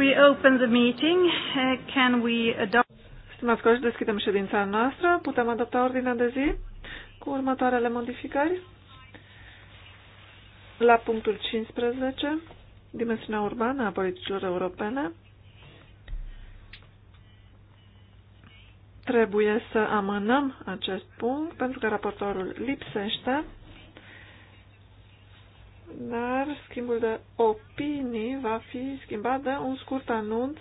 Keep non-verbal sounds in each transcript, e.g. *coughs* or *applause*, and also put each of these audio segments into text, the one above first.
we open the meeting, uh, can we adopt... Stimați colegi, deschidem ședința noastră. Putem adopta ordinea de zi cu următoarele modificări. La punctul 15, dimensiunea urbană a politicilor europene. Trebuie să amânăm acest punct pentru că raportorul lipsește dar schimbul de opinii va fi schimbat de un scurt anunț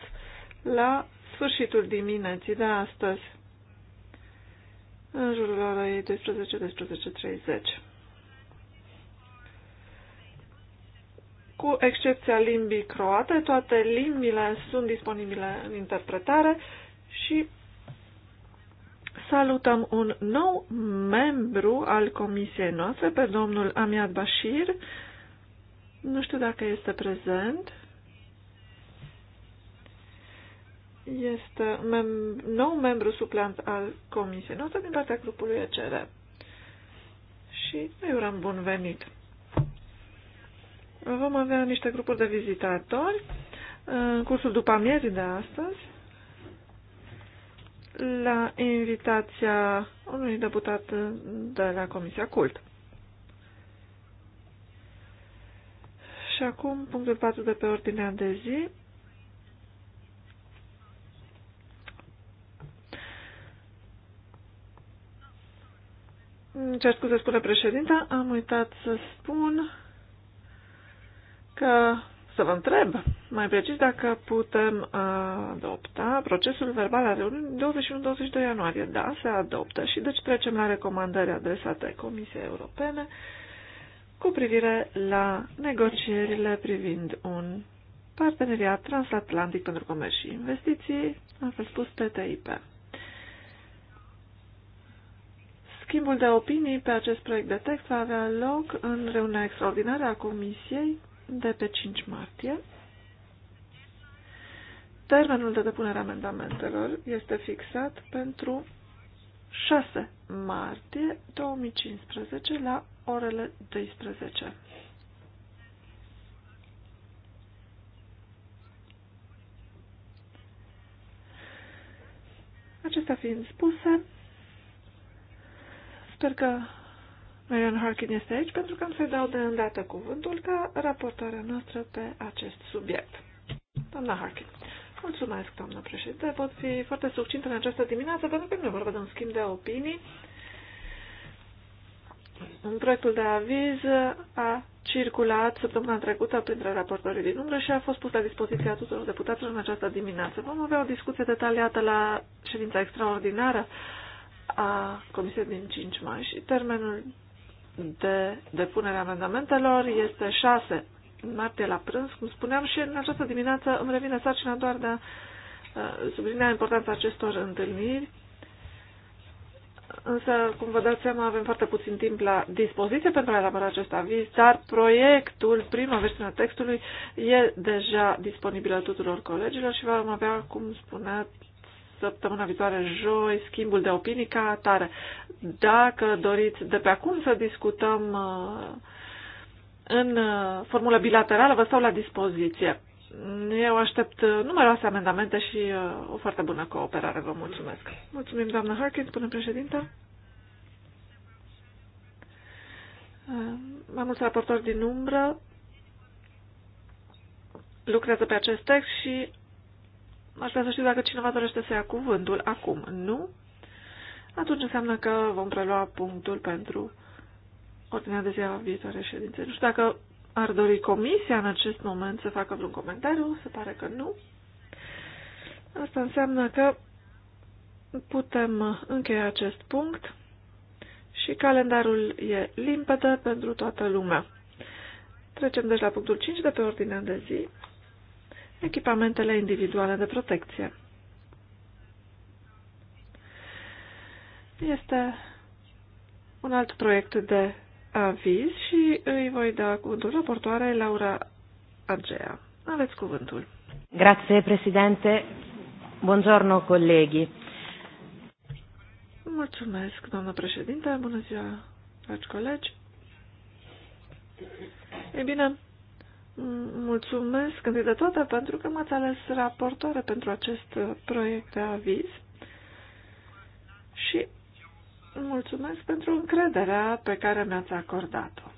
la sfârșitul dimineții de astăzi, în jurul orei 12-12.30. Cu excepția limbii croate, toate limbile sunt disponibile în interpretare și salutăm un nou membru al comisiei noastre, pe domnul Amiad Bashir, nu știu dacă este prezent. Este mem- nou membru suplant al Comisiei noastre din partea grupului ECR. Și noi urăm bun venit. Vom avea niște grupuri de vizitatori în cursul după amiezii de astăzi la invitația unui deputat de la Comisia Cult. Și acum punctul 4 de pe ordinea de zi. Cer scuze, spune președinta, am uitat să spun că să vă întreb mai precis dacă putem adopta procesul verbal al reuniunii 21-22 ianuarie. Da, se adoptă și deci trecem la recomandări adresate Comisiei Europene cu privire la negocierile privind un parteneriat transatlantic pentru comerț și investiții, altfel spus TTIP. Schimbul de opinii pe acest proiect de text va avea loc în reuniunea extraordinară a Comisiei de pe 5 martie. Termenul de depunere a amendamentelor este fixat pentru 6 martie 2015 la orele 12. Acestea fiind spuse, sper că Marian Harkin este aici pentru că am să-i dau de îndată cuvântul ca raportoarea noastră pe acest subiect. Doamna Harkin. Mulțumesc, doamnă președinte. Pot fi foarte succintă în această dimineață pentru că nu e vorba de un schimb de opinii în proiectul de aviz a circulat săptămâna trecută printre raportorii din umbră și a fost pus la dispoziția tuturor deputaților în această dimineață. Vom avea o discuție detaliată la ședința extraordinară a Comisiei din 5 mai și termenul de depunere a amendamentelor este 6 martie la prânz, cum spuneam, și în această dimineață îmi revine sarcina doar de a uh, sublinea importanța acestor întâlniri Însă, cum vă dați seama, avem foarte puțin timp la dispoziție pentru a elabora acest aviz, dar proiectul, prima versiune a textului, e deja disponibilă tuturor colegilor și vom avea, cum spunea, săptămâna viitoare, joi, schimbul de opinii ca atare. Dacă doriți de pe acum să discutăm uh, în uh, formulă bilaterală, vă stau la dispoziție. Eu aștept uh, numeroase amendamente și uh, o foarte bună cooperare. Vă mulțumesc. Mulțumim, doamna Harkin, până președinte. Uh, mai mulți raportori din umbră lucrează pe acest text și aș vrea să știu dacă cineva dorește să ia cuvântul acum. Nu? Atunci înseamnă că vom prelua punctul pentru ordinea de zi a viitoare ședințe. Nu știu dacă ar dori comisia în acest moment să facă vreun comentariu? Se pare că nu. Asta înseamnă că putem încheia acest punct și calendarul e limpede pentru toată lumea. Trecem deci la punctul 5 de pe ordinea de zi, echipamentele individuale de protecție. Este un alt proiect de aviz și îi voi da cuvântul raportoare Laura Agea. Aveți cuvântul. Grazie, Presidente. Buongiorno, colleghi. Mulțumesc, doamnă președinte. Bună ziua, dragi colegi. E bine, mulțumesc întâi de toate pentru că m-ați ales raportoare pentru acest proiect de aviz și Mulțumesc pentru încrederea pe care mi-ați acordat-o.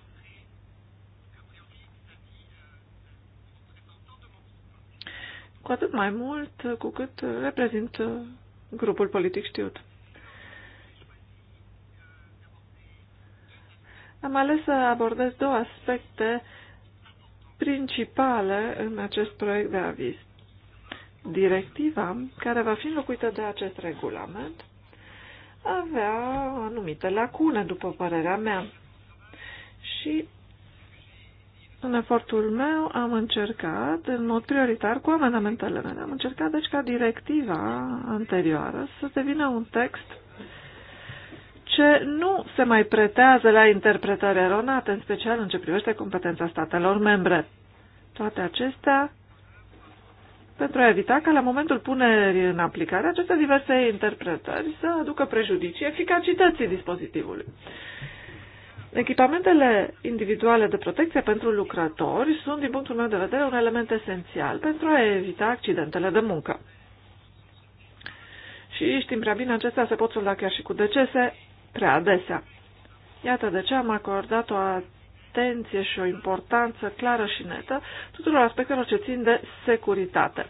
Cu atât mai mult cu cât reprezint grupul politic știut. Am ales să abordez două aspecte principale în acest proiect de aviz. Directiva, care va fi înlocuită de acest regulament, avea anumite lacune, după părerea mea. Și în efortul meu am încercat, în mod prioritar, cu amendamentele mele, am încercat, deci, ca directiva anterioară să devină un text ce nu se mai pretează la interpretare eronată, în special în ce privește competența statelor membre. Toate acestea pentru a evita ca la momentul punerii în aplicare aceste diverse interpretări să aducă prejudicii eficacității dispozitivului. Echipamentele individuale de protecție pentru lucrători sunt, din punctul meu de vedere, un element esențial pentru a evita accidentele de muncă. Și știm prea bine, acestea se pot solda chiar și cu decese prea adesea. Iată de ce am acordat o atenție și o importanță clară și netă tuturor aspectelor ce țin de securitate.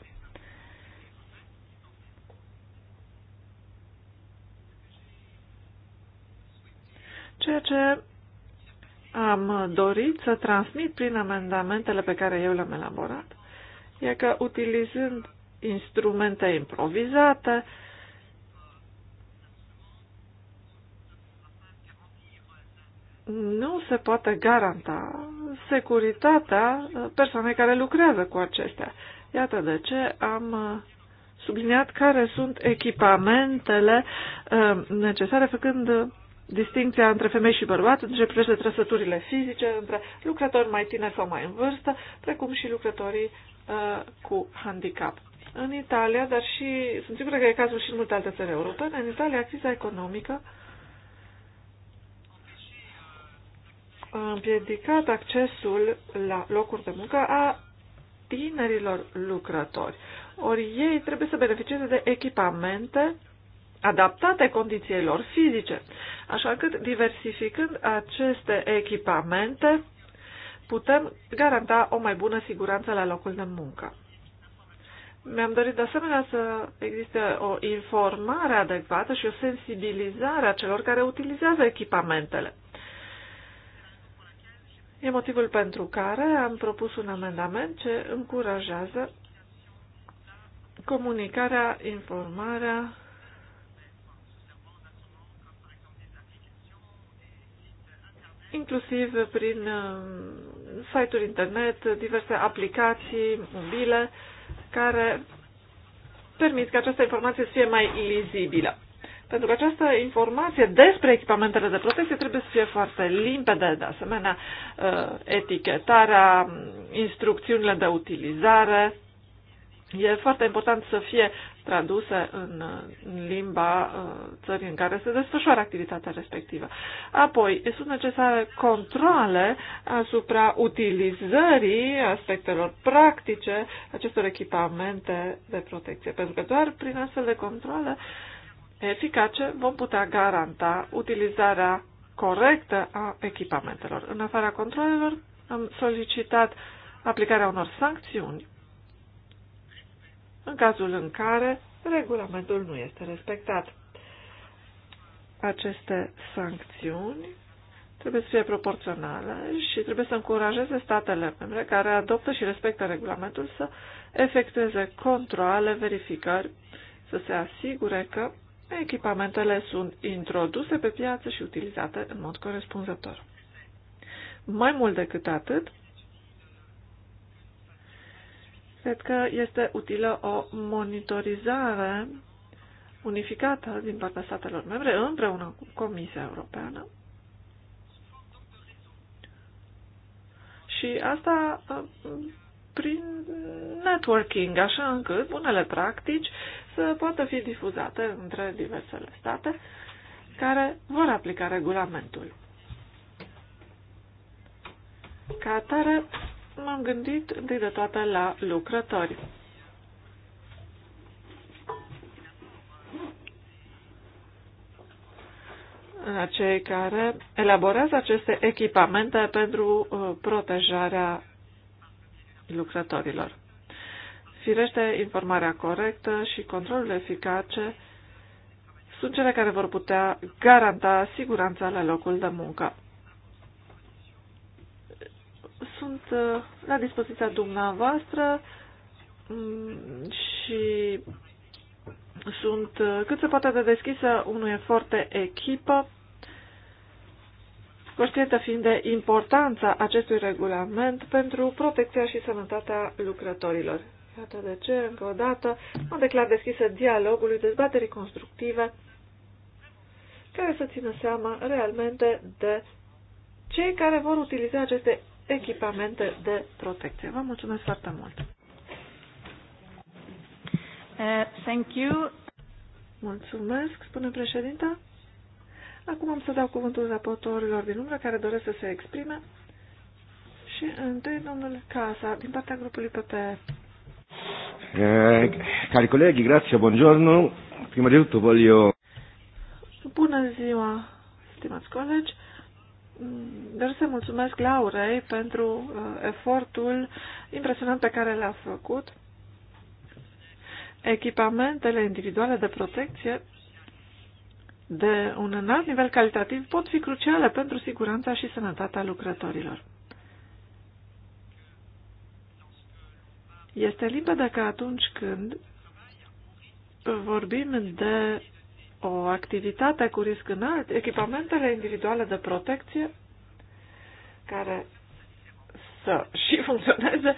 Ceea ce am dorit să transmit prin amendamentele pe care eu le-am elaborat e că utilizând instrumente improvizate, uh, nu se poate garanta securitatea persoanei care lucrează cu acestea. Iată de ce am uh, subliniat care sunt echipamentele uh, necesare, făcând uh, distinția între femei și bărbați, între prește trăsăturile fizice, între lucrători mai tineri sau mai în vârstă, precum și lucrătorii cu handicap. În Italia, dar și, sunt sigură că e cazul și în multe alte țări europene, în Italia criza economică uh, împiedicat accesul la locuri de muncă a tinerilor lucrători. Ori ei trebuie să beneficieze de echipamente adaptate condițiilor fizice, așa că diversificând aceste echipamente putem garanta o mai bună siguranță la locul de muncă. Mi-am dorit de asemenea să existe o informare adecvată și o sensibilizare a celor care utilizează echipamentele. E motivul pentru care am propus un amendament ce încurajează comunicarea, informarea inclusiv prin uh, site-uri internet, diverse aplicații mobile care permit ca această informație să fie mai lizibilă. Pentru că această informație despre echipamentele de protecție trebuie să fie foarte limpede, de asemenea uh, etichetarea, instrucțiunile de utilizare. E foarte important să fie traduse în limba uh, țării în care se desfășoară activitatea respectivă. Apoi, sunt necesare controle asupra utilizării aspectelor practice acestor echipamente de protecție, pentru că doar prin astfel de controle uh, eficace, vom putea garanta utilizarea corectă a echipamentelor. În afara controlelor, am solicitat aplicarea unor sancțiuni în cazul în care regulamentul nu este respectat. Aceste sancțiuni trebuie să fie proporționale și trebuie să încurajeze statele membre care adoptă și respectă regulamentul să efectueze controle, verificări, să se asigure că echipamentele sunt introduse pe piață și utilizate în mod corespunzător. Mai mult decât atât, cred că este utilă o monitorizare unificată din partea statelor membre împreună cu Comisia Europeană. Și asta uh, prin networking, așa încât bunele practici să poată fi difuzate între diversele state care vor aplica regulamentul. Ca atare, m-am gândit întâi de toate la lucrători. la cei care elaborează aceste echipamente pentru uh, protejarea lucrătorilor. Firește, informarea corectă și controlul eficace sunt cele care vor putea garanta siguranța la locul de muncă. Sunt uh, la dispoziția dumneavoastră mm, și sunt uh, cât se poate de deschisă unui efort de echipă, conștientă fiind de importanța acestui regulament pentru protecția și sănătatea lucrătorilor. Iată de ce, încă o dată, mă declar deschisă dialogului, dezbaterii constructive, care să țină seama realmente de cei care vor utiliza aceste echipamente de protecție. Vă mulțumesc foarte mult! Uh, thank you. Mulțumesc, spune președinta. Acum am să dau cuvântul raportorilor din umbră care doresc să se exprime. Și întâi domnul Casa, din partea grupului PPE. Eh, cari colleghi, grazie, buongiorno. Prima di tutto voglio... Bună ziua, stimați colegi. Vreau mm, să mulțumesc Laurei pentru uh, efortul impresionant pe care l-a făcut. Echipamentele individuale de protecție de un înalt nivel calitativ pot fi cruciale pentru siguranța și sănătatea lucrătorilor. Este limpede că atunci când vorbim de o activitate cu risc înalt, echipamentele individuale de protecție care să și funcționeze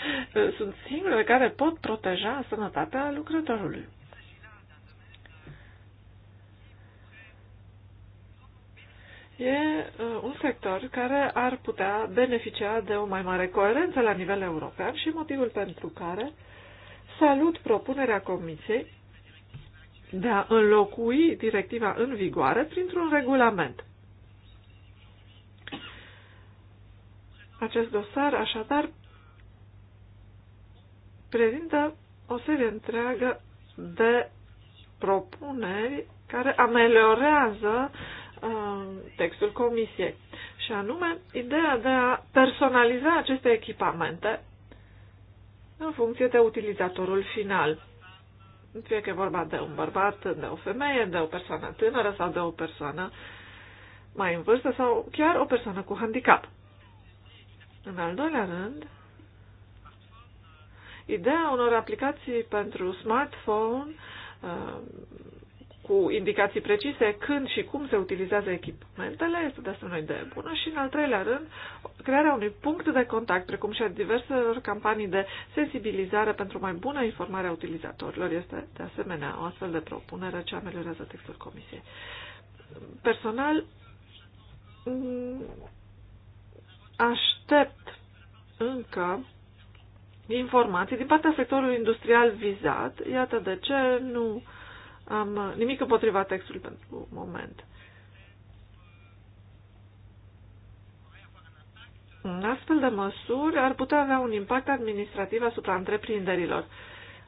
sunt singurele care pot proteja sănătatea lucrătorului. e uh, un sector care ar putea beneficia de o mai mare coerență la nivel european și motivul pentru care salut propunerea Comisiei de a înlocui directiva în vigoare printr-un regulament. Acest dosar, așadar, prezintă o serie întreagă de propuneri care ameliorează uh, Uh, textul comisiei. Și anume, ideea de a personaliza aceste echipamente în funcție de utilizatorul final. Fie că e vorba de un bărbat, de o femeie, de o persoană tânără sau de o persoană mai în vârstă sau chiar o persoană cu handicap. În al doilea rând, ideea unor aplicații pentru smartphone uh, cu indicații precise când și cum se utilizează echipamentele este de asemenea idee bună și, în al treilea rând, crearea unui punct de contact, precum și a diverselor campanii de sensibilizare pentru mai bună informare a utilizatorilor este, de asemenea, o astfel de propunere ce ameliorează textul Comisiei. Personal, mm, aștept încă informații din partea sectorului industrial vizat. Iată de ce nu uh, am uh, nimic împotriva textului pentru moment. Un astfel de măsuri ar putea avea un impact administrativ asupra întreprinderilor.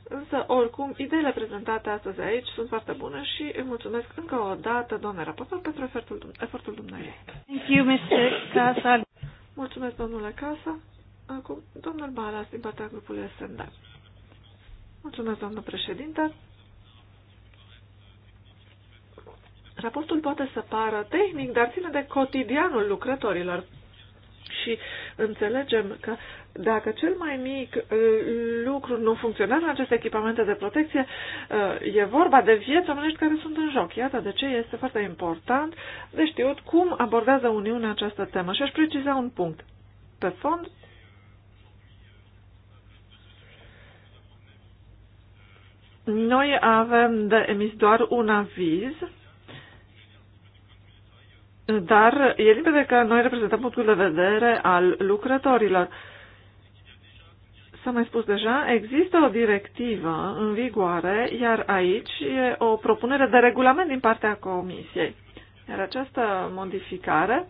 Însă, oricum, ideile prezentate astăzi aici sunt foarte bune și îi mulțumesc încă o dată, doamne raportor, pentru efortul, efortul dumneavoastră. Thank you, Mr. Casa. Mulțumesc, domnule Casa. Acum, domnul Balas, din partea grupului SND. Mulțumesc, doamnă președinte. Raportul poate să pară tehnic, dar ține de cotidianul lucrătorilor. Și înțelegem că dacă cel mai mic uh, lucru nu funcționează în aceste echipamente de protecție, uh, e vorba de vieți omenești care sunt în joc. Iată de ce este foarte important de știut cum abordează Uniunea această temă. Și aș preciza un punct. Pe fond, noi avem de emis doar un aviz dar e limpede că noi reprezentăm punctul de vedere al lucrătorilor. S-a mai spus deja, există o directivă în vigoare, iar aici e o propunere de regulament din partea Comisiei. Iar această modificare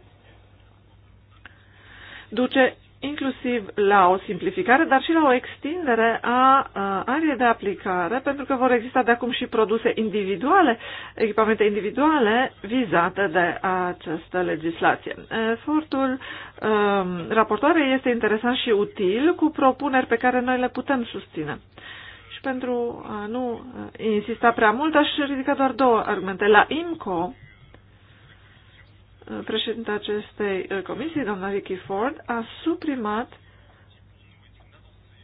duce inclusiv la o simplificare, dar și la o extindere a ariei de aplicare, pentru că vor exista de acum și produse individuale, echipamente individuale vizate de această legislație. Efortul um, raportoarei este interesant și util cu propuneri pe care noi le putem susține. Și pentru a nu insista prea mult, aș ridica doar două argumente. La IMCO, președinta acestei uh, comisii, doamna Vicky Ford, a suprimat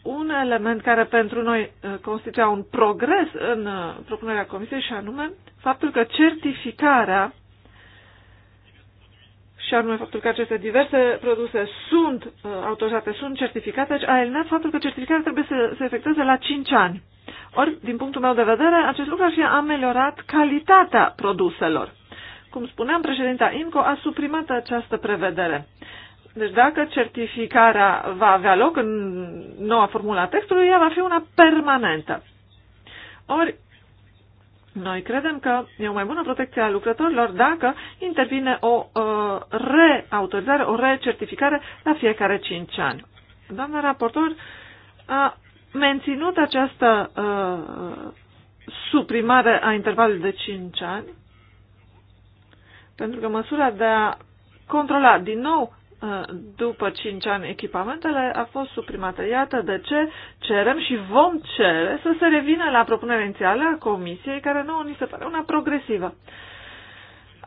un element care pentru noi uh, constituia un progres în uh, propunerea comisiei și anume faptul că certificarea și anume faptul că aceste diverse produse sunt uh, autorizate, sunt certificate, deci a eliminat faptul că certificarea trebuie să se efectueze la 5 ani. Ori, din punctul meu de vedere, acest lucru ar fi ameliorat calitatea produselor. Cum spuneam, președinta IMCO a suprimat această prevedere. Deci dacă certificarea va avea loc în noua formula textului, ea va fi una permanentă. Ori, noi credem că e o mai bună protecție a lucrătorilor dacă intervine o uh, reautorizare, o recertificare la fiecare 5 ani. Doamna raportor a menținut această uh, suprimare a intervalului de 5 ani pentru că măsura de a controla din nou uh, după 5 ani echipamentele a fost suprimată. Iată de ce cerem și vom cere să se revină la propunerea inițială a Comisiei, care nouă ni se pare una progresivă.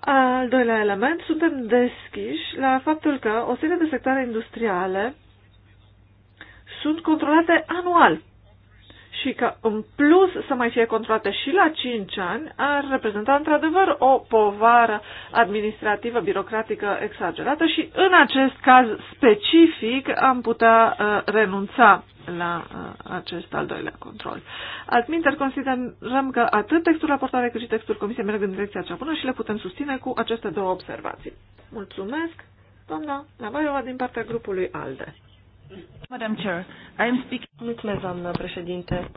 Al doilea element, suntem deschiși la faptul că o serie de sectoare industriale sunt controlate anual și că în plus să mai fie controlate și la 5 ani ar reprezenta într-adevăr o povară administrativă, birocratică exagerată și în acest caz specific am putea uh, renunța la uh, acest al doilea control. Altminteri, considerăm că atât textul raportare cât și textul comisiei merg în direcția cea bună și le putem susține cu aceste două observații. Mulțumesc, doamna Lavaiova, din partea grupului ALDE. Madam Chair, I am speaking... Mulțumesc, doamnă președinte.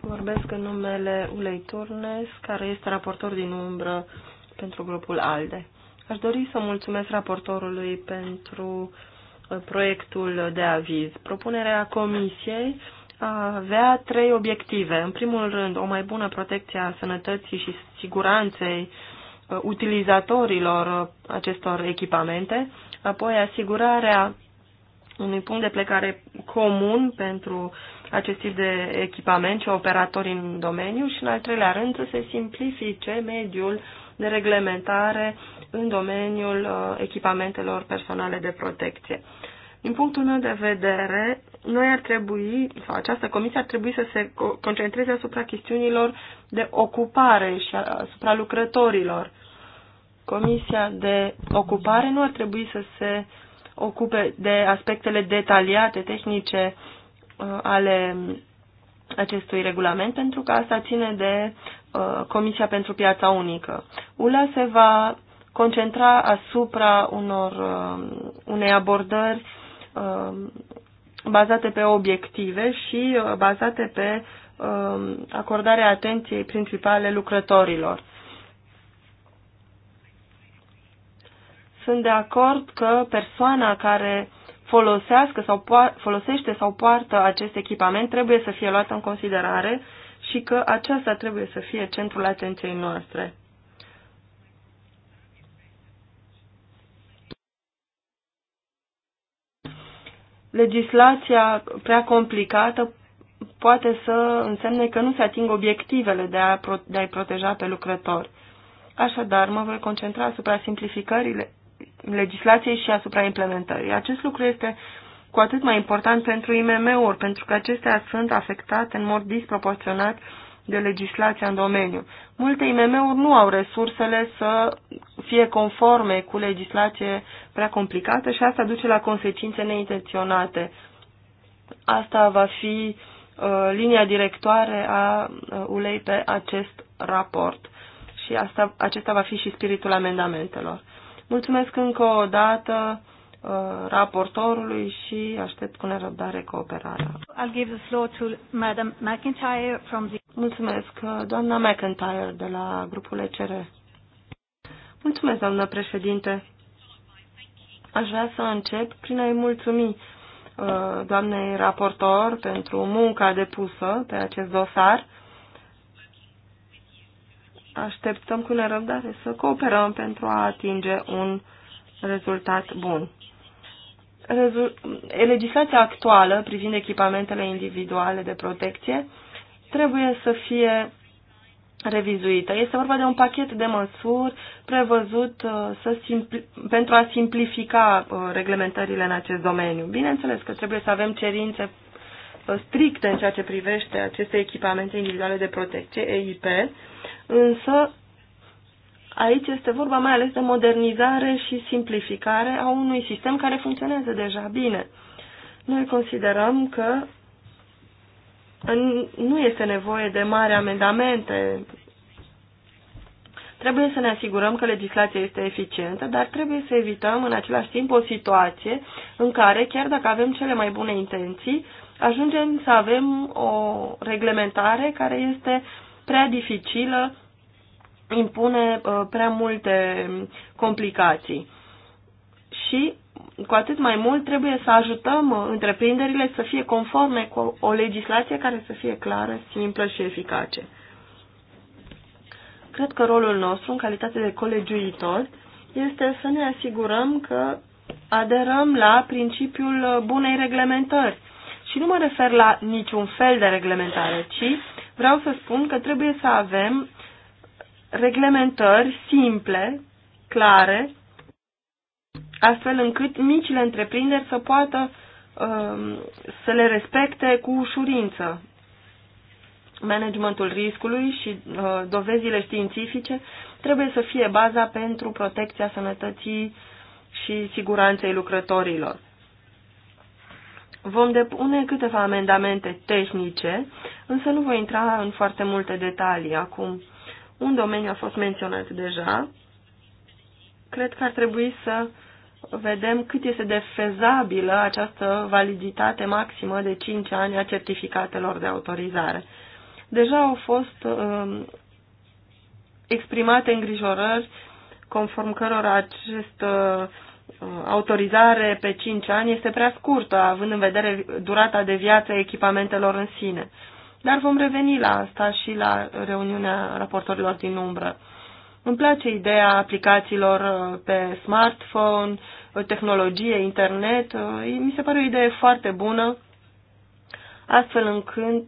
Vorbesc în numele Ulei Turnes, care este raportor din umbră pentru grupul ALDE. Aș dori să mulțumesc raportorului pentru uh, proiectul de aviz. Propunerea comisiei avea trei obiective. În primul rând, o mai bună protecție a sănătății și siguranței uh, utilizatorilor uh, acestor echipamente, apoi asigurarea unui punct de plecare comun pentru acest tip de echipament și operatori în domeniu și, în al treilea rând, să se simplifice mediul de reglementare în domeniul uh, echipamentelor personale de protecție. Din punctul meu de vedere, noi ar trebui, sau această comisie ar trebui să se concentreze asupra chestiunilor de ocupare și asupra lucrătorilor. Comisia de ocupare nu ar trebui să se uh, ocupe de aspectele detaliate, tehnice uh, ale acestui regulament, pentru că asta ține de uh, Comisia pentru Piața Unică. ULA se va concentra asupra unor, uh, unei abordări bazate pe obiective și bazate pe acordarea atenției principale lucrătorilor. Sunt de acord că persoana care folosească sau folosește sau poartă acest echipament trebuie să fie luată în considerare și că aceasta trebuie să fie centrul atenției noastre. Legislația prea complicată poate să însemne că nu se ating obiectivele de, a, de a proteja pe lucrători. Așadar, mă voi concentra asupra simplificările, legislației și asupra implementării. Acest lucru este cu atât mai important pentru IMM-uri, pentru că acestea sunt afectate în mod disproporționat de legislația în domeniu. Multe IMM-uri nu au resursele să fie conforme cu legislație prea complicată și asta duce la consecințe neintenționate. Asta va fi uh, linia directoare a uh, ULEI pe acest raport și asta, acesta va fi și spiritul amendamentelor. Mulțumesc încă o dată uh, raportorului și aștept cu nerăbdare cooperarea. I'll give the floor to Madam McIntyre from the... Mulțumesc, uh, doamna McIntyre de la grupul ECR. Mulțumesc, doamnă președinte. Aș vrea să încep prin a-i mulțumi uh, doamnei raportor pentru munca depusă pe acest dosar așteptăm cu nerăbdare să cooperăm pentru a atinge un rezultat bun. Legislația actuală privind echipamentele individuale de protecție trebuie să fie revizuită. Este vorba de un pachet de măsuri prevăzut uh, să simpli, pentru a simplifica uh, reglementările în acest domeniu. Bineînțeles că trebuie să avem cerințe stricte în ceea ce privește aceste echipamente individuale de protecție, EIP, însă aici este vorba mai ales de modernizare și simplificare a unui sistem care funcționează deja bine. Noi considerăm că nu este nevoie de mari amendamente. Trebuie să ne asigurăm că legislația este eficientă, dar trebuie să evităm în același timp o situație în care, chiar dacă avem cele mai bune intenții, ajungem să avem o reglementare care este prea dificilă, impune uh, prea multe complicații. Și cu atât mai mult trebuie să ajutăm uh, întreprinderile să fie conforme cu o legislație care să fie clară, simplă și eficace. Cred că rolul nostru, în calitate de colegiuitor, este să ne asigurăm că aderăm la principiul uh, bunei reglementări și nu mă refer la niciun fel de reglementare, ci vreau să spun că trebuie să avem reglementări simple, clare, astfel încât micile întreprinderi să poată um, să le respecte cu ușurință. Managementul riscului și uh, dovezile științifice trebuie să fie baza pentru protecția sănătății și siguranței lucrătorilor. Vom depune câteva amendamente tehnice, însă nu voi intra în foarte multe detalii acum. Un domeniu a fost menționat deja. Cred că ar trebui să vedem cât este de fezabilă această validitate maximă de 5 ani a certificatelor de autorizare. Deja au fost um, exprimate îngrijorări conform cărora acest uh, Uh, autorizare pe 5 ani este prea scurtă, având în vedere durata de viață a echipamentelor în sine. Dar vom reveni la asta și la reuniunea raportorilor din umbră. Îmi place ideea aplicațiilor uh, pe smartphone, uh, tehnologie, internet. Mi se pare o idee foarte bună, astfel încât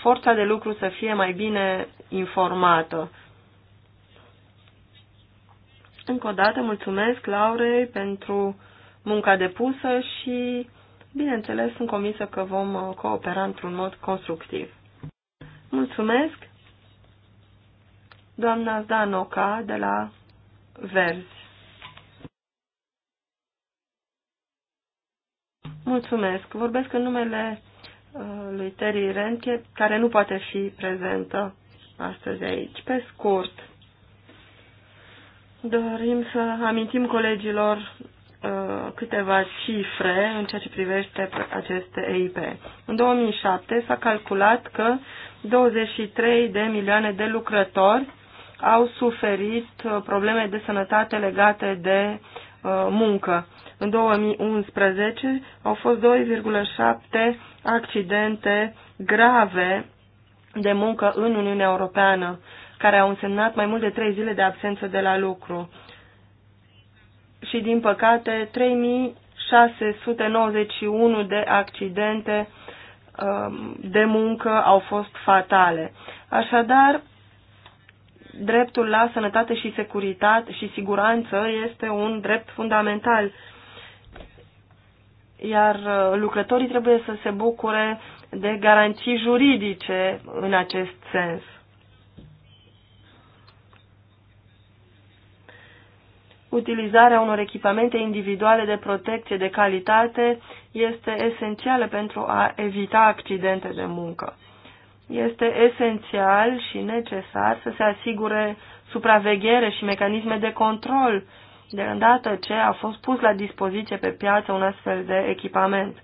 forța de lucru să fie mai bine informată. Încă o dată mulțumesc Laurei pentru munca depusă și, bineînțeles, sunt convinsă că vom uh, coopera într-un mod constructiv. Mulțumesc, doamna Zdanoca de la Verzi. Mulțumesc. Vorbesc în numele uh, lui Terry Renke, care nu poate fi prezentă astăzi aici. Pe scurt, Dorim să amintim colegilor uh, câteva cifre în ceea ce privește aceste EIP. În 2007 s-a calculat că 23 de milioane de lucrători au suferit uh, probleme de sănătate legate de uh, muncă. În 2011 au fost 2,7 accidente grave de muncă în Uniunea Europeană care au însemnat mai mult de trei zile de absență de la lucru. Și, din păcate, 3691 de accidente um, de muncă au fost fatale. Așadar, dreptul la sănătate și securitate și siguranță este un drept fundamental. Iar uh, lucrătorii trebuie să se bucure de garanții juridice în acest sens. utilizarea unor echipamente individuale de protecție de calitate este esențială pentru a evita accidente de muncă. Este esențial și necesar să se asigure supraveghere și mecanisme de control de îndată ce a fost pus la dispoziție pe piață un astfel de echipament.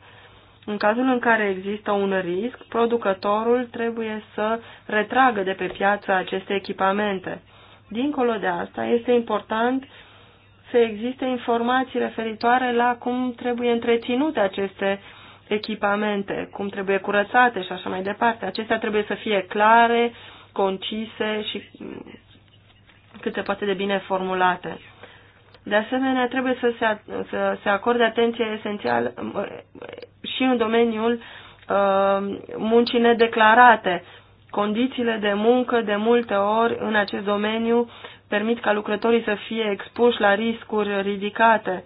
În cazul în care există un risc, producătorul trebuie să retragă de pe piață aceste echipamente. Dincolo de asta, este important să existe informații referitoare la cum trebuie întreținute aceste echipamente, cum trebuie curățate și așa mai departe. Acestea trebuie să fie clare, concise și cât se poate de bine formulate. De asemenea, trebuie să se, să se acorde atenție esențială eh, și în domeniul uh, muncii nedeclarate. Condițiile de muncă, de multe ori, în acest domeniu, permit ca lucrătorii să fie expuși la riscuri ridicate,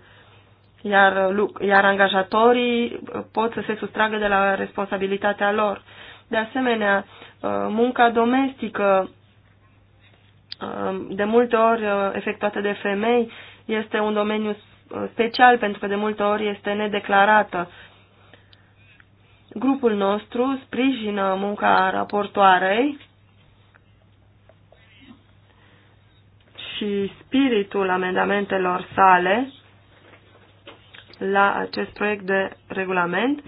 iar, iar angajatorii uh, pot să se sustragă de la responsabilitatea lor. De asemenea, uh, munca domestică, uh, de multe ori efectuată de femei, este un domeniu special pentru că de multe ori este nedeclarată. Grupul nostru sprijină munca raportoarei și spiritul amendamentelor sale la acest proiect de regulament,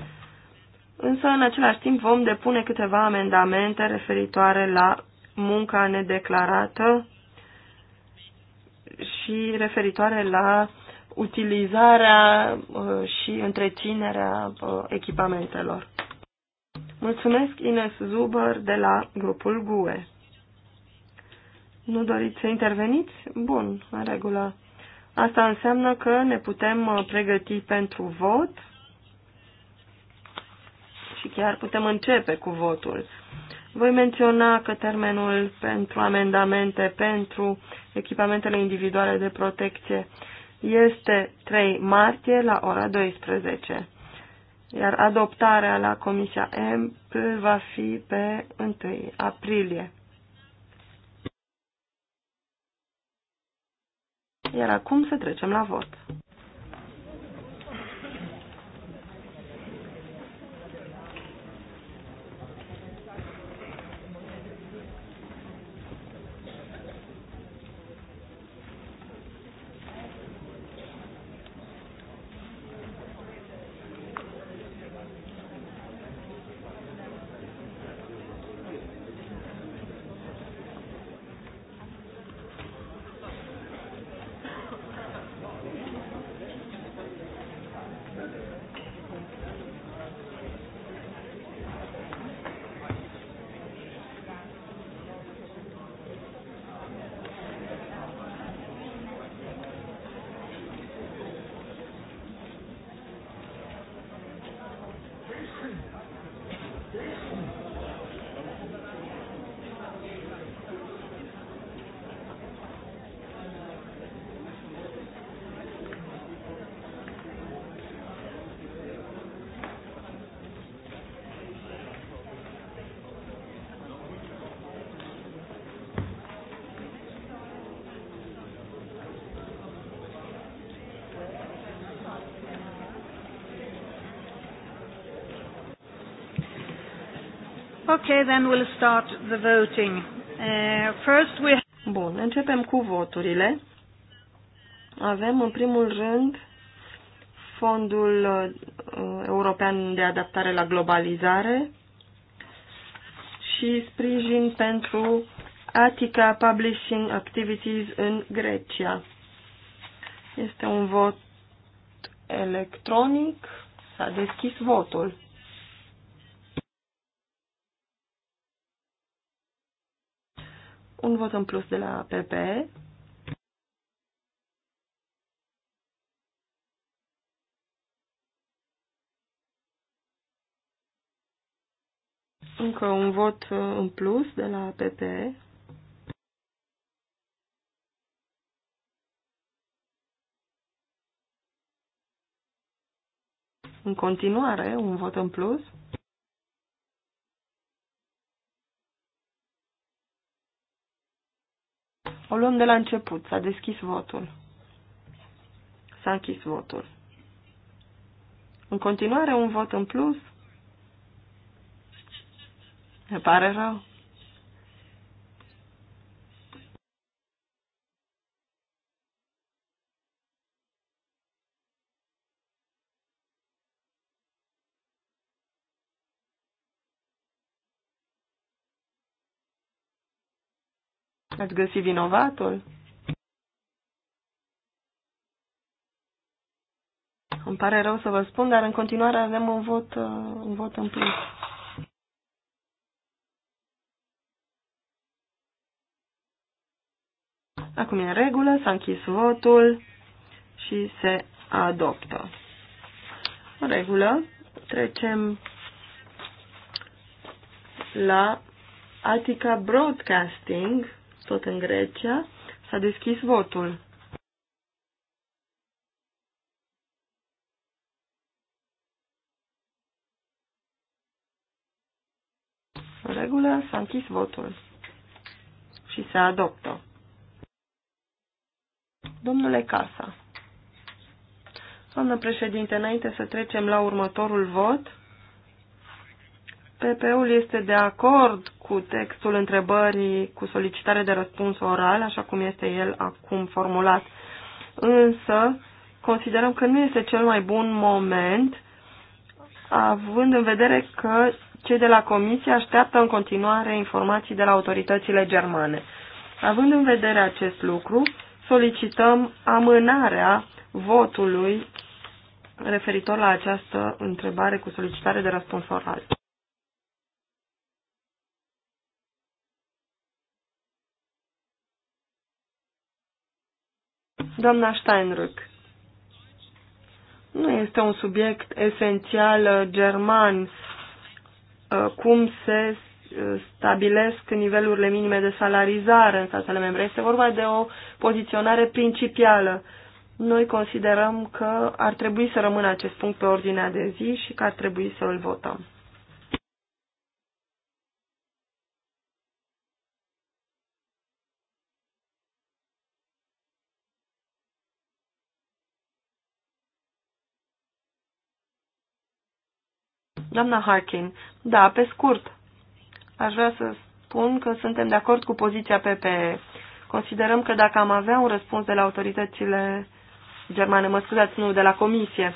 însă în același timp vom depune câteva amendamente referitoare la munca nedeclarată și referitoare la utilizarea uh, și întreținerea uh, echipamentelor. Mulțumesc Ines Zuber de la grupul GUE. Nu doriți să interveniți? Bun, în regulă. Asta înseamnă că ne putem uh, pregăti pentru vot și chiar putem începe cu votul. Voi menționa că termenul pentru amendamente pentru echipamentele individuale de protecție este 3 martie la ora 12, iar adoptarea la Comisia M va fi pe 1 aprilie. Iar acum să trecem la vot. Okay, then we'll start the voting. Uh, first we... Bun, începem cu voturile. Avem în primul rând Fondul uh, European de Adaptare la Globalizare și sprijin pentru Attica Publishing Activities în Grecia. Este un vot electronic. S-a deschis votul. Un vot în plus de la PP. Încă un vot uh, în plus de la PP. În continuare, un vot în plus. O luăm de la început. S-a deschis votul. S-a închis votul. În continuare, un vot în plus. Ne pare rău. Ați găsit vinovatul? Îmi pare rău să vă spun, dar în continuare avem un vot, uh, un vot în plus. Acum e în regulă, s-a închis votul și se adoptă. În regulă, trecem la Attica Broadcasting tot în Grecia. S-a deschis votul. În regulă, s-a închis votul și se adoptă. Domnule Casa. Doamnă președinte, înainte să trecem la următorul vot, PP-ul este de acord cu textul întrebării cu solicitare de răspuns oral, așa cum este el acum formulat. Însă, considerăm că nu este cel mai bun moment, având în vedere că cei de la Comisie așteaptă în continuare informații de la autoritățile germane. Având în vedere acest lucru, solicităm amânarea votului referitor la această întrebare cu solicitare de răspuns oral. Doamna Steinrück, nu este un subiect esențial uh, german uh, cum se uh, stabilesc nivelurile minime de salarizare în statele membre. Este vorba de o poziționare principială. Noi considerăm că ar trebui să rămână acest punct pe ordinea de zi și că ar trebui să îl votăm. Doamna Harkin, da, pe scurt, aș vrea să spun că suntem de acord cu poziția PPE. Considerăm că dacă am avea un răspuns de la autoritățile germane, mă scuzați, nu, de la comisie,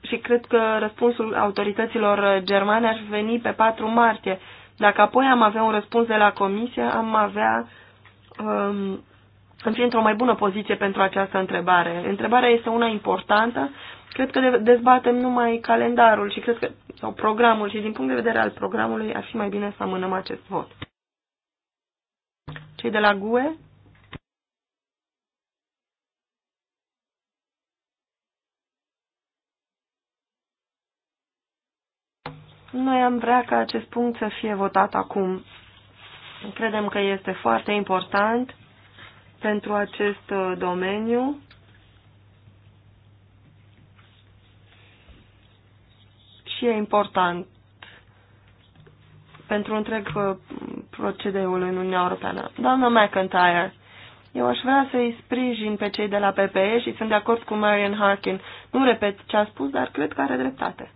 și cred că răspunsul autorităților germane ar veni pe 4 martie. Dacă apoi am avea un răspuns de la comisie, am avea um, am fi într-o mai bună poziție pentru această întrebare. Întrebarea este una importantă. Cred că dezbatem numai calendarul și cred că, sau programul și din punct de vedere al programului ar fi mai bine să amânăm acest vot. Cei de la GUE? Noi am vrea ca acest punct să fie votat acum. Credem că este foarte important pentru acest uh, domeniu. Și e important pentru întreg uh, procedeul în Uniunea Europeană. Doamna McIntyre, eu aș vrea să-i sprijin pe cei de la PPE și sunt de acord cu Marian Harkin. Nu repet ce a spus, dar cred că are dreptate.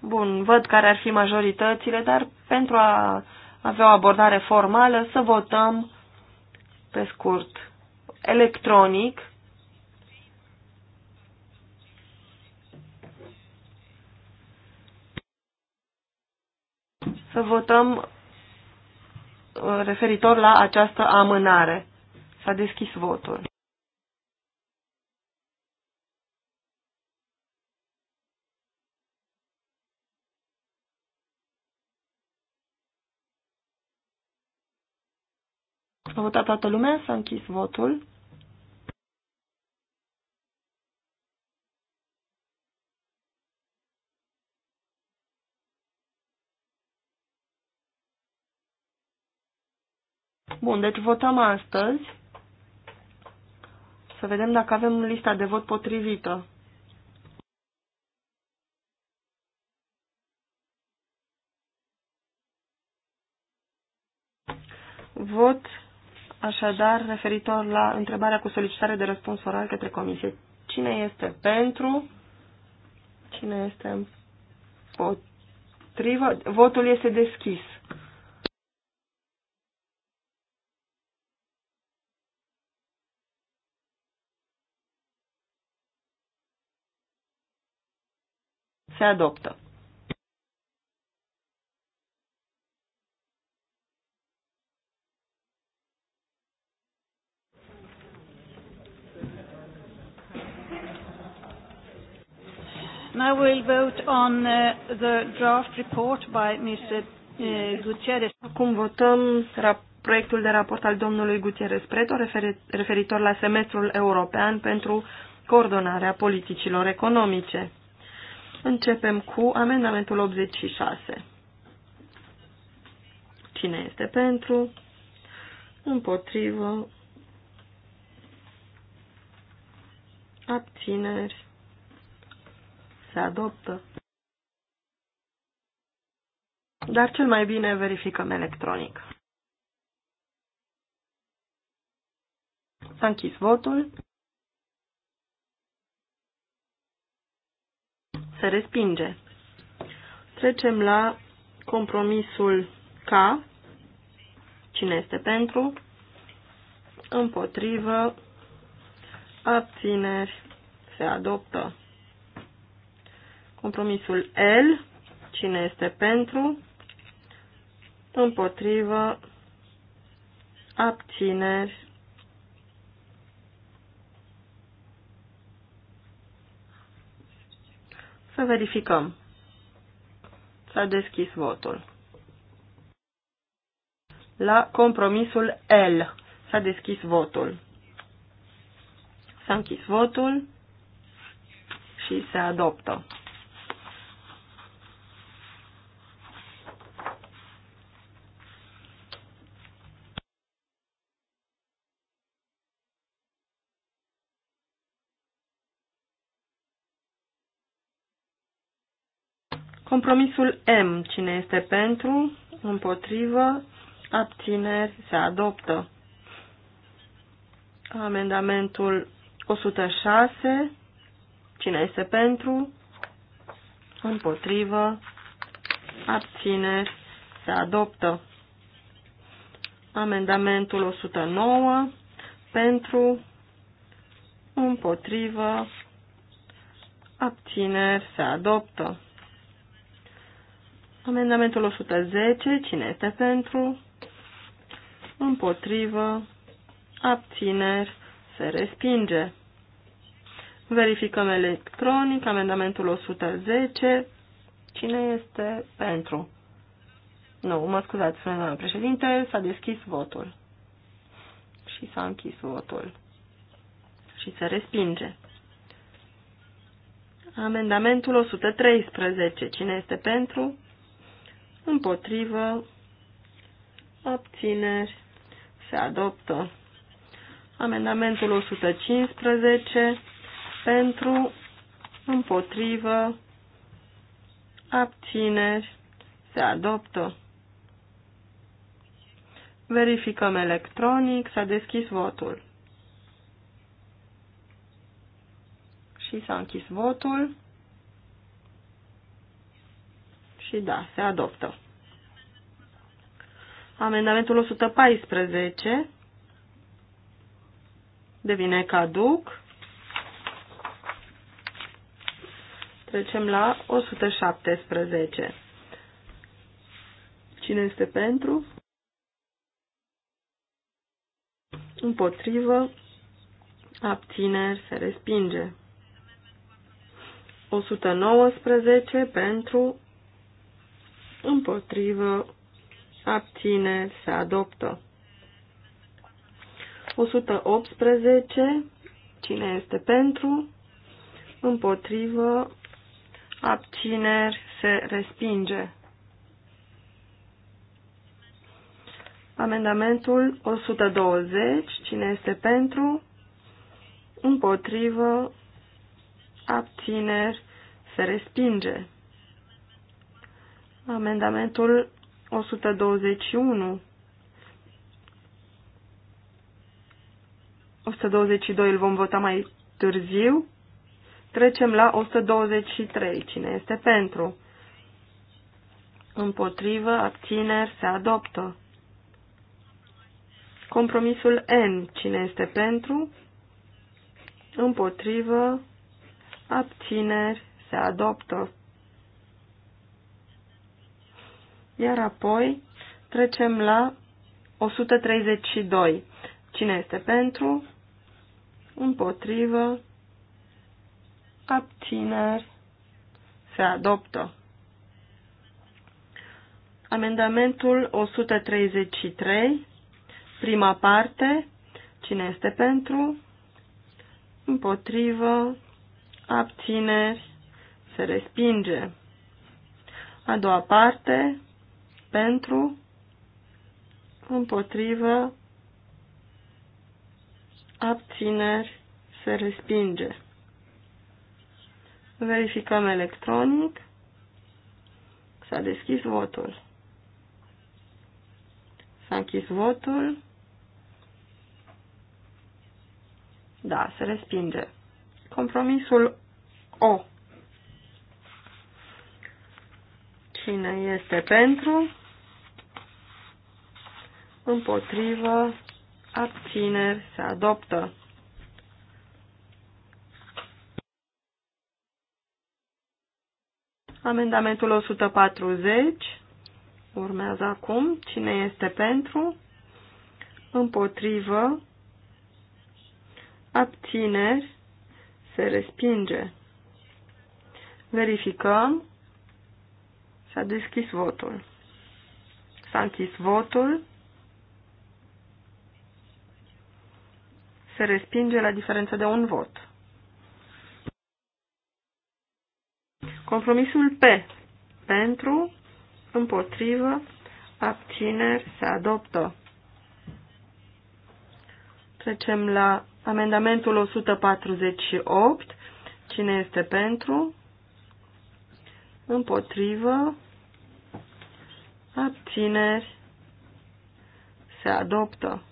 Bun, văd care ar fi majoritățile, dar pentru a avea o abordare formală, să votăm pe scurt electronic să votăm uh, referitor la această amânare. S-a deschis votul. votat toată lumea? S-a închis votul. Bun, deci votăm astăzi. Să vedem dacă avem lista de vot potrivită. Vot Așadar, referitor la întrebarea cu solicitare de răspuns oral către comisie, cine este pentru, cine este împotrivă, votul este deschis. Se adoptă. vote on uh, the draft report by Mr. Uh, Gutierrez. Acum votăm proiectul de raport al domnului Gutierrez Preto referitor la semestrul european pentru coordonarea politicilor economice. Începem cu amendamentul 86. Cine este pentru? Împotrivă? Abțineri? se adoptă. Dar cel mai bine verificăm electronic. S-a închis votul. Se respinge. Trecem la compromisul K. Cine este pentru? Împotrivă. Abțineri. Se adoptă. Compromisul L, cine este pentru, împotrivă, abțineri, Să verificăm. S-a deschis votul. La compromisul L s-a deschis votul. S-a închis votul și se adoptă. Compromisul M. Cine este pentru, împotrivă, abțineri, se adoptă. Amendamentul 106. Cine este pentru, împotrivă, abțineri, se adoptă. Amendamentul 109. Pentru, împotrivă, abțineri, se adoptă. Amendamentul 110, cine este pentru? Împotrivă, abțineri, se respinge. Verificăm electronic amendamentul 110. Cine este pentru? Nu, mă scuzați, spune președinte, s-a deschis votul. Și s-a închis votul. Și se respinge. Amendamentul 113. Cine este pentru? împotrivă, abțineri, se adoptă. Amendamentul 115 pentru, împotrivă, abțineri, se adoptă. Verificăm electronic, s-a deschis votul. Și s-a închis votul. Și da, se adoptă. Amendamentul 114 devine caduc. Trecem la 117. Cine este pentru? Împotrivă. Abțineri se respinge. 119 pentru împotrivă, abține, se adoptă. 118, cine este pentru, împotrivă, abțineri, se respinge. Amendamentul 120, cine este pentru, împotrivă, abțineri, se respinge. Amendamentul 121. 122 îl vom vota mai târziu. Trecem la 123. Cine este pentru? Împotrivă, abțineri, se adoptă. Compromisul N. Cine este pentru? Împotrivă, abțineri, se adoptă. Iar apoi trecem la 132. Cine este pentru? Împotrivă? Abțineri? Se adoptă. Amendamentul 133, prima parte, cine este pentru, împotrivă, abțineri, se respinge. A doua parte, pentru, împotrivă, abțineri, se respinge. Verificăm electronic. S-a deschis votul. S-a închis votul. Da, se respinge. Compromisul O. Cine este pentru? împotrivă, abțineri, se adoptă. Amendamentul 140 urmează acum. Cine este pentru? Împotrivă, abțineri, se respinge. Verificăm. S-a deschis votul. S-a închis votul. se respinge la diferență de un vot. Compromisul P. Pentru, împotrivă, abțineri, se adoptă. Trecem la amendamentul 148. Cine este pentru? Împotrivă, abțineri, se adoptă.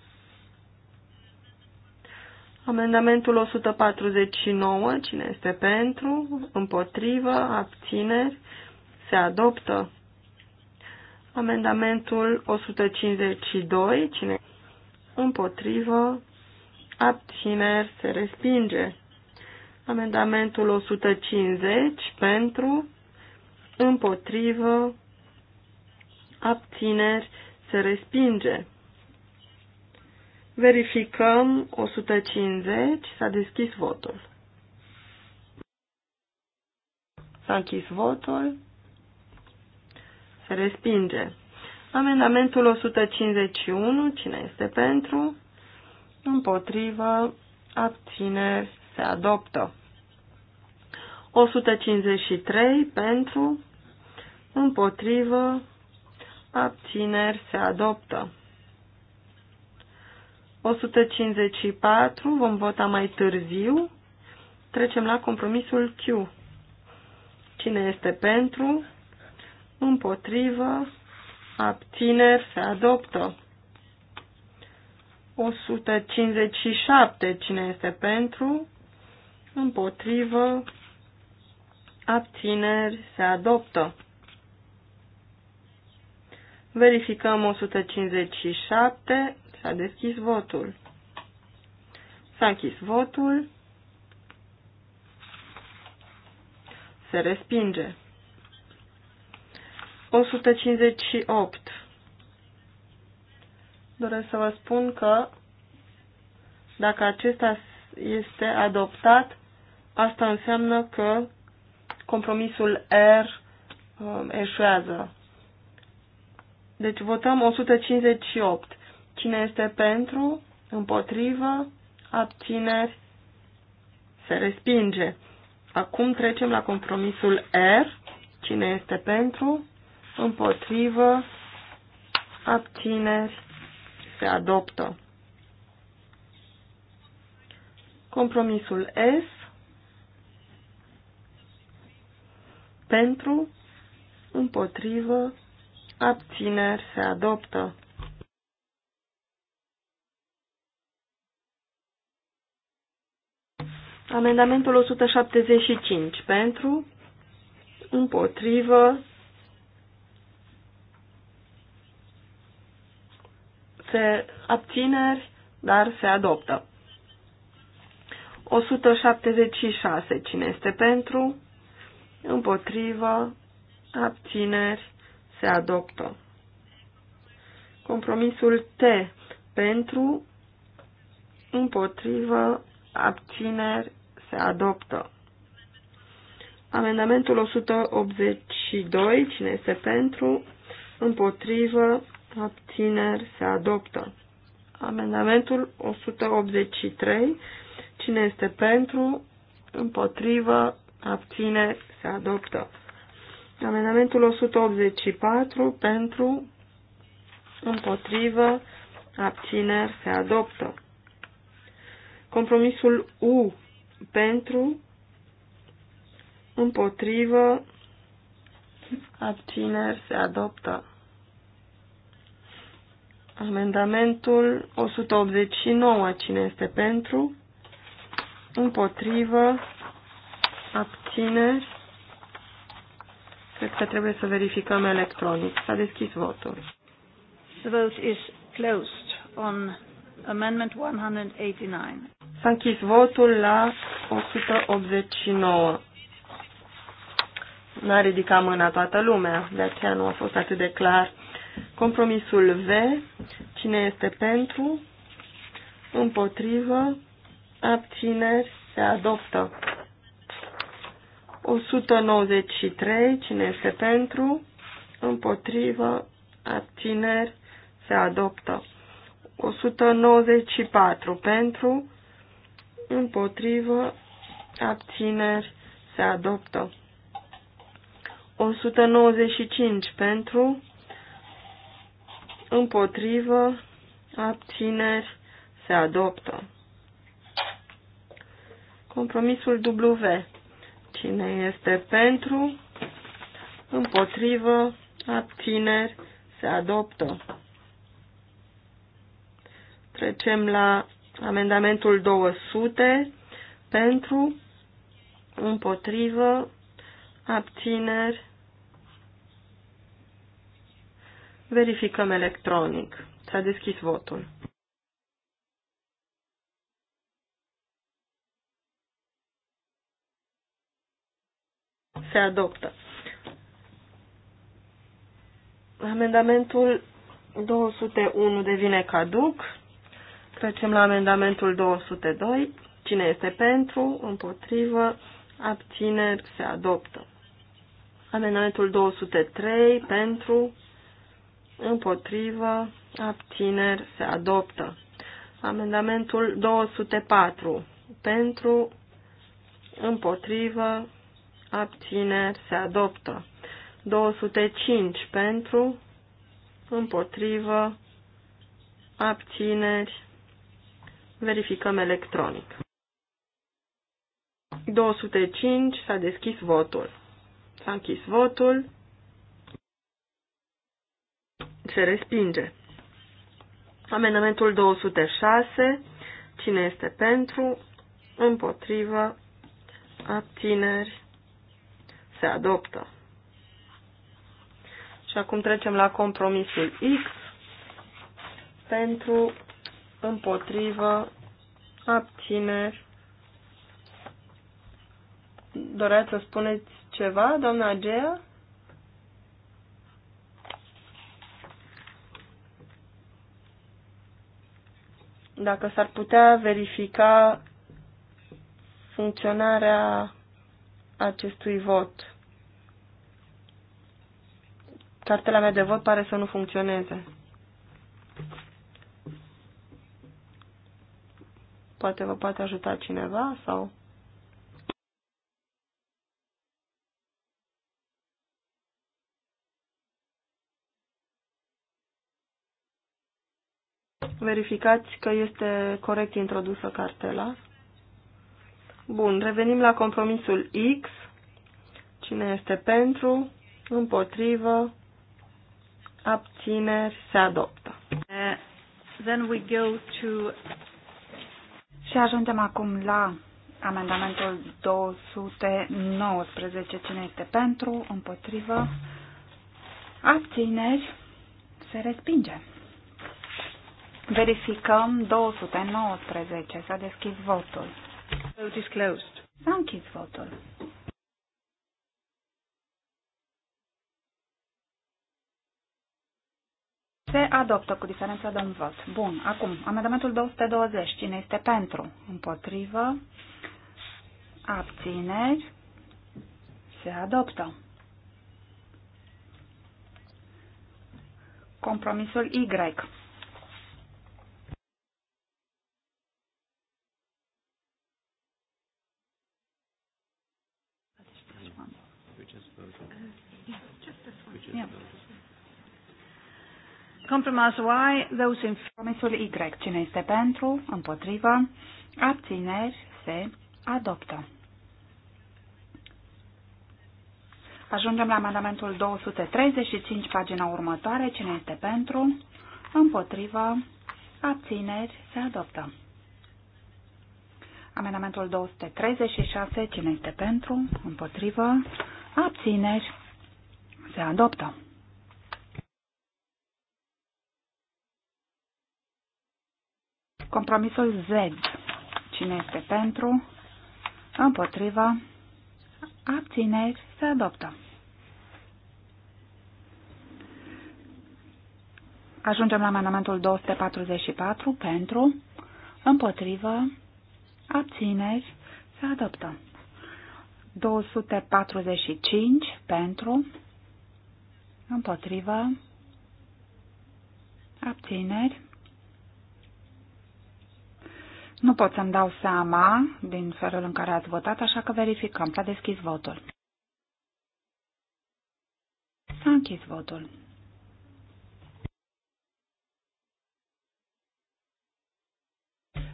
Amendamentul 149, cine este pentru, împotrivă, abțineri, se adoptă. Amendamentul 152, cine împotrivă, abțineri, se respinge. Amendamentul 150, pentru, împotrivă, abțineri, se respinge. Verificăm 150, s-a deschis votul. S-a închis votul. Se respinge. Amendamentul 151, cine este pentru? Împotrivă, abțineri, se adoptă. 153 pentru, împotrivă, abțineri, se adoptă. 154 vom vota mai târziu. Trecem la compromisul Q. Cine este pentru? Împotrivă? Abțineri? Se adoptă. 157. Cine este pentru? Împotrivă? Abțineri? Se adoptă. Verificăm 157. S-a deschis votul. S-a închis votul. Se respinge. 158. Doresc să vă spun că dacă acesta este adoptat, asta înseamnă că compromisul R um, eșuează. Deci votăm 158. Cine este pentru, împotrivă, abțineri, se respinge. Acum trecem la compromisul R. Cine este pentru, împotrivă, abțineri, se adoptă. Compromisul S. Pentru, împotrivă, abțineri, se adoptă. Amendamentul 175 pentru, împotrivă, se abțineri, dar se adoptă. 176. Cine este pentru? Împotrivă, abțineri, se adoptă. Compromisul T. Pentru, împotrivă, abțineri, se adoptă. Amendamentul 182, cine este pentru, împotrivă, abțineri, se adoptă. Amendamentul 183, cine este pentru, împotrivă, abține, se adoptă. Amendamentul 184, pentru, împotrivă, abțineri, se adoptă. Compromisul U pentru, împotrivă, abțineri se adoptă. Amendamentul 189, cine este pentru, împotrivă, abțineri, cred că trebuie să verificăm electronic. S-a deschis votul. The vote is closed on amendment 189. S-a închis votul la 189. N-a ridicat mâna toată lumea, de aceea nu a fost atât de clar. Compromisul V, cine este pentru, împotrivă, abțineri, se adoptă. 193, cine este pentru, împotrivă, abțineri, se adoptă. 194, pentru, împotrivă, abțineri, se adoptă. 195 pentru, împotrivă, abțineri, se adoptă. Compromisul W. Cine este pentru, împotrivă, abțineri, se adoptă. Trecem la Amendamentul 200 pentru, împotrivă, abțineri. Verificăm electronic. S-a deschis votul. Se adoptă. Amendamentul 201 devine caduc. Trecem la amendamentul 202. Cine este pentru, împotrivă, abțineri, se adoptă. Amendamentul 203, pentru, împotrivă, abțineri, se adoptă. Amendamentul 204, pentru, împotrivă, abțineri, se adoptă. 205, pentru, împotrivă, abțineri, Verificăm electronic. 205 s-a deschis votul. S-a închis votul. Se respinge. Amendamentul 206. Cine este pentru? Împotrivă. Abțineri. Se adoptă. Și acum trecem la compromisul X pentru împotrivă, abțineri. Doreați să spuneți ceva, doamna Agea? Dacă s-ar putea verifica funcționarea acestui vot. Cartela mea de vot pare să nu funcționeze. Poate vă poate ajuta cineva sau... Verificați că este corect introdusă cartela. Bun, revenim la compromisul X. Cine este pentru, împotrivă, abțineri, se adoptă. Eh, then we go to și ajungem acum la amendamentul 219. Cine este pentru? Împotrivă? Abțineri? Se respinge. Verificăm 219. S-a deschis votul. S-a închis votul. Se adoptă cu diferența de un vot. Bun. Acum, amendamentul 220. Cine este pentru? Împotrivă. Abțineri. Se adoptă. Compromisul Y. Yeah. Compromise Y, those in... favor. Y, cine este pentru, împotrivă, abțineri, se adoptă. Ajungem la amendamentul 235, pagina următoare. Cine este pentru? Împotrivă. Abțineri. Se adoptă. Amendamentul 236. Cine este pentru? Împotrivă. Abțineri. Se adoptă. Compromisul Z. Cine este pentru? Împotriva? Abțineri? Se adoptă. Ajungem la amendamentul 244 pentru, împotrivă, abțineri, se adoptă. 245 pentru, împotrivă, abțineri, nu pot să-mi dau seama din felul în care ați votat, așa că verificăm. S-a deschis votul. S-a închis votul.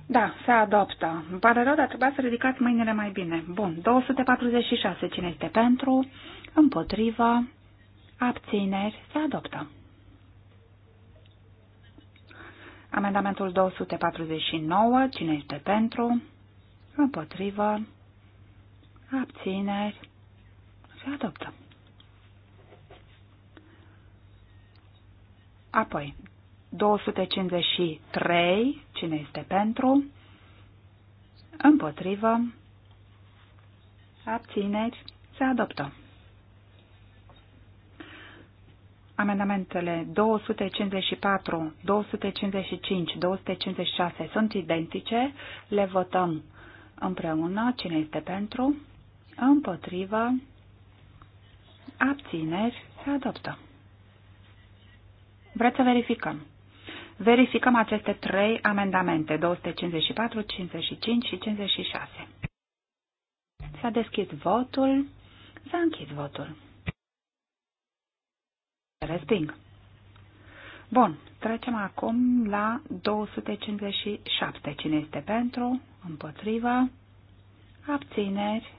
Da, se adoptă. Îmi pare rău, dar trebuia să ridicați mâinile mai bine. Bun, 246. Cine este pentru? Împotrivă? Abțineri? Se adoptă. Amendamentul 249, cine este pentru? Împotrivă. Abțineri. Se adoptă. Apoi, 253, cine este pentru? Împotrivă. Abțineri. Se adoptă. Amendamentele 254, 255, 256 sunt identice. Le votăm împreună. Cine este pentru? Împotrivă. Abțineri. Se adoptă. Vreți să verificăm? Verificăm aceste trei amendamente, 254, 55 și 56. S-a deschis votul, s-a închis votul resping. Bun, trecem acum la 257. Cine este pentru? Împotriva? Abțineri?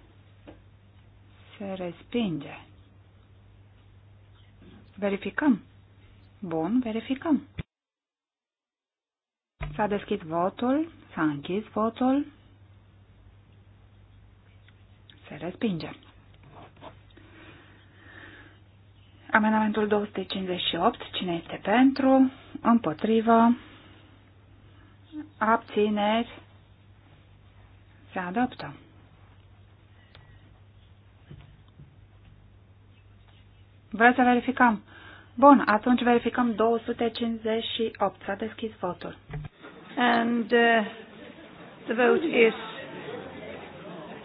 Se respinge. Verificăm. Bun, verificăm. S-a deschis votul, s-a închis votul, se respinge. Amendamentul 258. Cine este pentru? Împotrivă? Abțineri? Se adoptă. Vreți să verificăm? Bun, atunci verificăm 258. S-a deschis votul. And uh, the vote is...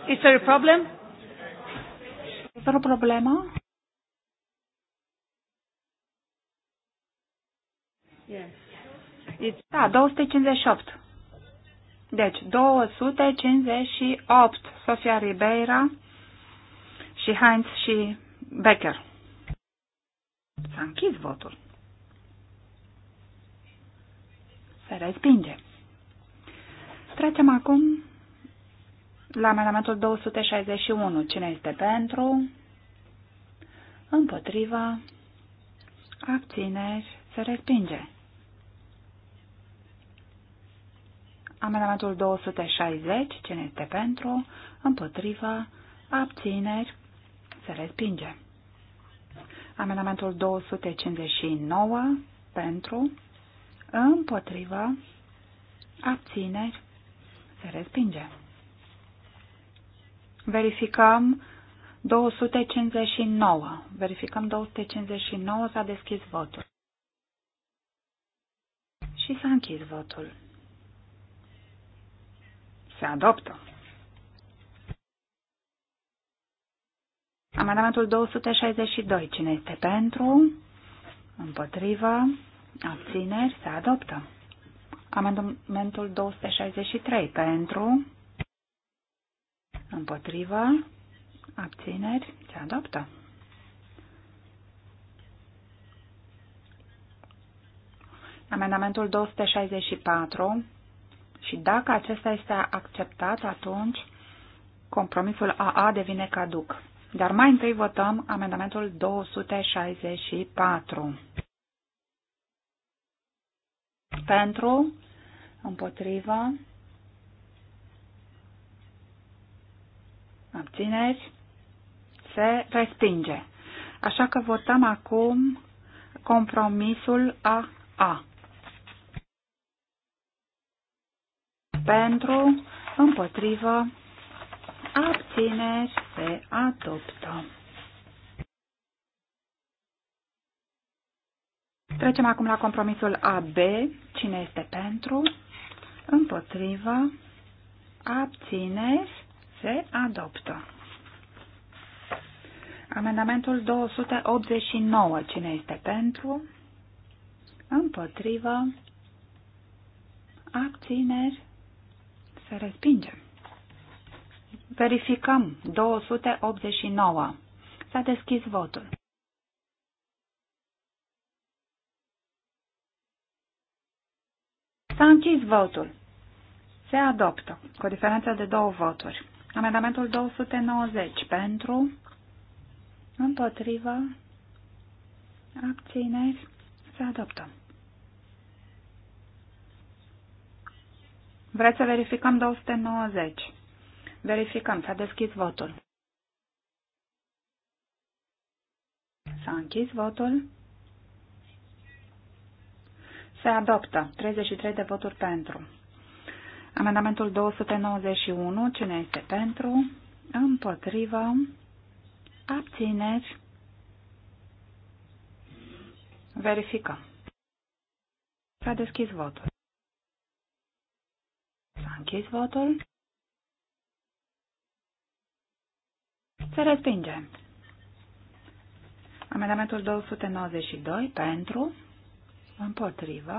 Is there a problem? Is there a problem? Da, 258. Deci, 258. Sofia Ribeira și Heinz și Becker. S-a închis votul. Se respinge. Trecem acum la amendamentul 261. Cine este pentru? Împotriva? Abțineri? Se respinge. Amendamentul 260, cine este pentru, împotriva, abțineri, se respinge. Amendamentul 259, pentru, împotriva, abțineri, se respinge. Verificăm 259. Verificăm 259, s-a deschis votul. Și s-a închis votul se adoptă. Amendamentul 262. Cine este pentru? Împotrivă? Abțineri? Se adoptă. Amendamentul 263. Pentru? Împotrivă? Abțineri? Se adoptă. Amendamentul 264 și dacă acesta este acceptat, atunci compromisul AA devine caduc. Dar mai întâi votăm amendamentul 264. Pentru, împotriva, abțineri, se respinge. Așa că votăm acum compromisul AA. pentru, împotrivă, abțineri, se adoptă. Trecem acum la compromisul AB. Cine este pentru? Împotrivă. Abțineri. Se adoptă. Amendamentul 289. Cine este pentru? Împotrivă. Abțineri. Se respinge. Verificăm. 289. S-a deschis votul. S-a închis votul. Se adoptă, cu diferență de două voturi. Amendamentul 290 pentru, împotriva, abțineri, se adoptă. Vreți să verificăm 290. Verificăm. S-a deschis votul. S-a închis votul. Se adoptă 33 de voturi pentru. Amendamentul 291. Cine este pentru? Împotrivă. Abțineți. Verificăm. S-a deschis votul. S-a închis votul. Se respinge. Amendamentul 292 pentru, împotrivă,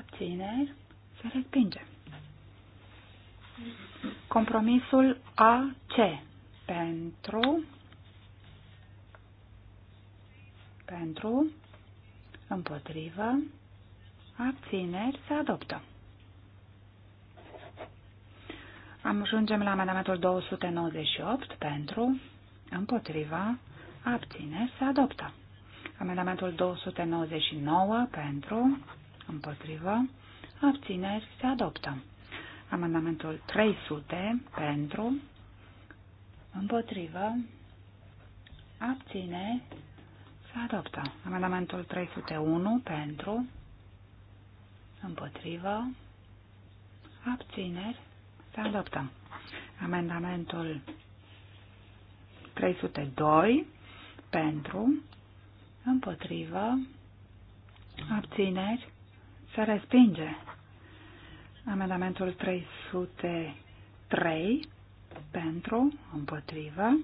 abțineri, se respinge. Compromisul AC pentru, pentru, împotrivă, abțineri, se adoptă. Am ajungem la amendamentul 298 pentru, împotriva, abține, se adoptă. Amendamentul 299 pentru, împotriva, abține, se adoptă. Amendamentul 300 pentru, împotriva, abține, se adoptă. Amendamentul 301 pentru, împotriva, abțineri, se adoptă. Amendamentul 302 pentru, împotrivă, abțineri, se respinge. Amendamentul 303 pentru, împotrivă,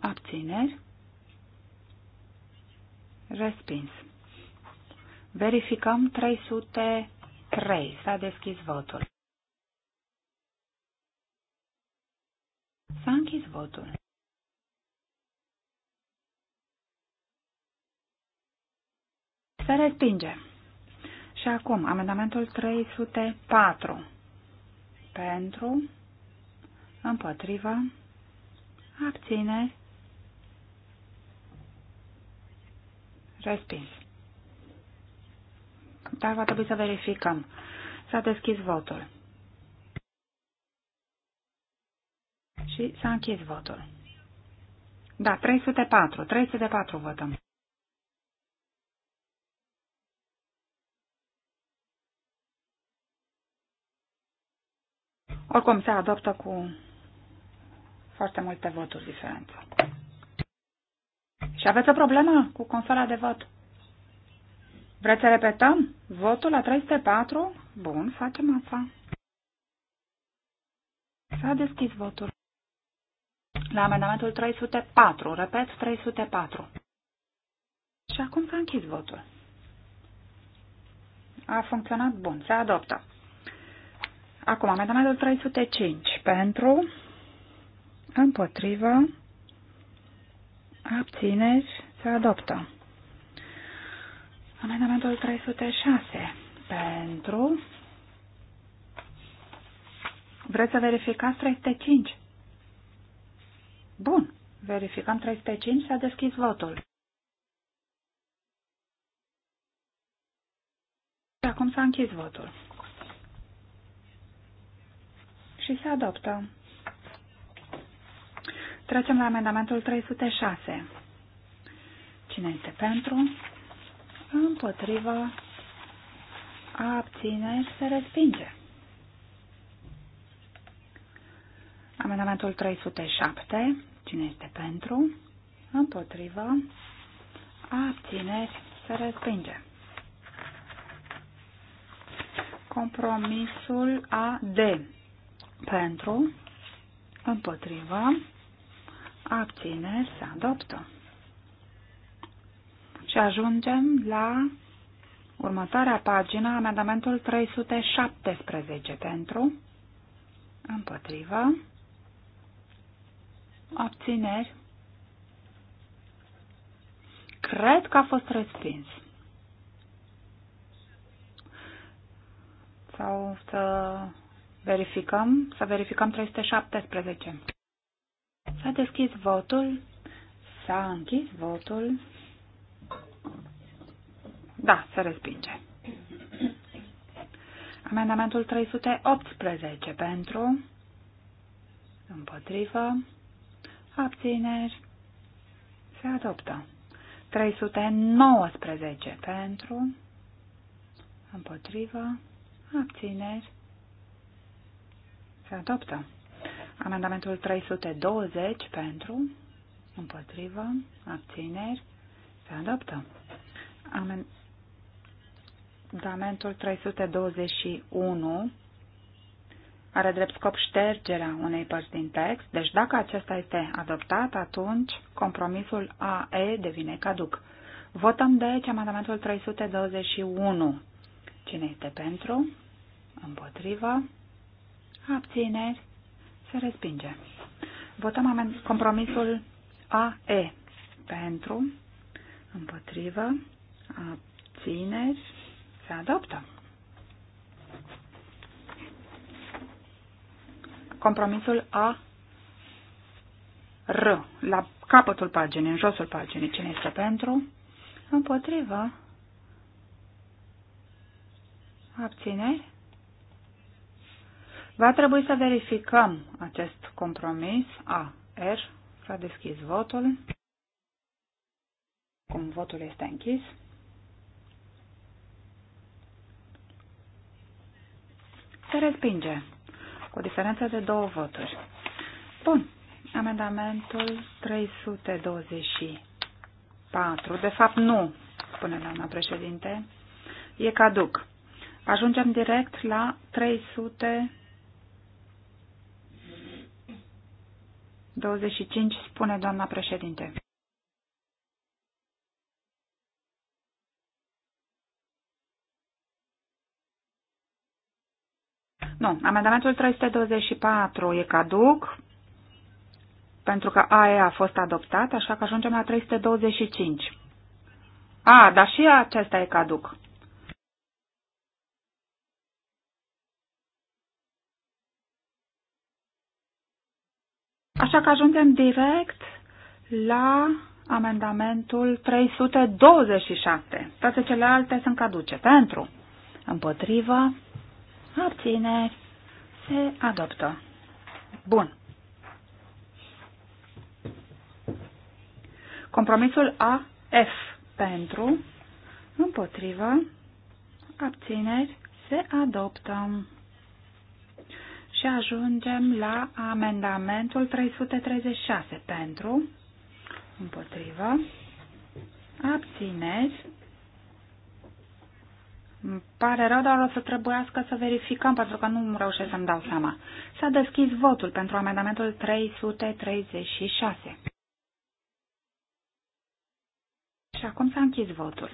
abțineri, respins. Verificăm 303. S-a deschis votul. închis votul. Se respinge. Și acum, amendamentul 304. Pentru, împotriva, abține, respins. Dar va trebui să verificăm. S-a deschis votul. Și s-a închis votul. Da, 304. 304 votăm. Oricum, se adoptă cu foarte multe voturi diferență. Și aveți o problemă cu consola de vot? Vreți să repetăm? Votul la 304? Bun, facem asta. S-a deschis votul la amendamentul 304. Repet, 304. Și acum s-a închis votul. A funcționat bun. Se adoptă. Acum, amendamentul 305. Pentru, împotrivă, abțineri, se adoptă. Amendamentul 306. Pentru, vreți să verificați 305? Bun. Verificăm 305. S-a deschis votul. Acum s-a închis votul. Și se adoptă. Trecem la amendamentul 306. Cine este pentru? Împotriva. Abține. Se respinge. Amendamentul 307 Cine este pentru? Împotriva. Abțineri. Se respinge. Compromisul AD. Pentru. Împotriva. Abțineri. Se adoptă. Și ajungem la următoarea pagină, amendamentul 317 pentru, împotrivă, Abțineri. Cred că a fost respins. Sau să verificăm, să verificăm 317. S-a deschis votul, s-a închis votul. Da, se respinge. Amendamentul 318 pentru, împotrivă, abțineri, se adoptă. 319 pentru, împotrivă, abțineri, se adoptă. Amendamentul 320 pentru, împotrivă, abțineri, se adoptă. Amendamentul 321 are drept scop ștergerea unei părți din text, deci dacă acesta este adoptat, atunci compromisul AE devine caduc. Votăm deci amendamentul 321. Cine este pentru? Împotrivă? Abțineri? Se respinge. Votăm compromisul AE. Pentru? Împotrivă? Abțineri? Se adoptă. compromisul A R, la capătul paginii, în josul paginii, cine este pentru, împotrivă, abțineri. Va trebui să verificăm acest compromis A, R, s-a deschis votul. Cum votul este închis. Se respinge cu diferență de două voturi. Bun. Amendamentul 324. De fapt, nu, spune doamna președinte. E caduc. Ajungem direct la 325, spune doamna președinte. Nu, amendamentul 324 e caduc, pentru că AE a fost adoptat, așa că ajungem la 325. A, dar și acesta e caduc. Așa că ajungem direct la amendamentul 327. Toate celelalte sunt caduce. Pentru, împotrivă, abțineri, se adoptă. Bun. Compromisul AF pentru, împotrivă, abțineri, se adoptă. Și ajungem la amendamentul 336 pentru, împotrivă, abțineri, îmi pare rău, dar o să trebuiască să verificăm, pentru că nu reușesc să-mi dau seama. S-a deschis votul pentru amendamentul 336. Și acum s-a închis votul.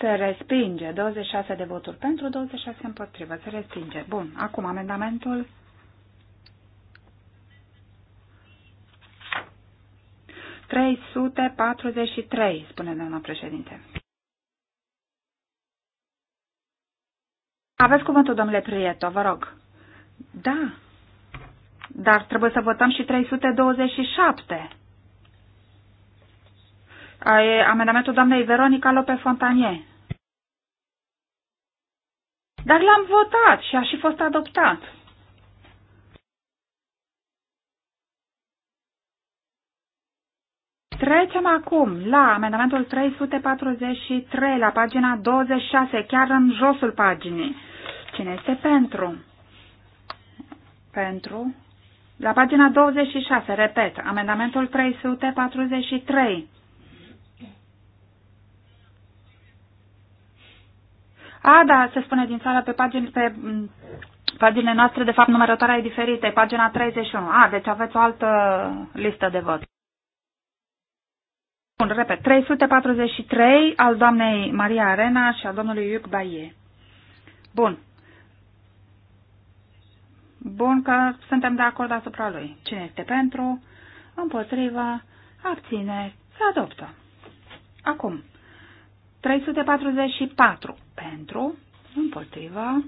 Se respinge 26 de voturi pentru, 26 împotrivă. Se respinge. Bun. Acum amendamentul 343, spune doamna președinte. Aveți cuvântul, domnule Prieto, vă rog. Da, dar trebuie să votăm și 327. E amendamentul doamnei Veronica Lope Fontanie. Dar l-am votat și a și fost adoptat. Trecem acum la amendamentul 343, la pagina 26, chiar în josul paginii. Cine este pentru? Pentru. La pagina 26, repet, amendamentul 343. A, da, se spune din sala pe pagini, pe mm, paginile noastre, de fapt, numărătoarea e diferită, e pagina 31. A, deci aveți o altă listă de vot. Bun, repet, 343 al doamnei Maria Arena și al domnului Iuc Baie. Bun. Bun că suntem de acord asupra lui. Cine este pentru, împotriva, abține, se adoptă. Acum, 344 pentru, împotriva,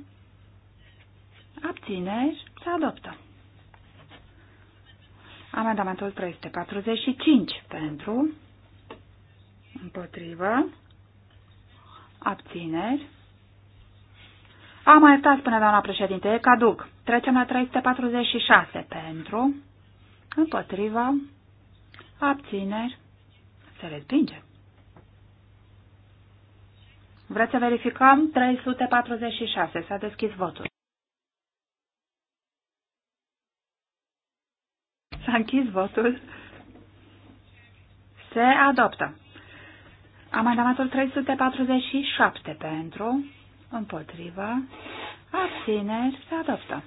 abține, se adoptă. Amendamentul 345 pentru, Împotrivă. Abțineri. Am mai stat spune doamna președinte, e caduc. Trecem la 346 pentru, împotriva, abțineri, se respinge. Vreți să verificăm? 346. S-a deschis votul. S-a închis votul. Se adoptă. Amendamentul 347 pentru, împotrivă, abțineri, se adoptă.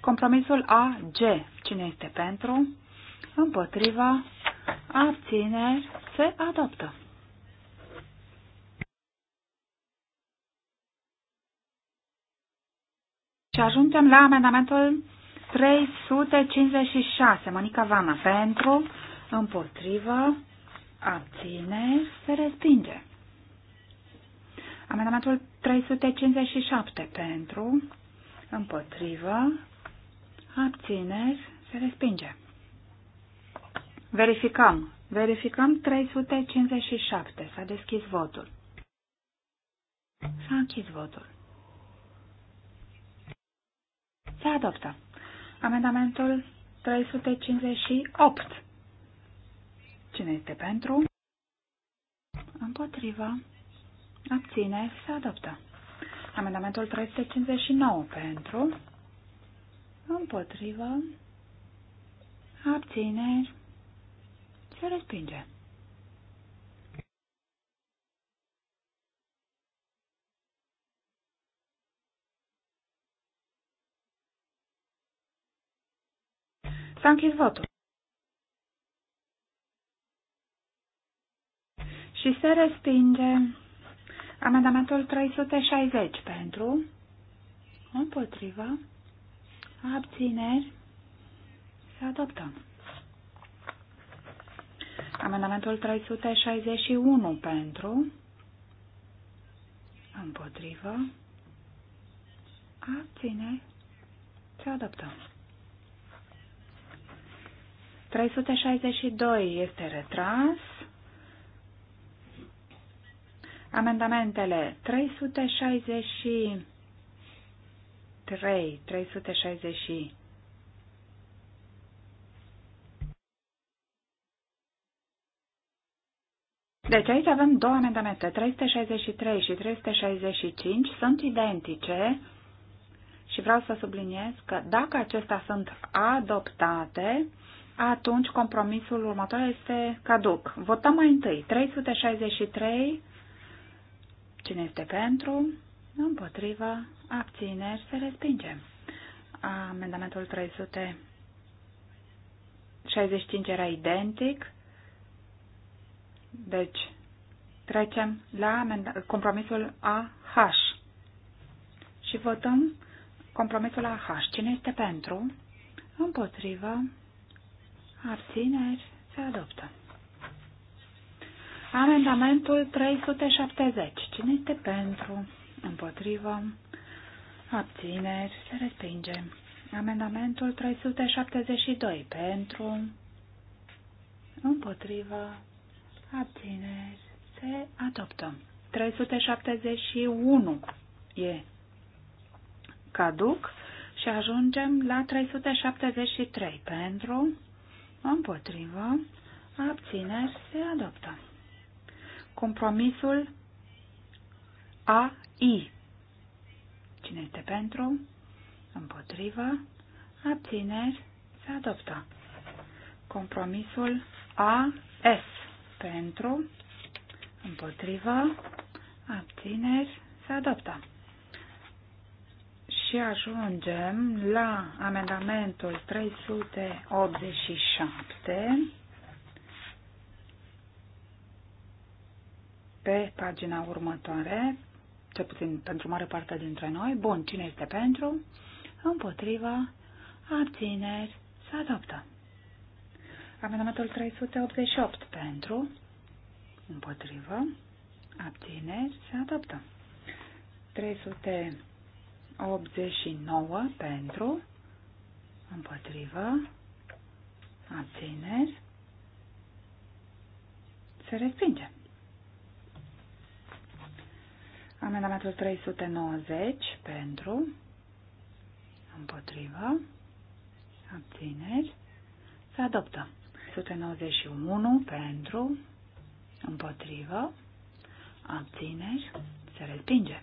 Compromisul AG, cine este pentru, împotriva, abțineri, se adoptă. Și ajungem la amendamentul 356, Monica Vana pentru, împotriva, abține, se respinge. Amendamentul 357 pentru, împotrivă, abține, se respinge. Verificăm. Verificăm 357. S-a deschis votul. S-a închis votul. Se adoptă. Amendamentul 358 Cine este pentru? Împotriva. abține, Se adoptă. Amendamentul 359 pentru. Împotriva. abține, Se respinge. S-a închis votul. și se respinge amendamentul 360 pentru, împotriva, abțineri, se adoptă. Amendamentul 361 pentru, împotrivă, abțineri, se adoptă. 362 este retras, Amendamentele 363, 360. Deci aici avem două amendamente, 363 și 365, sunt identice și vreau să subliniez că dacă acestea sunt adoptate, atunci compromisul următor este caduc. Votăm mai întâi 363 Cine este pentru? Împotriva. Abțineri. Se respinge. Amendamentul 365 era identic. Deci, trecem la compromisul AH. Și votăm compromisul AH. Cine este pentru? Împotrivă. Abțineri. Se adoptă. Amendamentul 370. Cine este pentru? Împotrivă. Abțineri. Se respinge. Amendamentul 372. Pentru. Împotrivă. Abțineri. Se adoptă. 371 e caduc și ajungem la 373. Pentru. Împotrivă. Abțineri. Se adoptă. Compromisul AI. Cine este pentru? Împotrivă. Abțineri. Se adoptă. Compromisul AS. Pentru. Împotrivă. Abțineri. Se adoptă. Și ajungem la amendamentul 387 pe pagina următoare, cel puțin pentru mare parte dintre noi. Bun, cine este pentru? Împotriva, abțineri, se adoptă. Amendamentul 388 pentru, împotrivă, abțineri, se adoptă. 389 pentru, împotrivă, abțineri, se respinge. Amendamentul 390 pentru, împotrivă, abțineri, se adoptă. 391 pentru, împotrivă, abțineri, se respinge.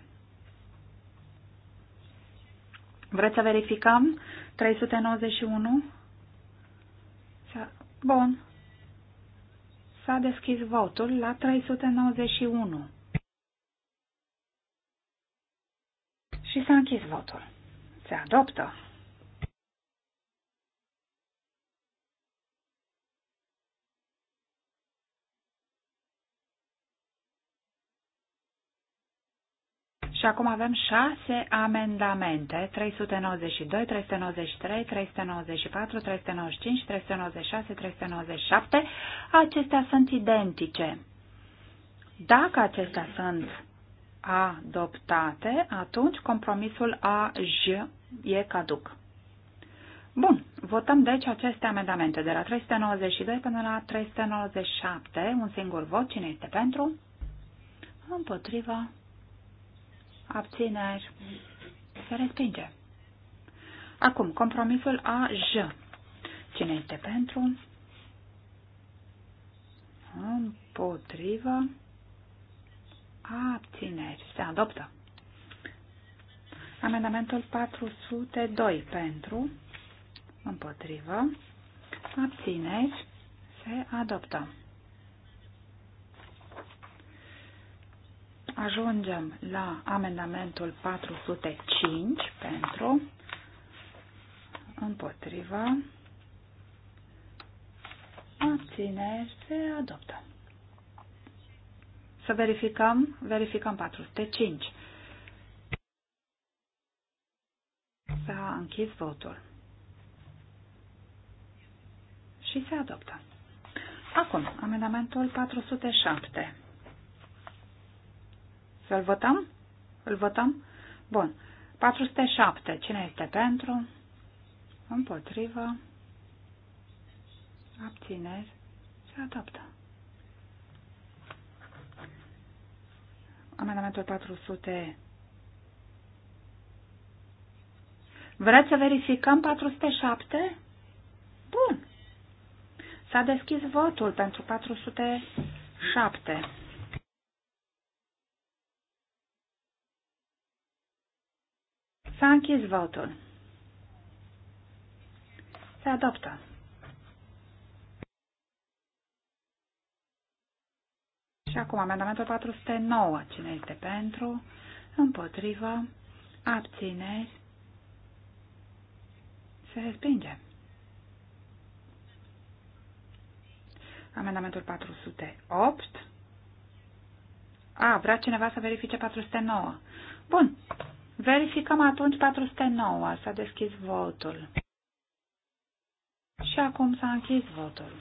Vreți să verificăm? 391? Bun. S-a deschis votul la 391. Și s-a închis votul. Se adoptă. Și acum avem șase amendamente, 392, 393, 394, 395, 396, 397. Acestea sunt identice. Dacă acestea sunt adoptate, atunci compromisul AJ e caduc. Bun, votăm deci aceste amendamente de la 392 până la 397, un singur vot, cine este pentru? Împotriva, abțineri, se respinge. Acum, compromisul AJ. Cine este pentru? Împotriva, Abțineri. Se adoptă. Amendamentul 402 pentru, împotrivă, abțineri, se adoptă. Ajungem la amendamentul 405 pentru, împotrivă, abțineri, se adoptă. Să verificăm, verificăm 405. S-a închis votul. Și se adoptă. Acum, amendamentul 407. Să-l votăm? Îl votăm? Bun. 407. Cine este pentru? Împotrivă. Abțineri. Se adoptă. Amendamentul 400. Vreți să verificăm 407? Bun. S-a deschis votul pentru 407. S-a închis votul. Se adoptă. Și acum amendamentul 409. Cine este pentru? Împotrivă. Abțineri. Se respinge. Amendamentul 408. A, vrea cineva să verifice 409. Bun. Verificăm atunci 409. S-a deschis votul. Și acum s-a închis votul.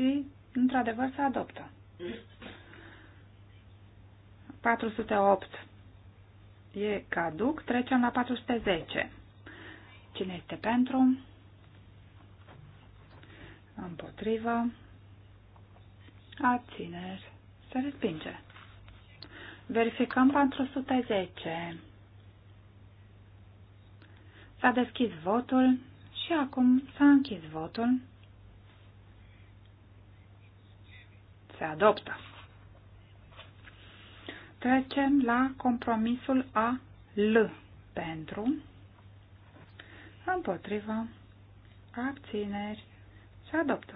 și, într-adevăr, se adoptă. 408 e caduc, trecem la 410. Cine este pentru? Împotrivă. Abțineri. Se respinge. Verificăm 410. S-a deschis votul și acum s-a închis votul. se adoptă. Trecem la compromisul a l pentru, împotriva, abțineri, se adoptă.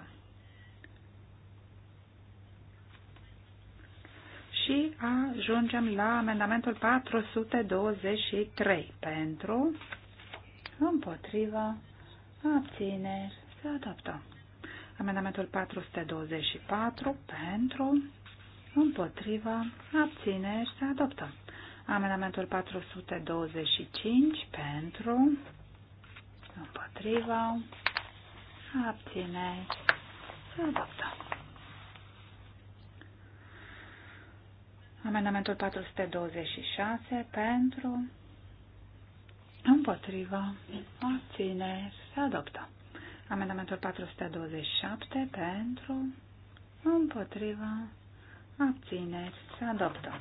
Și ajungem la amendamentul 423 pentru, împotriva, abțineri, se adoptă. Amendamentul 424 pentru, împotriva, abțineri, se adoptă. Amendamentul 425 pentru, împotriva, abțineri, se adoptă. Amendamentul 426 pentru, împotriva, abțineri, se adoptă. Amendamentul 427 pentru, împotriva, abțineri, se adoptă.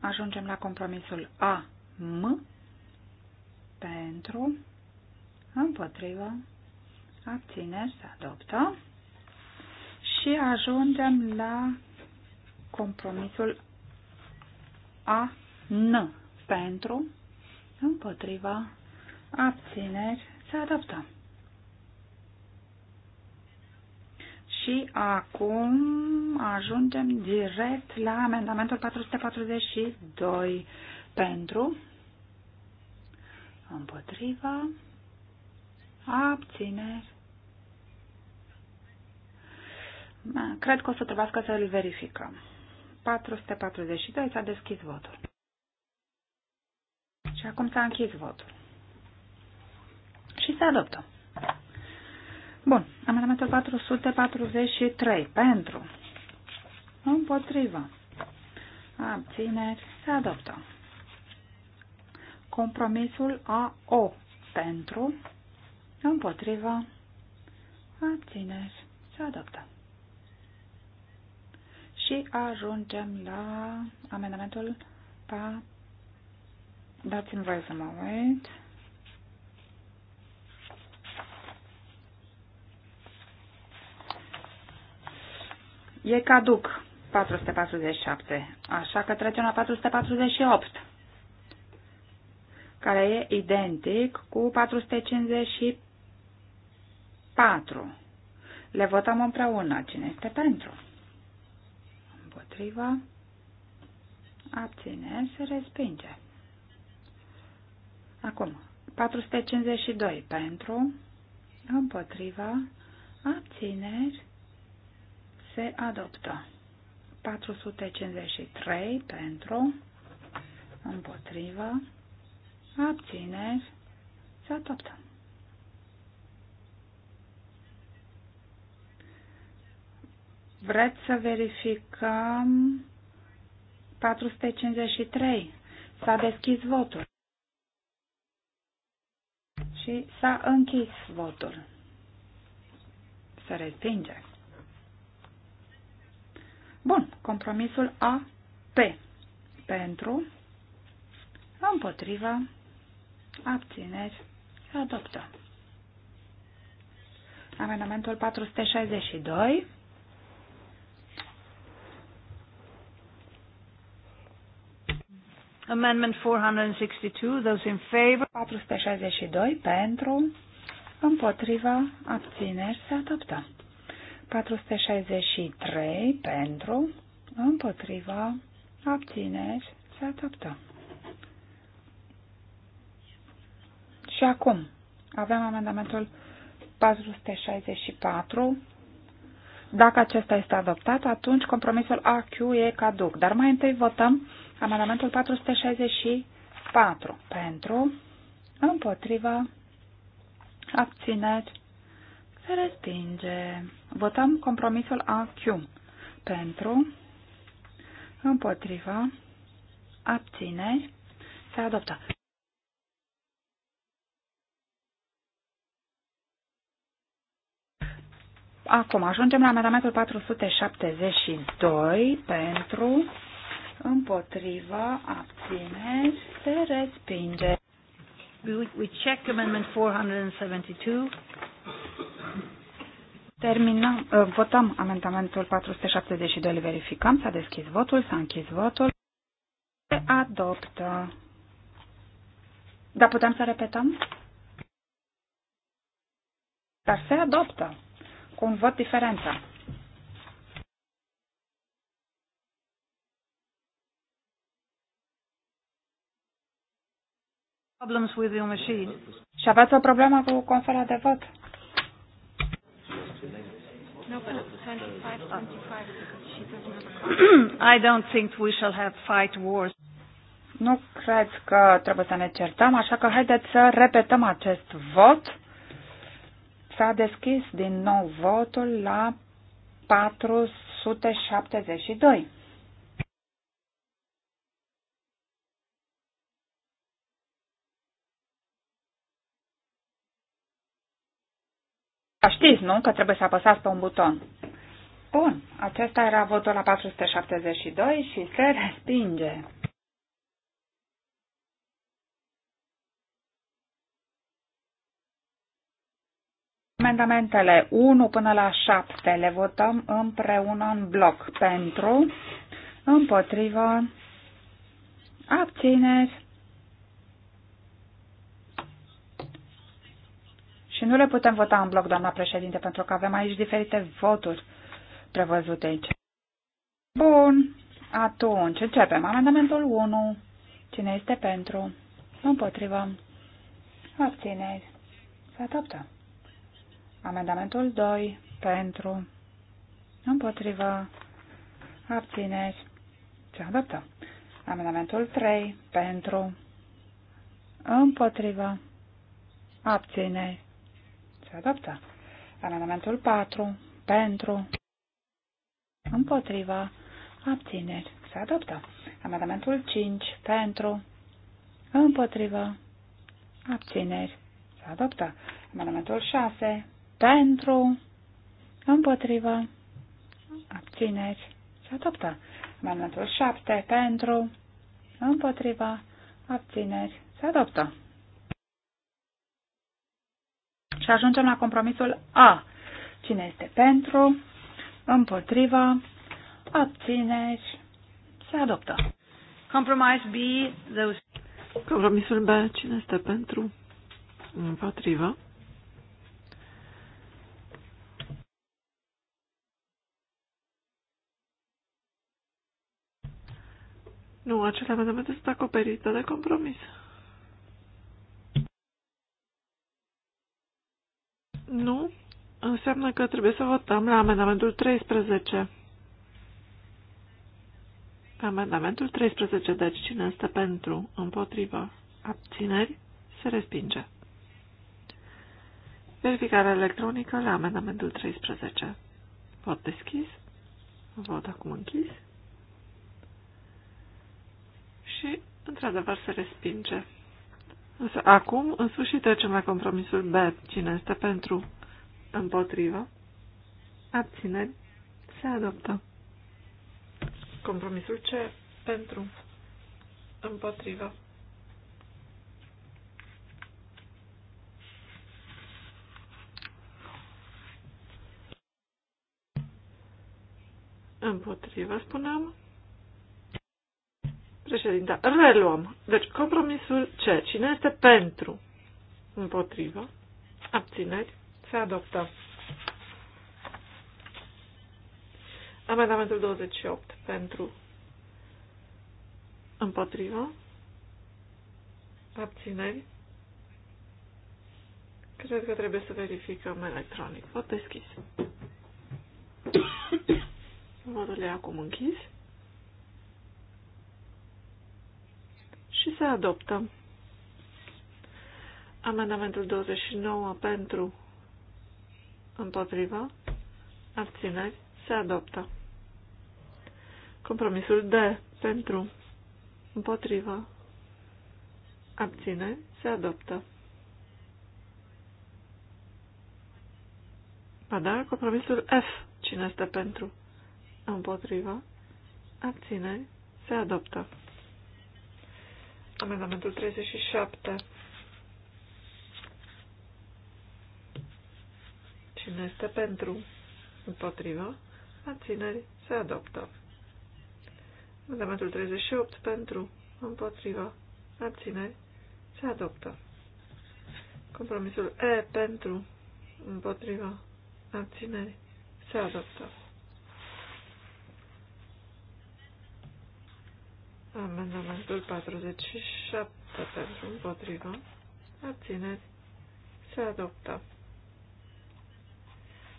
Ajungem la compromisul AM pentru, împotriva, abțineri, se adoptă. Și ajungem la compromisul AN pentru, împotriva, abțineri, se adoptă. Și acum ajungem direct la amendamentul 442 pentru, împotriva, abțineri. Cred că o să trebuiască să îl verificăm. 442 s-a deschis votul. Și acum s-a închis votul. Și se adoptă. Bun. Amendamentul 443. Pentru. Împotrivă. Abțineri. Se adoptă. Compromisul AO. Pentru. Împotrivă. Abțineri. Se adoptă. Și ajungem la amendamentul pa... Dați-mi voie să mă uit. E caduc 447, așa că trecem la 448, care e identic cu 454. Le votăm împreună. Cine este pentru? Împotriva. Abține. Se respinge. Acum, 452 pentru, împotriva, abțineri, se adoptă. 453 pentru, împotrivă, abțineri, se adoptă. Vreți să verificăm 453? S-a deschis votul. Și s-a închis votul. să respinge. Bun, compromisul a p pentru, împotriva, abțineri, adoptă. Amendamentul 462 Amendment 462, those in favor. 462 pentru, împotriva, abțineri, se adoptă. 463 pentru, împotriva, abțineri, se adoptă. Și acum avem amendamentul 464. Dacă acesta este adoptat, atunci compromisul AQ e caduc. Dar mai întâi votăm amendamentul 464 pentru, împotriva, abțineri, se respinge. Votăm compromisul AQ. Pentru, împotriva, abține, se adoptă. Acum ajungem la amendamentul 472 pentru împotriva abține se respinge. We, we check amendment 472. Terminăm, uh, votăm amendamentul 472, îl verificăm, s-a deschis votul, s-a închis votul. Se adoptă. Da, putem să repetăm? Dar se adoptă cu un vot diferența. Problems with your machine. Și aveți o problemă cu consola de vot? *coughs* I don't think we shall have fight wars. Nu cred că trebuie să ne certăm, așa că haideți să repetăm acest vot. S-a deschis din nou votul la 472. Asta știți, nu? Că trebuie să apăsați pe un buton. Bun, acesta era votul la 472 și se respinge. Amendamentele 1 până la 7 le votăm împreună în bloc pentru, împotrivă, abțineri, Și nu le putem vota în bloc, doamna președinte, pentru că avem aici diferite voturi prevăzute aici. Bun. Atunci, începem. Amendamentul 1. Cine este pentru? Împotrivă. Abțineri. Se adoptă. Amendamentul 2. Pentru. Împotrivă. Abțineri. Se adoptă. Amendamentul 3. Pentru. Împotrivă. Abțineri. Se adoptă. Amendamentul 4. Pentru. Împotriva. Abțineri. Se adoptă. Amendamentul 5. Pentru. Împotriva. Abțineri. Se adoptă. Amendamentul 6. Pentru. Împotriva. Abțineri. Se adoptă. Amendamentul 7. Pentru. Împotriva. Abțineri. Se adoptă. Și ajungem la compromisul A. Cine este pentru? Împotriva? Abțineri? Se adoptă. Compromise B. Those... Compromisul B. Cine este pentru? Împotriva? Nu, acele amendamente sunt acoperite de compromis. Nu. Înseamnă că trebuie să votăm la amendamentul 13. Amendamentul 13, deci cine stă pentru, împotrivă, abțineri, se respinge. Verificare electronică la amendamentul 13. Vot deschis. Vot acum închis. Și, într-adevăr, se respinge. Însă acum, în sfârșit, trecem la compromisul B. Cine este pentru? Împotrivă? Abțineri? Se adoptă. Compromisul C. Pentru? Împotrivă? Împotrivă, spuneam președinte, reluăm. Deci, compromisul ce? Cine este pentru? Împotrivă. Abțineri. Se adoptă. Amendamentul 28 pentru împotrivă. Abțineri. Cred că trebuie să verificăm electronic. Vot deschis. Votul e acum închis. și se adoptă. Amendamentul 29 pentru împotriva abțineri se adoptă. Compromisul D pentru împotriva abțineri se adoptă. Ba da, compromisul F. Cine este pentru? Împotriva. Abțineri. Se adoptă. Amendamentul 37. Cine este pentru? Împotrivă? Abțineri? Se adoptă. Amendamentul 38. Pentru? Împotrivă? Abțineri? Se adoptă. Compromisul E pentru? Împotrivă? Abțineri? Se adoptă. Amendamentul 47 pentru împotrivă. Abțineri. Se adoptă.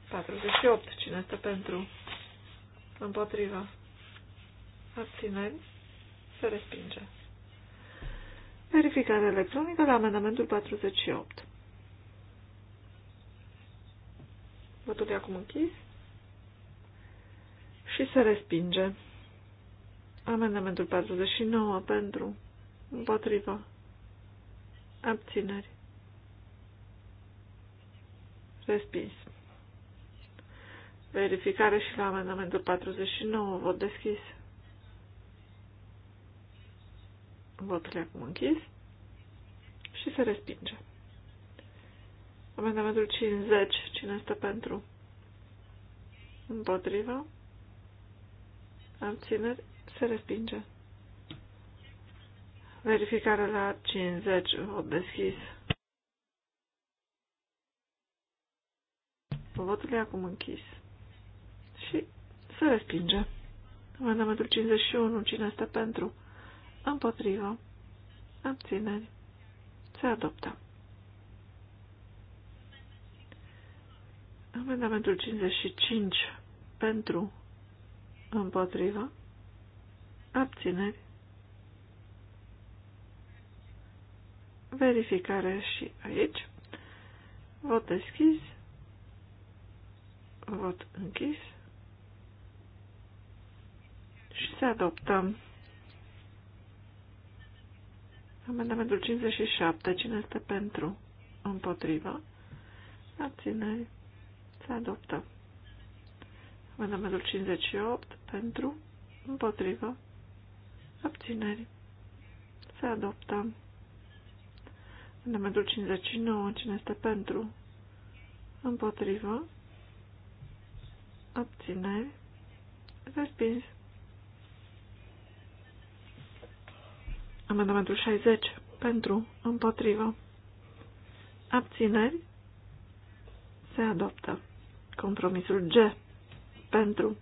48. Cine este pentru? împotrivă? Abțineri. Se respinge. Verificare electronică la amendamentul 48. Votul e acum închis. Și se respinge. Amendamentul 49 pentru, împotriva, abțineri, respins. Verificare și la amendamentul 49, vot deschis. Votul e acum închis și se respinge. Amendamentul 50, cine este pentru? Împotriva? Abțineri? Se respinge. Verificare la 50. Vot deschis. Votul e acum închis. Și se respinge. Amendamentul 51. Cine este pentru? Împotrivă. Abțineri. Se adoptă. Amendamentul 55. Pentru. Împotrivă abțineri, verificare și aici, vot deschis, vot închis și se adoptăm. amendamentul 57, cine este pentru, împotriva, abțineri, se adoptă. Amendamentul 58 pentru, împotrivă, Abțineri. Se adoptă. Amendamentul 59. Cine este pentru? Împotrivă. Abțineri. Respins. Amendamentul 60. Pentru. Împotrivă. Abțineri. Se adoptă. Compromisul G. Pentru.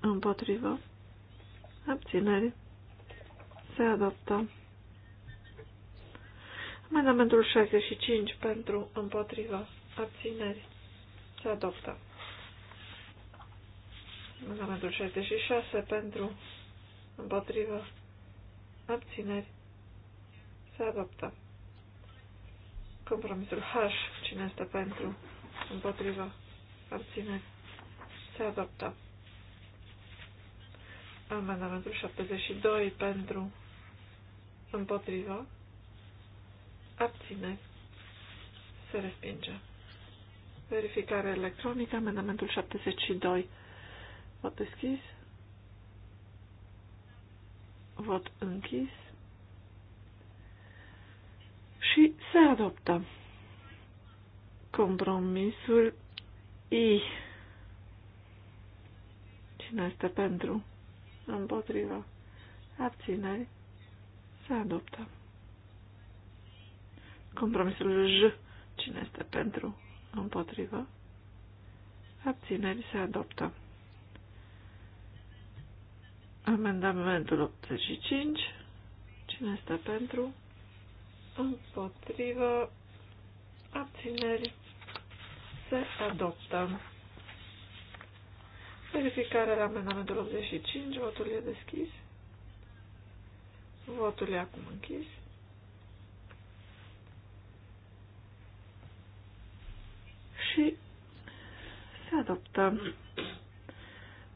Împotrivă. Abțineri. Se adoptă. Amendamentul 65 pentru împotriva abțineri se adoptă. Amendamentul 66 pentru împotriva abțineri se adoptă. Compromisul H, cine este pentru împotriva abțineri, se adoptă. Amendamentul 72 pentru împotrivă. abține se respinge. Verificare electronică, amendamentul 72. Vot deschis. Vot închis. Și se adoptă. Compromisul I. Cine este pentru? împotriva abțineri se adoptă. Compromisul J, cine este pentru, împotriva, abțineri se adoptă. Amendamentul 85, cine este pentru, împotriva, abțineri se adoptă. Verificare la amendamentul 85. Votul e deschis. Votul e acum închis. Și se adoptă.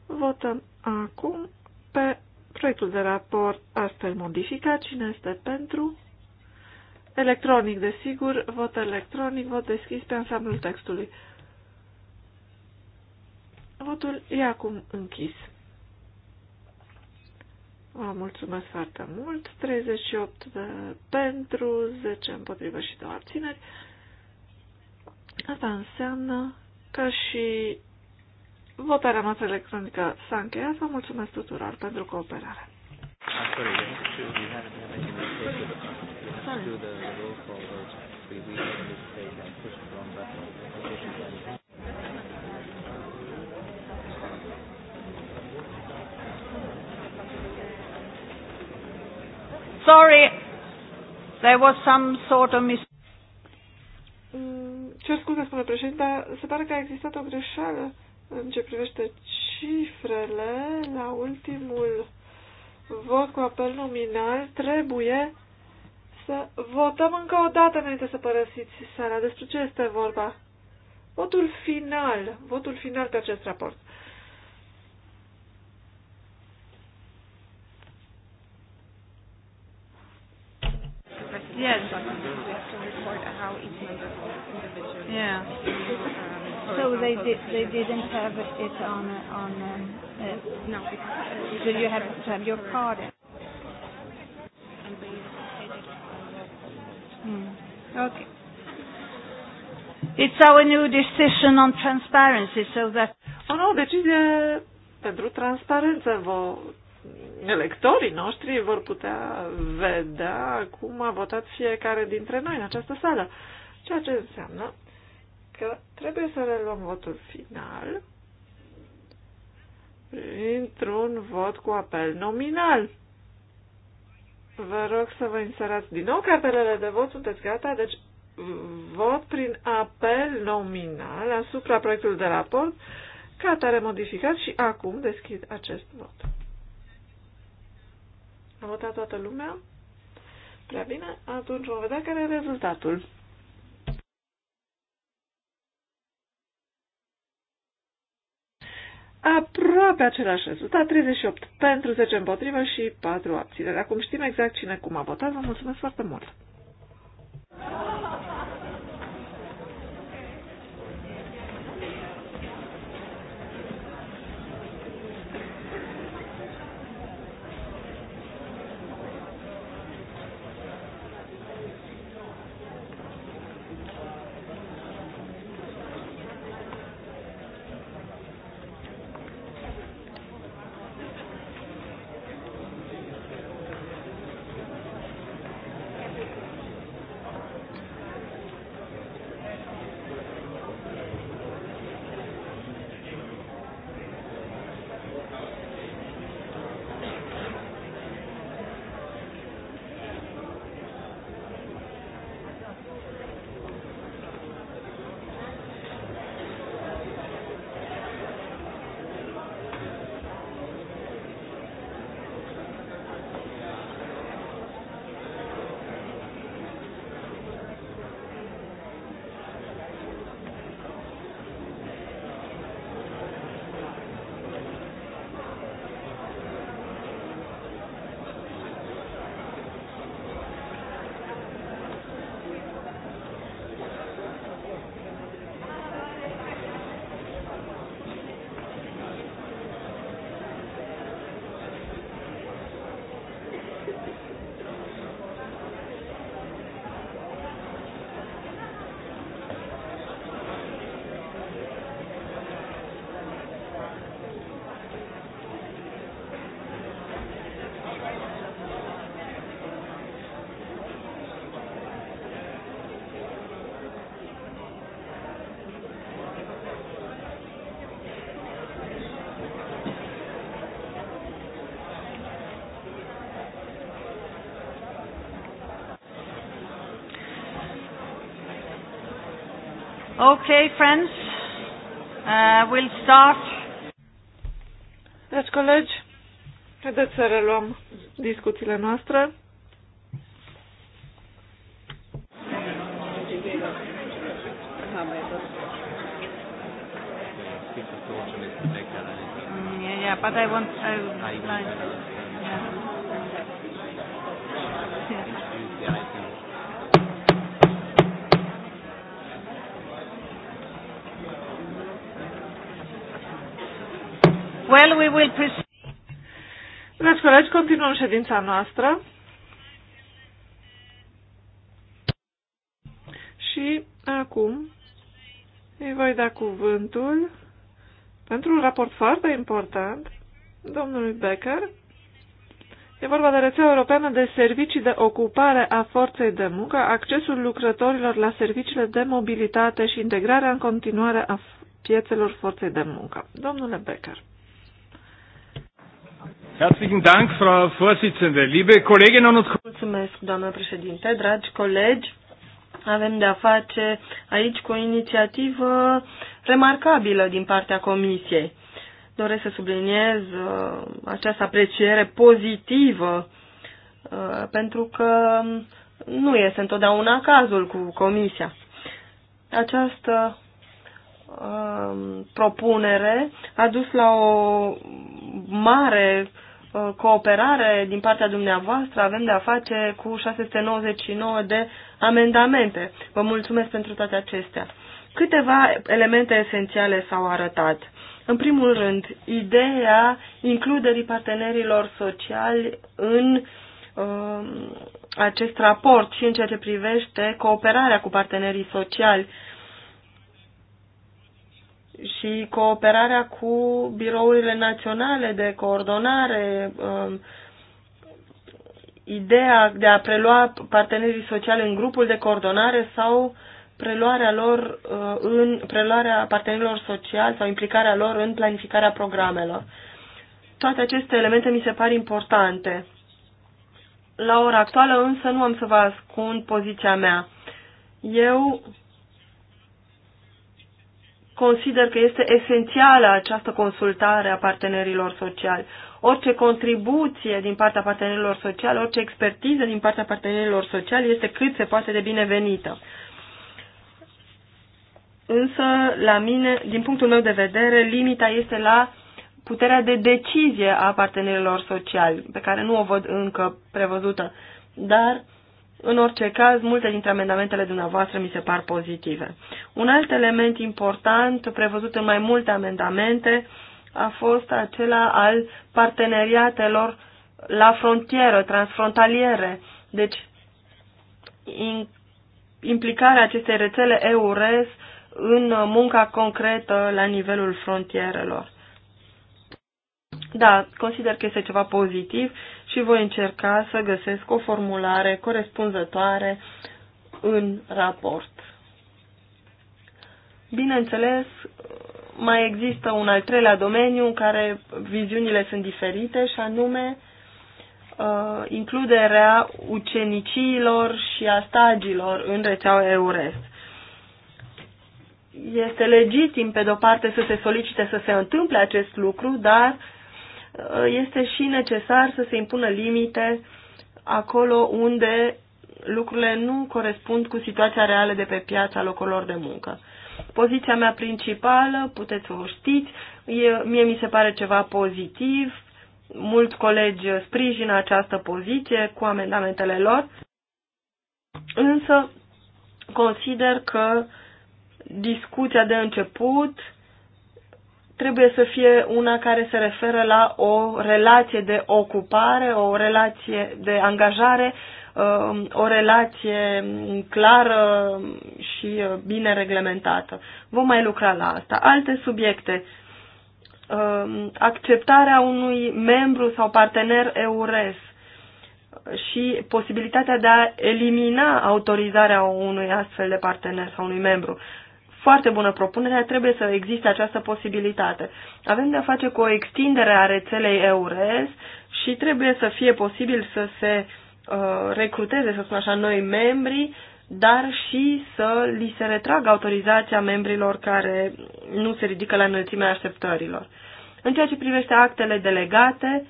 Votăm acum pe proiectul de raport astfel modificat. Cine este pentru? Electronic, desigur. Vot electronic, vot deschis pe ansamblul textului. Votul e acum închis. Vă mulțumesc foarte mult. 38 de pentru, 10 împotrivă și 2 abțineri. Asta înseamnă că și votarea noastră electronică s-a încheiat. Vă mulțumesc tuturor pentru cooperare. Sorry, there was some sort of mis- Cer scuze, spune președinte, se pare că a existat o greșeală în ce privește cifrele la ultimul vot cu apel nominal. Trebuie să votăm încă o dată înainte să părăsiți sala. Despre ce este vorba? Votul final, votul final pe acest raport. Yes. to report how each member individually. Yeah. Um, so they did. They didn't have it on on. Um, uh, no. Because, so you have to have your card. In. Hmm. Okay. It's our new decision on transparency, so that. O nouă decizie pentru transparență vă electorii noștri vor putea vedea cum a votat fiecare dintre noi în această sală. Ceea ce înseamnă că trebuie să reluăm votul final printr-un vot cu apel nominal. Vă rog să vă inserați din nou cartelele de vot, sunteți gata? Deci vot prin apel nominal asupra proiectului de raport ca atare modificat și acum deschid acest vot. A votat toată lumea? Prea bine, atunci vom vedea care e rezultatul. Aproape același rezultat, 38 pentru 10 împotrivă și 4 abțineri. Acum știm exact cine cum a votat, vă mulțumesc foarte mult! Okay, friends, uh, we'll start. Deci, colegi, haideți să reluăm discuțiile noastre. yeah, yeah, but I want I, I, I, I, I, I, I, I, I Well, we will proceed. Dragi colegi, continuăm ședința noastră. Și acum îi voi da cuvântul pentru un raport foarte important domnului Becker. E vorba de rețeaua europeană de servicii de ocupare a forței de muncă, accesul lucrătorilor la serviciile de mobilitate și integrarea în continuare a piețelor forței de muncă. Domnule Becker. Herzlichen Dank, Frau Vorsitzende. Liebe Kolleginnen und Mulțumesc, doamnă președinte, dragi colegi. Avem de-a face aici cu o inițiativă remarcabilă din partea Comisiei. Doresc să subliniez uh, această apreciere pozitivă uh, pentru că nu este întotdeauna cazul cu Comisia. Această uh, propunere a dus la o mare Uh, cooperare din partea dumneavoastră. Avem de a face cu 699 de amendamente. Vă mulțumesc pentru toate acestea. Câteva elemente esențiale s-au arătat. În primul rând, ideea includerii partenerilor sociali în uh, acest raport și în ceea ce privește cooperarea cu partenerii sociali și cooperarea cu birourile naționale de coordonare, um, ideea de a prelua partenerii sociale în grupul de coordonare sau preluarea lor uh, în preluarea partenerilor sociali sau implicarea lor în planificarea programelor. Toate aceste elemente mi se par importante. La ora actuală însă nu am să vă ascund poziția mea. Eu consider că este esențială această consultare a partenerilor sociali. Orice contribuție din partea partenerilor sociali, orice expertiză din partea partenerilor sociali este cât se poate de binevenită. Însă, la mine, din punctul meu de vedere, limita este la puterea de decizie a partenerilor sociali, pe care nu o văd încă prevăzută, dar uh, în orice caz, multe dintre amendamentele dumneavoastră mi se par pozitive. Un alt element important, prevăzut în mai multe amendamente, a fost acela al parteneriatelor la frontieră, transfrontaliere. Deci, in, implicarea acestei rețele EURES în munca concretă la nivelul frontierelor. Da, consider că este ceva pozitiv și voi încerca să găsesc o formulare corespunzătoare în raport. Bineînțeles, mai există un al treilea domeniu în care viziunile sunt diferite și anume uh, includerea uceniciilor și a stagilor în rețeaua EURES. Este legitim, pe de-o parte, să se solicite să se întâmple acest lucru, dar uh, Uh, este și necesar să se impună limite acolo unde lucrurile nu corespund cu situația reală de pe piața locurilor de muncă. Poziția mea principală, puteți să o știți, e, mie mi se pare ceva pozitiv, mulți colegi sprijină această poziție cu amendamentele lor, însă consider că discuția de început trebuie să fie una care se referă la o relație de ocupare, o relație de angajare, um, o relație clară și uh, bine reglementată. Vom mai lucra la asta. Alte subiecte. Um, acceptarea unui membru sau partener EURES și posibilitatea de a elimina autorizarea unui astfel de partener sau unui membru foarte bună propunere, trebuie să existe această posibilitate. Avem de-a face cu o extindere a rețelei EURES și trebuie să fie posibil să se uh, recruteze, să spun așa, noi membri, dar și să li se retragă autorizația membrilor care nu se ridică la înălțimea așteptărilor. În ceea ce privește actele delegate,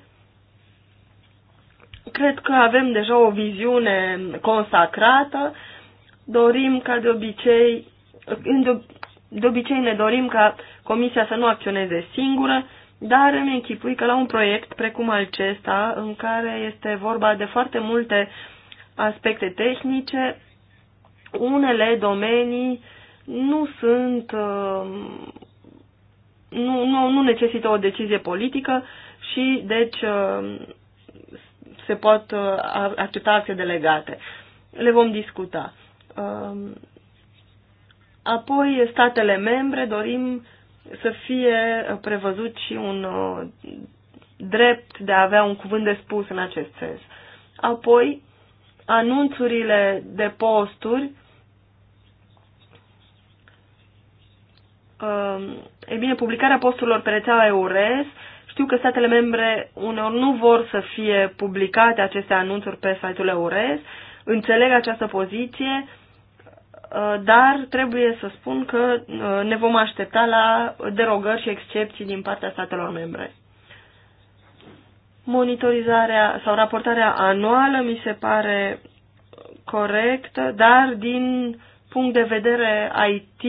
cred că avem deja o viziune consacrată. Dorim, ca de obicei, de obicei ne dorim ca comisia să nu acționeze singură, dar îmi închipui că la un proiect precum acesta, în care este vorba de foarte multe aspecte tehnice, unele domenii nu sunt uh, nu, nu, nu necesită o decizie politică și deci uh, se pot uh, accepta acte delegate. Le vom discuta. Apoi, statele membre dorim să fie prevăzut și un uh, drept de a avea un cuvânt de spus în acest sens. Apoi, anunțurile de posturi uh, E bine, publicarea posturilor pe rețeaua EURES, știu că statele membre uneori nu vor să fie publicate aceste anunțuri pe site-ul EURES, înțeleg această poziție, Uh, dar trebuie să spun că uh, ne vom aștepta la derogări și excepții din partea statelor membre. Monitorizarea sau raportarea anuală mi se pare corectă, dar din punct de vedere IT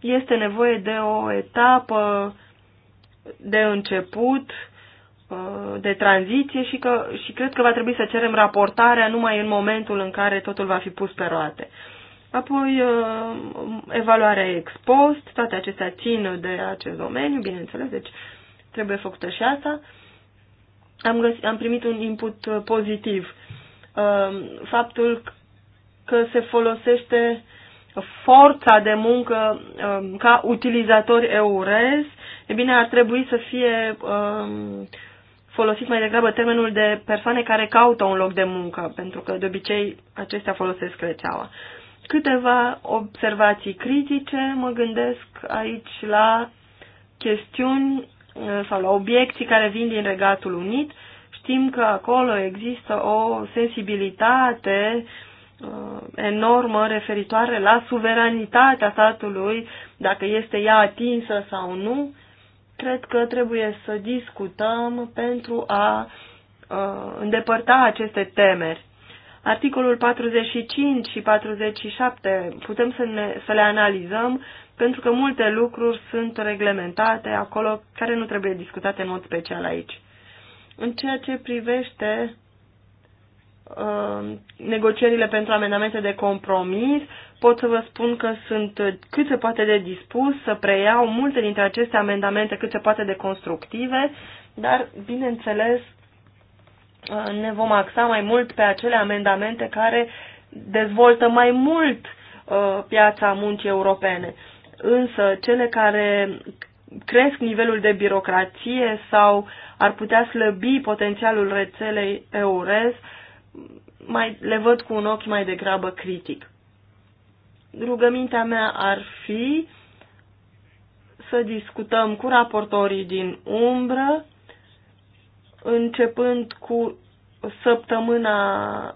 este nevoie de o etapă de început, uh, de tranziție și, că, și cred că va trebui să cerem raportarea numai în momentul în care totul va fi pus pe roate. Apoi, uh, evaluarea ex post, toate acestea țin de acest domeniu, bineînțeles, deci trebuie făcută și asta. Am, găsit, am primit un input uh, pozitiv. Uh, faptul că se folosește forța de muncă um, ca utilizatori EURES, e bine, ar trebui să fie um, folosit mai degrabă termenul de persoane care caută un loc de muncă, pentru că de obicei acestea folosesc rețeaua. Câteva observații critice, mă gândesc aici la chestiuni uh, sau la obiecții care vin din Regatul Unit. Știm că acolo există o sensibilitate uh, enormă referitoare la suveranitatea statului, dacă este ea atinsă sau nu. Cred că trebuie să discutăm pentru a uh, îndepărta aceste temeri. Articolul 45 și 47 putem să, ne, să le analizăm pentru că multe lucruri sunt reglementate acolo care nu trebuie discutate în mod special aici. În ceea ce privește uh, negocierile pentru amendamente de compromis, pot să vă spun că sunt cât se poate de dispus să preiau multe dintre aceste amendamente cât se poate de constructive, dar, bineînțeles, ne vom axa mai mult pe acele amendamente care dezvoltă mai mult uh, piața muncii europene. Însă cele care cresc nivelul de birocrație sau ar putea slăbi potențialul rețelei EURES, mai, le văd cu un ochi mai degrabă critic. Rugămintea mea ar fi să discutăm cu raportorii din umbră începând cu săptămâna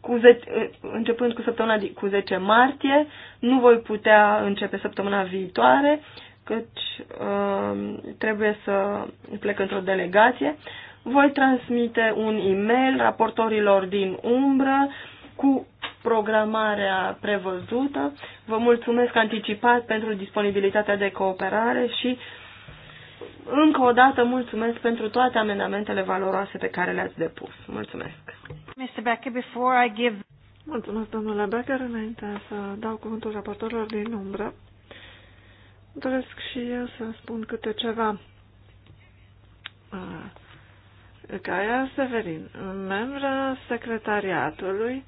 cu 10, începând cu săptămâna cu 10 martie, nu voi putea începe săptămâna viitoare, căci uh, trebuie să plec într-o delegație. Voi transmite un e-mail raportorilor din umbră cu programarea prevăzută. Vă mulțumesc anticipat pentru disponibilitatea de cooperare și uh, încă o dată mulțumesc pentru toate amendamentele valoroase pe care le-ați depus. Mulțumesc. Mr. Becker, before I give... Mulțumesc, domnule Becker. Înainte să dau cuvântul raportorilor din umbră, doresc și eu să spun câte ceva. Caia uh, Severin, membra secretariatului,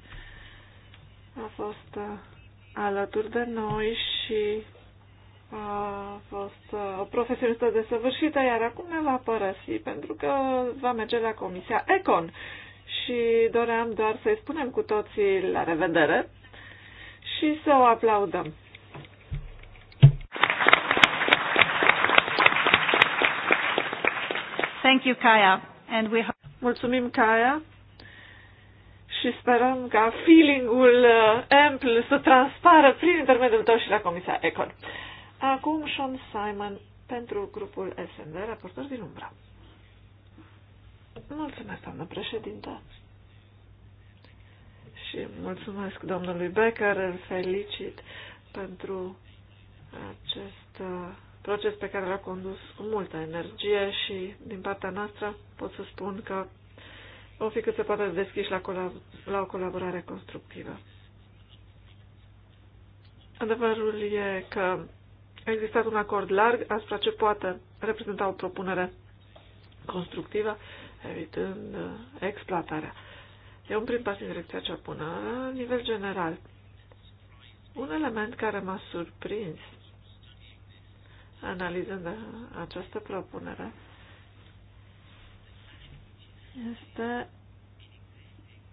a fost uh, alături de noi și a fost uh, o profesionistă desăvârșită, iar acum ne va părăsi pentru că va merge la Comisia Econ. Și doream doar să-i spunem cu toții la revedere și să o aplaudăm. Thank you, Kaya. And we Mulțumim, Kaya. Și sperăm ca feelingul ul uh, ample să transpară prin intermediul tău și la Comisia Econ. Acum Sean Simon pentru grupul SND, raportor din Umbra. Mulțumesc, doamnă președinte. Și mulțumesc domnului Becker, îl felicit pentru acest uh, proces pe care l-a condus cu multă energie și din partea noastră pot să spun că o fi cât se poate deschiși la, colab- la o colaborare constructivă. Adevărul e că a existat un acord larg asupra ce poate reprezenta o propunere constructivă, evitând uh, exploatarea. E un prim pas în direcția cea bună. La nivel general, un element care m-a surprins analizând uh, această propunere este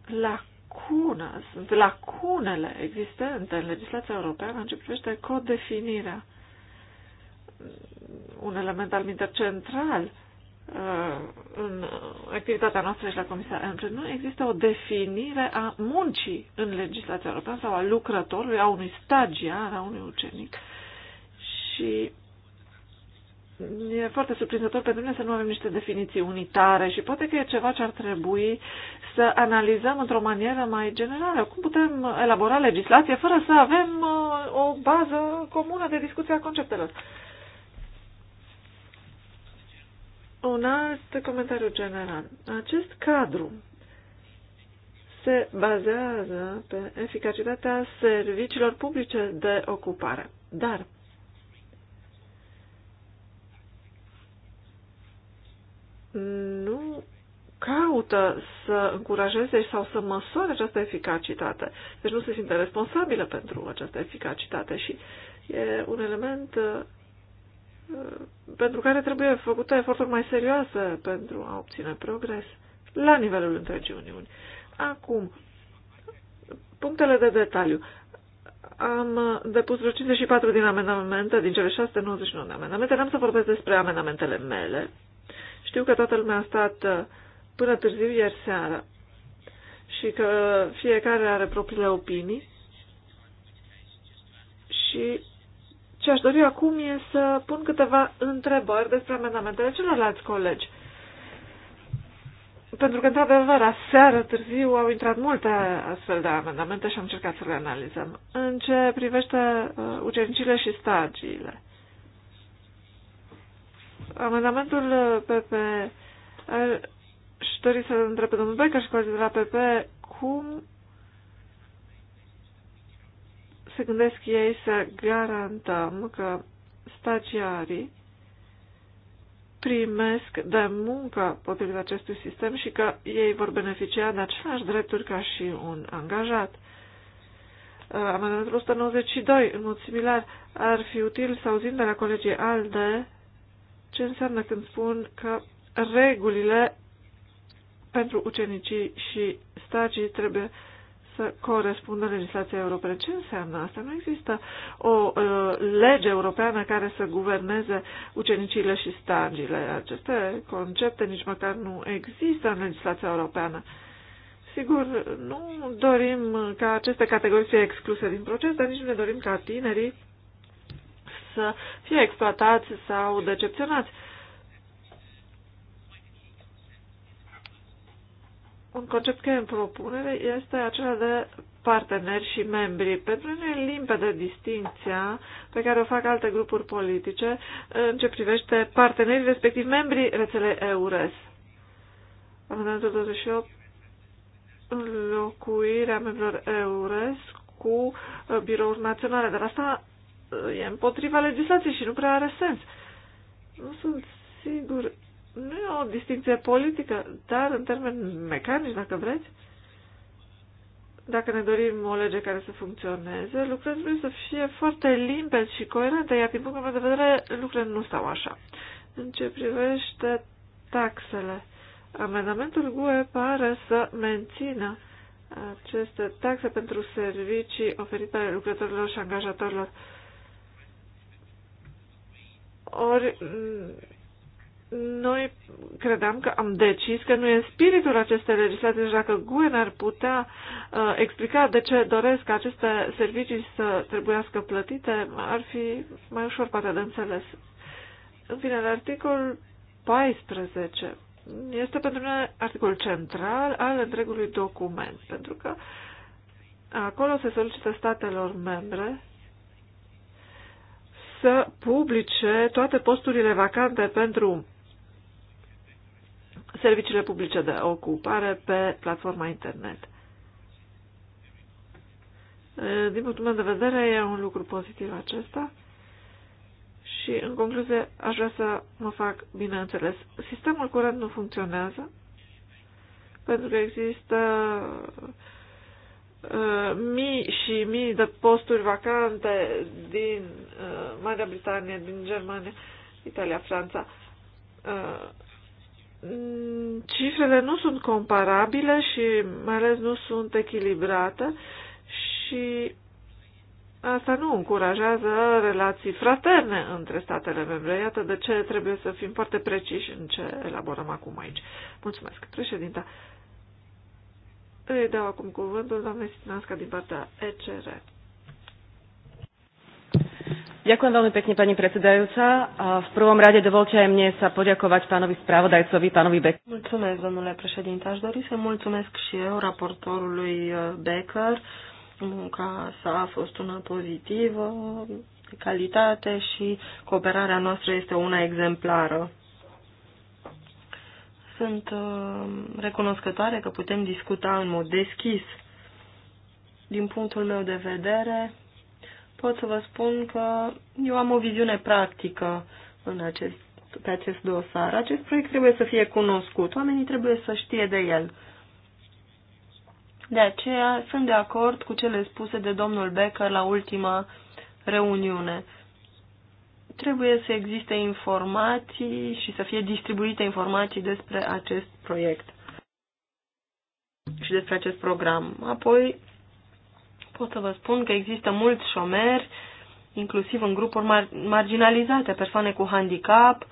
lacuna, sunt lacunele existente în legislația europeană în ce privește codefinirea Uh, un element al minter central uh, în activitatea noastră și la Comisia Emple, nu există o definire a muncii în legislația europeană sau a lucrătorului, a unui stagiar, a unui ucenic. Și e foarte surprinzător pentru mine să nu avem niște definiții unitare și poate că e ceva ce ar trebui să analizăm într-o manieră mai generală. Cum putem elabora legislație fără să avem uh, o bază comună de discuție a conceptelor? Un alt comentariu general. Acest cadru se bazează pe eficacitatea serviciilor publice de ocupare. Dar nu caută să încurajeze sau să măsoare această eficacitate. Deci nu se simte responsabilă pentru această eficacitate și e un element pentru care trebuie făcută eforturi mai serioase pentru a obține progres la nivelul întregii Uniuni. Acum, punctele de detaliu. Am depus vreo 54 din amendamente, din cele 699 de amendamente. N-am să vorbesc despre amendamentele mele. Știu că toată lumea a stat uh, până târziu ieri seara și că fiecare are propriile opinii și ce aș dori acum e să pun câteva întrebări despre amendamentele celorlalți colegi. Pentru că, într-adevăr, seară, târziu au intrat multe astfel de amendamente și am încercat să le analizăm. În ce privește uh, ucenicile și stagiile. Amendamentul PP uh, aș dori să întreb pe domnul Becker și colegii de la PP cum se gândesc ei să garantăm că stagiarii primesc de muncă potrivit acestui sistem și că ei vor beneficia de aceleași drepturi ca și un angajat. Uh, Amendamentul 192, în mod similar, ar fi util să auzim de la colegii ALDE ce înseamnă când spun că regulile pentru ucenicii și stagii trebuie uh, să corespundă legislația europeană. Ce înseamnă asta? Nu există o uh, lege europeană care să guverneze ucenicile și stagiile. Aceste concepte nici măcar nu există în legislația europeană. Sigur, nu dorim ca aceste categorii să fie excluse din proces, dar nici nu ne dorim ca tinerii să fie exploatați sau decepționați. Uh, un concept care în propunere este acela de parteneri și membri. Pentru mine e limpede distinția pe care o fac alte grupuri politice în ce privește partenerii, respectiv membrii rețelei EURES. Amendamentul 28, înlocuirea membrilor EURES cu uh, birouri naționale, dar asta uh, e împotriva legislației și nu prea are sens. Nu sunt sigur nu e o distinție politică, dar în termen mecanici, dacă vreți, dacă ne dorim o lege care să funcționeze, lucrurile trebuie să fie foarte limpezi și coerente, iar din punctul meu de vedere, lucrurile nu stau așa. În ce privește taxele, amendamentul GUE pare să mențină aceste taxe pentru servicii oferite lucrătorilor și angajatorilor. Ori noi credeam că am decis că nu e în spiritul acestei legislații, deci dacă Guen ar putea uh, explica de ce doresc ca aceste servicii să trebuiască plătite, ar fi mai ușor poate de înțeles. În fine, articolul 14 este pentru mine articolul central al întregului document, pentru că acolo se solicită statelor membre să publice toate posturile vacante pentru serviciile publice de ocupare pe platforma internet. Din punctul meu de vedere, e un lucru pozitiv acesta și, în concluzie, aș vrea să mă fac bineînțeles. Sistemul curent nu funcționează pentru că există uh, mii și mii de posturi vacante din uh, Marea Britanie, din Germania, Italia, Franța. Uh, Mm, cifrele nu sunt comparabile și mai ales nu sunt echilibrate și asta nu încurajează relații fraterne între statele membre. Iată de ce trebuie să fim foarte preciși în ce elaborăm acum aici. Mulțumesc, președinta. Îi dau acum cuvântul doamnei Sinasca din partea ECR. Ďakujem veľmi pekne, pani predsedajúca. A v prvom rade dovolte aj mne sa poďakovať pánovi spravodajcovi, pánovi Becker. Mulțumesc, domnule președinte. Aș dori să mulțumesc și eu raportorului Becker. Munca sa a fost una pozitivă, de calitate și cooperarea noastră este una exemplară. Sunt uh, recunoscătoare că putem discuta în mod deschis. Din punctul meu de vedere, pot să vă spun că eu am o viziune practică în acest, pe acest dosar. Acest proiect trebuie să fie cunoscut, oamenii trebuie să știe de el. De aceea sunt de acord cu cele spuse de domnul Becker la ultima reuniune. Trebuie să existe informații și să fie distribuite informații despre acest proiect și despre acest program. Apoi, pot să vă spun că există mulți șomeri, inclusiv în grupuri mar marginalizate, persoane cu handicap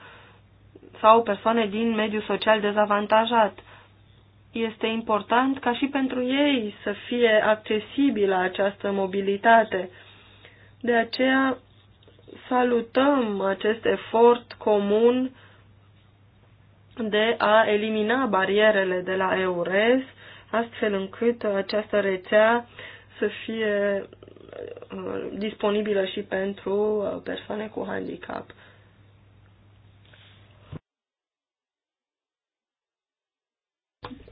sau persoane din mediul social dezavantajat. Este important ca și pentru ei să fie accesibilă această mobilitate. De aceea salutăm acest efort comun de a elimina barierele de la EURES, astfel încât această rețea să fie uh, disponibilă și pentru uh, persoane cu handicap.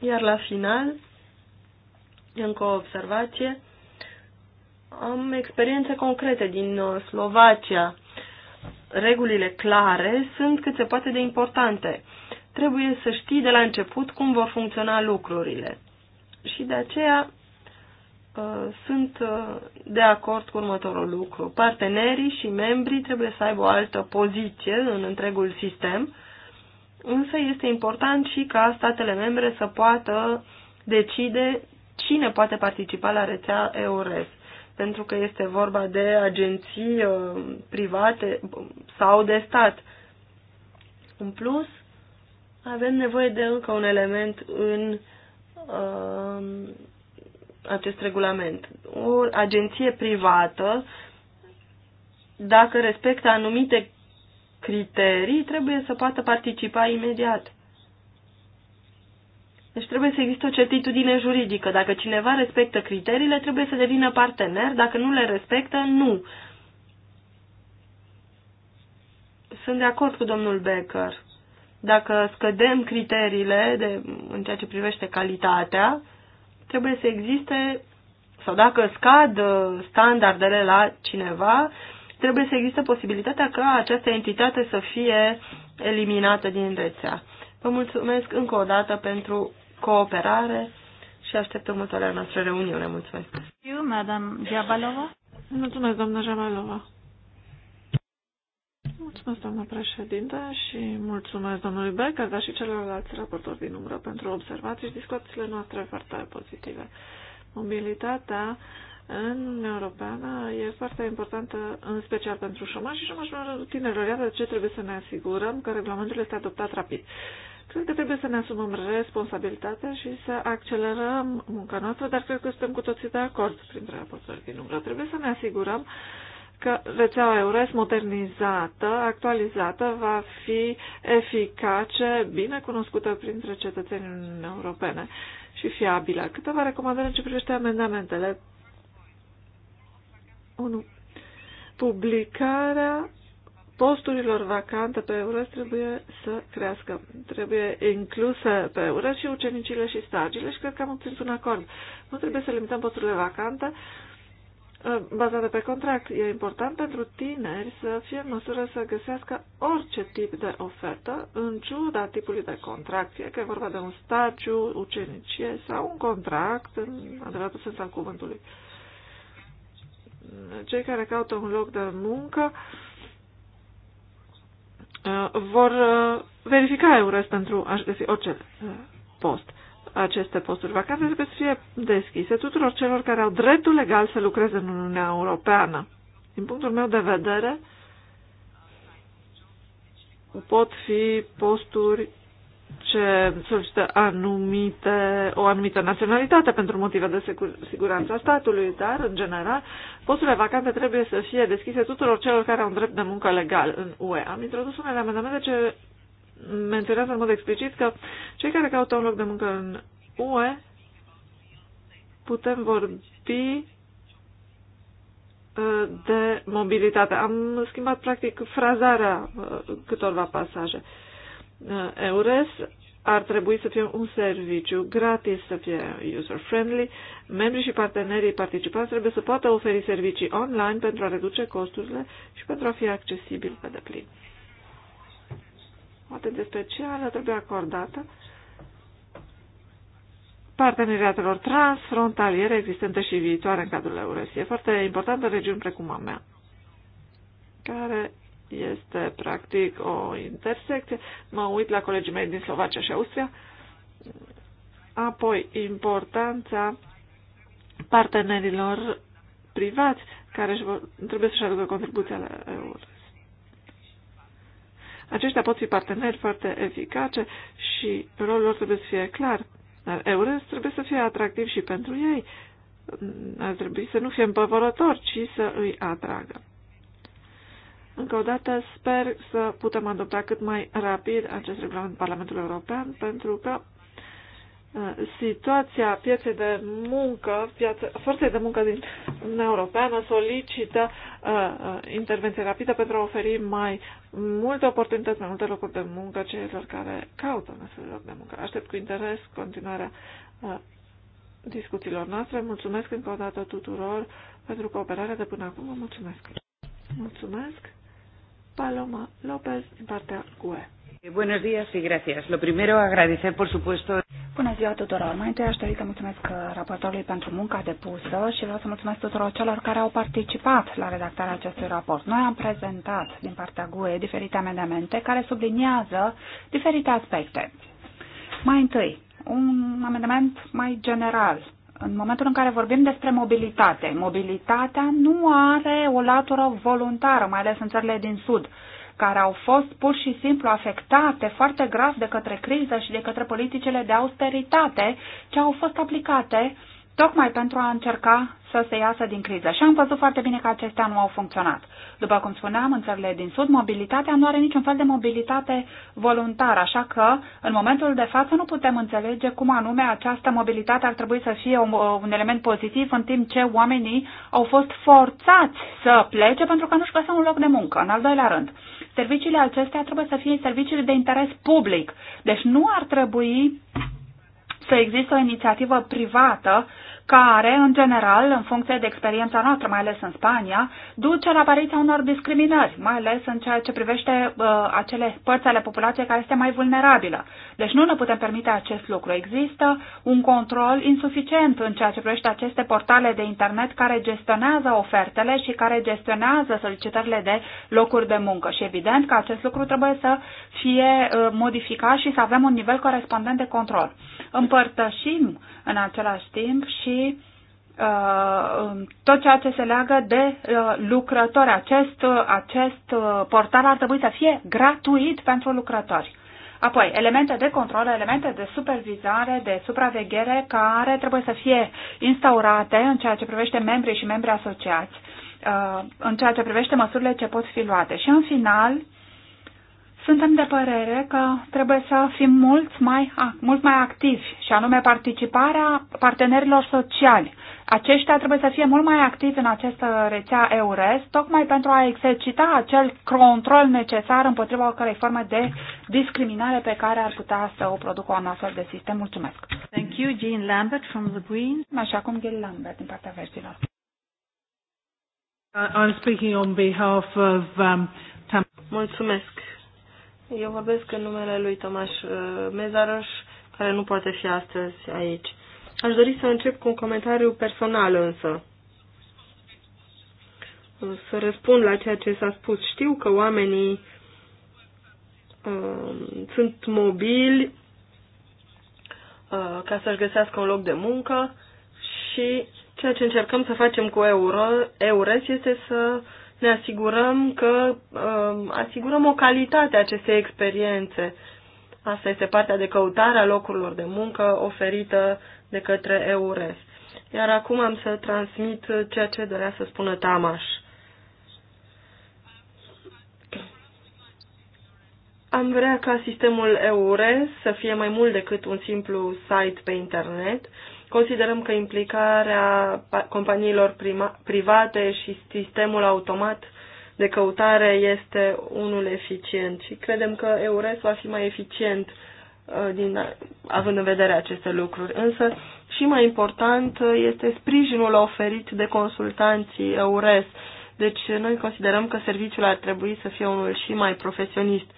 Iar la final, încă o observație, am experiențe concrete din uh, Slovacia. Regulile clare sunt cât se poate de importante. Trebuie să știi de la început cum vor funcționa lucrurile. Și de aceea Uh, sunt uh, de acord cu următorul lucru. Partenerii și membrii trebuie să aibă o altă poziție în întregul sistem, însă este important și ca statele membre să poată decide cine poate participa la rețea EURES, pentru că este vorba de agenții uh, private sau de stat. În plus, avem nevoie de încă un element în acest regulament. O agenție privată, dacă respectă anumite criterii, trebuie să poată participa imediat. Deci trebuie să existe o certitudine juridică. Dacă cineva respectă criteriile, trebuie să devină partener. Dacă nu le respectă, nu. Sunt de acord cu domnul Becker. Dacă scădem criteriile de, în ceea ce privește calitatea, trebuie să existe, sau dacă scad uh, standardele la cineva, trebuie să existe posibilitatea ca această entitate să fie eliminată din rețea. Vă mulțumesc încă o dată pentru cooperare și aștept următoarea noastră reuniune. Mulțumesc. Eu, Madame Jabalova. Mulțumesc, doamna Jamalova. Mulțumesc, doamnă președinte, și mulțumesc domnului Becker, dar și celorlalți raportori din umbră pentru observații și discuțiile noastre foarte pozitive. Mobilitatea în Uniunea Europeană e foarte importantă, în special pentru șomaj și șomajul tinerilor. Iată ce trebuie să ne asigurăm că regulamentul este adoptat rapid. Cred că trebuie să ne asumăm responsabilitatea și să accelerăm munca noastră, dar cred că suntem cu toții de acord printre raportori din umbră. Trebuie să ne asigurăm că rețeaua EURES modernizată, actualizată, va fi eficace, bine cunoscută printre cetățenii Uniunii Europene și fiabilă. Câteva recomandări în ce privește amendamentele. 1. Publicarea posturilor vacante pe EURES trebuie să crească. Trebuie incluse pe EURES și ucenicile și stagiile și cred că am obținut un acord. Nu trebuie să limităm posturile vacante, Uh, bazată pe contract. E important pentru tineri să fie în măsură să găsească orice tip de ofertă, în ciuda tipului de contract, fie că e vorba de un stagiu, ucenicie sau un contract, în adevăratul sens al cuvântului. Cei care caută un loc de muncă uh, vor uh, verifica EURES pentru a-și găsi orice post aceste posturi vacante trebuie să fie deschise tuturor celor care au dreptul legal să lucreze în Uniunea Europeană. Din punctul meu de vedere, pot fi posturi ce solicită anumite, o anumită naționalitate pentru motive de siguranță a statului, dar, în general, posturile vacante trebuie să fie deschise tuturor celor care au un drept de muncă legal în UE. Am introdus unele amendamente ce menționează în mod explicit că cei care caută un loc de muncă în UE putem vorbi uh, de mobilitate. Am schimbat practic frazarea uh, câtorva pasaje. Uh, EURES ar trebui să fie un serviciu gratis, să fie user-friendly. Membrii și partenerii participanți trebuie să poată oferi servicii online pentru a reduce costurile și pentru a fi accesibil pe deplin o atenție specială trebuie acordată parteneriatelor transfrontaliere existente și viitoare în cadrul EURES. E foarte importantă regiuni precum a mea, care este practic o intersecție. Mă uit la colegii mei din Slovacia și Austria. Apoi, importanța partenerilor privați care își vor, trebuie să-și aducă contribuția la EURES. Aceștia pot fi parteneri foarte eficace și rolul lor trebuie să fie clar. Dar EURES trebuie să fie atractiv și pentru ei. Ar trebui să nu fie împăvărător, ci să îi atragă. Încă o dată sper să putem adopta cât mai rapid acest regulament Parlamentul European, pentru că Uh, situația pieței de muncă, piață, forței de muncă din Uniunea Europeană solicită uh, uh, intervenție rapidă pentru a oferi mai multe oportunități, mai multe locuri de muncă celor care caută în astfel de loc de muncă. Aștept cu interes continuarea uh, discuțiilor noastre. Mulțumesc încă o dată tuturor pentru cooperarea de până acum. Vă mulțumesc! Mulțumesc! Paloma Lopez din partea GUE. Eh, buenos días y gracias. Lo primero, agradecer, por supuesto. Bună ziua tuturor! Mai întâi aș dori să mulțumesc uh, raportorului pentru munca depusă și vreau să mulțumesc tuturor celor care au participat la redactarea acestui raport. Noi am prezentat din partea GUE diferite amendamente care subliniază diferite aspecte. Mai întâi, un amendament mai general. În momentul în care vorbim despre mobilitate, mobilitatea nu are o latură voluntară, mai ales în țările din Sud care au fost pur și simplu afectate foarte grav de către criză și de către politicile de austeritate ce au fost aplicate uh, tocmai pentru a încerca să se iasă din criză. Și am văzut foarte bine că acestea nu au funcționat. După cum spuneam, în țările din Sud, mobilitatea nu are niciun fel de mobilitate voluntară, așa că, în momentul de față, nu putem înțelege cum anume această mobilitate ar trebui să fie un, un element pozitiv, în timp ce oamenii au fost forțați să plece pentru că nu-și găseau un loc de muncă. În al doilea rând, serviciile acestea trebuie să fie servicii de interes public. Deci nu ar trebui să există o inițiativă privată care, în general, în funcție de experiența noastră, mai ales în Spania, duce la apariția unor discriminări, mai ales în ceea ce privește uh, acele părți ale populației care este mai vulnerabilă. Deci nu ne putem permite acest lucru. Există un control insuficient în ceea ce privește aceste portale de internet care gestionează ofertele și care gestionează solicitările de locuri de muncă. Și evident că acest lucru trebuie să fie uh, modificat și să avem un nivel corespondent de control. Împărtășim în același timp și Uh, tot ceea ce se leagă de uh, lucrători. Acest, uh, acest portal ar trebui să fie gratuit pentru lucrători. Apoi, elemente de control, elemente de supervizare, de supraveghere care trebuie să fie instaurate în ceea ce privește membrii și membrii asociați, în ceea ce privește măsurile ce pot fi luate. Și în final, suntem de părere că trebuie să fim mult mai, mult mai activi, și anume participarea partenerilor sociali. Aceștia trebuie să fie mult mai activi în această rețea EURES, tocmai pentru a exercita acel control necesar împotriva oricărei forme de discriminare pe care ar putea să o producă un astfel de sistem. Mulțumesc! Thank you, Jean Lambert from the Greens. Așa cum Jean Lambert din partea verzilor. Uh, I'm speaking on behalf of um, Mulțumesc. Eu vorbesc în numele lui Tomaș uh, Mezarăș, care nu poate fi astăzi aici. Aș dori să încep cu un comentariu personal însă. Să răspund la ceea ce s-a spus. Știu că oamenii uh, sunt mobili uh, ca să-și găsească un loc de muncă și ceea ce încercăm să facem cu Euro, EURES este să uh, ne asigurăm că uh, asigurăm o calitate a acestei experiențe. Asta este partea de căutare a locurilor de muncă oferită de către EURES. Iar acum am să transmit ceea ce dorea să spună Tamaș. Am vrea ca sistemul EURES să fie mai mult decât un simplu site pe internet, uh, Considerăm că implicarea companiilor private și sistemul automat de căutare este unul eficient și credem că EURES va fi mai eficient uh, din, având în vedere aceste lucruri. Însă și mai important uh, este sprijinul oferit de consultanții EURES. Deci noi considerăm că serviciul ar trebui să fie unul și mai profesionist.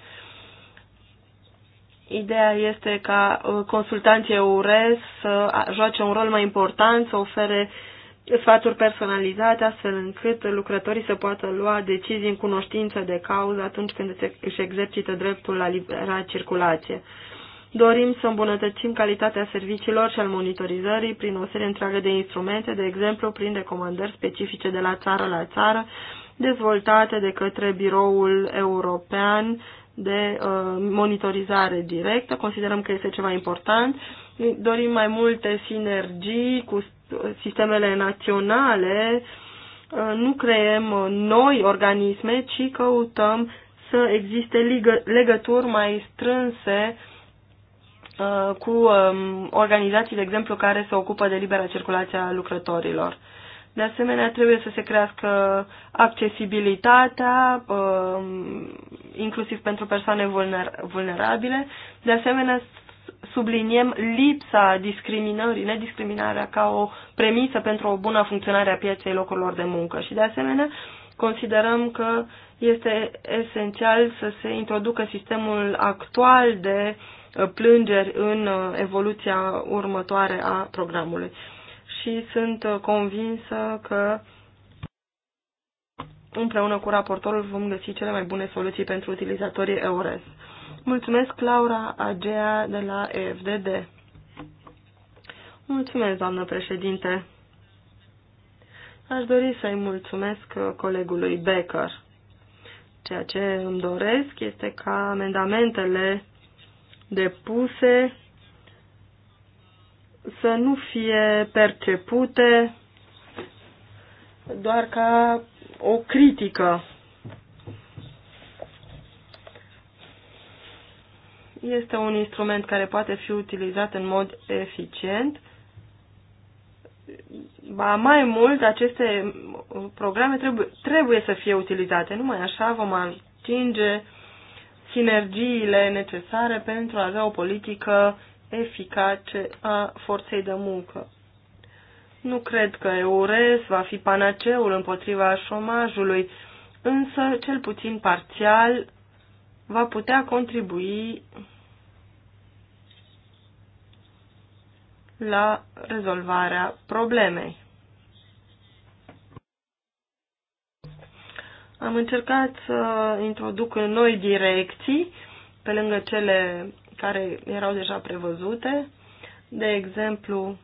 Ideea este ca uh, consultanții EURES să joace un rol mai important, să ofere sfaturi personalizate, astfel încât lucrătorii să poată lua decizii în cunoștință de cauză atunci când își exercită dreptul la libera circulație. Dorim să îmbunătățim calitatea serviciilor și al monitorizării prin o serie întreagă de instrumente, de exemplu prin recomandări specifice de la țară la țară, dezvoltate de către Biroul European de uh, monitorizare directă. Considerăm că este ceva important. Dorim mai multe sinergii cu sistemele naționale. Uh, nu creăm uh, noi organisme, ci căutăm să existe legături mai strânse cu um, organizații, de exemplu, care se ocupă de libera circulație a lucrătorilor. De asemenea, trebuie să se crească accesibilitatea, um, inclusiv pentru persoane vulnerabile. De asemenea, subliniem lipsa discriminării, nediscriminarea ca o premisă pentru o bună funcționare a pieței locurilor de muncă și, de asemenea, considerăm că este esențial să se introducă sistemul actual de uh, plângeri în uh, evoluția următoare a programului. Și sunt uh, convinsă că împreună cu raportorul vom găsi cele mai bune soluții pentru utilizatorii EURES. Mulțumesc, Laura Agea de la EFDD. Mulțumesc, doamnă președinte. Aș dori să-i mulțumesc colegului Becker. Ceea ce îmi doresc este ca amendamentele depuse să nu fie percepute doar ca o critică. Este un instrument care poate fi utilizat în mod eficient. Ba mai mult, aceste programe trebuie, trebuie să fie utilizate. Numai așa vom atinge sinergiile necesare pentru a avea o politică eficace a forței de muncă. Nu cred că EURES va fi panaceul împotriva șomajului, însă, cel puțin parțial, va putea contribui la rezolvarea problemei. Am încercat să introduc în noi direcții, pe lângă cele care erau deja prevăzute, de exemplu,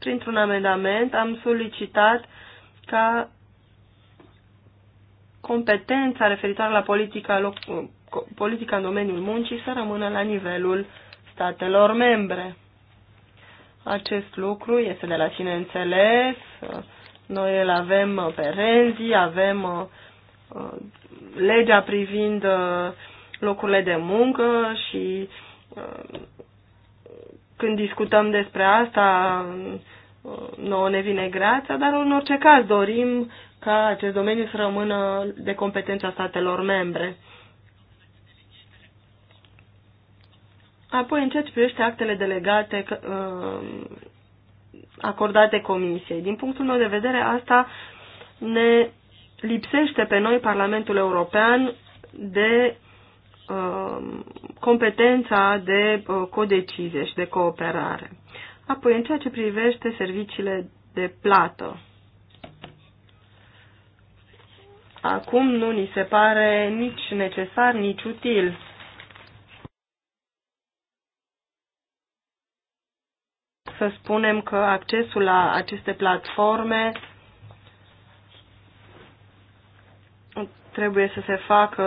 printr-un amendament, am solicitat ca competența referitoare la politica, loc, politica în domeniul muncii să rămână la nivelul statelor membre. Acest lucru este de la sine înțeles. Noi îl avem uh, pe Renzi, avem uh, uh, legea privind locurile de muncă și când discutăm despre asta, nouă ne vine grața, dar în orice caz dorim ca acest domeniu să rămână de competența statelor membre. Apoi, în ceea ce privește actele delegate uh, acordate comisiei, din punctul meu de vedere, asta ne lipsește pe noi, Parlamentul European, de Um, competența de uh, codecizie și de cooperare. Apoi, în ceea ce privește serviciile de plată, acum nu ni se pare nici necesar, nici util. Să spunem că accesul la aceste platforme trebuie să se facă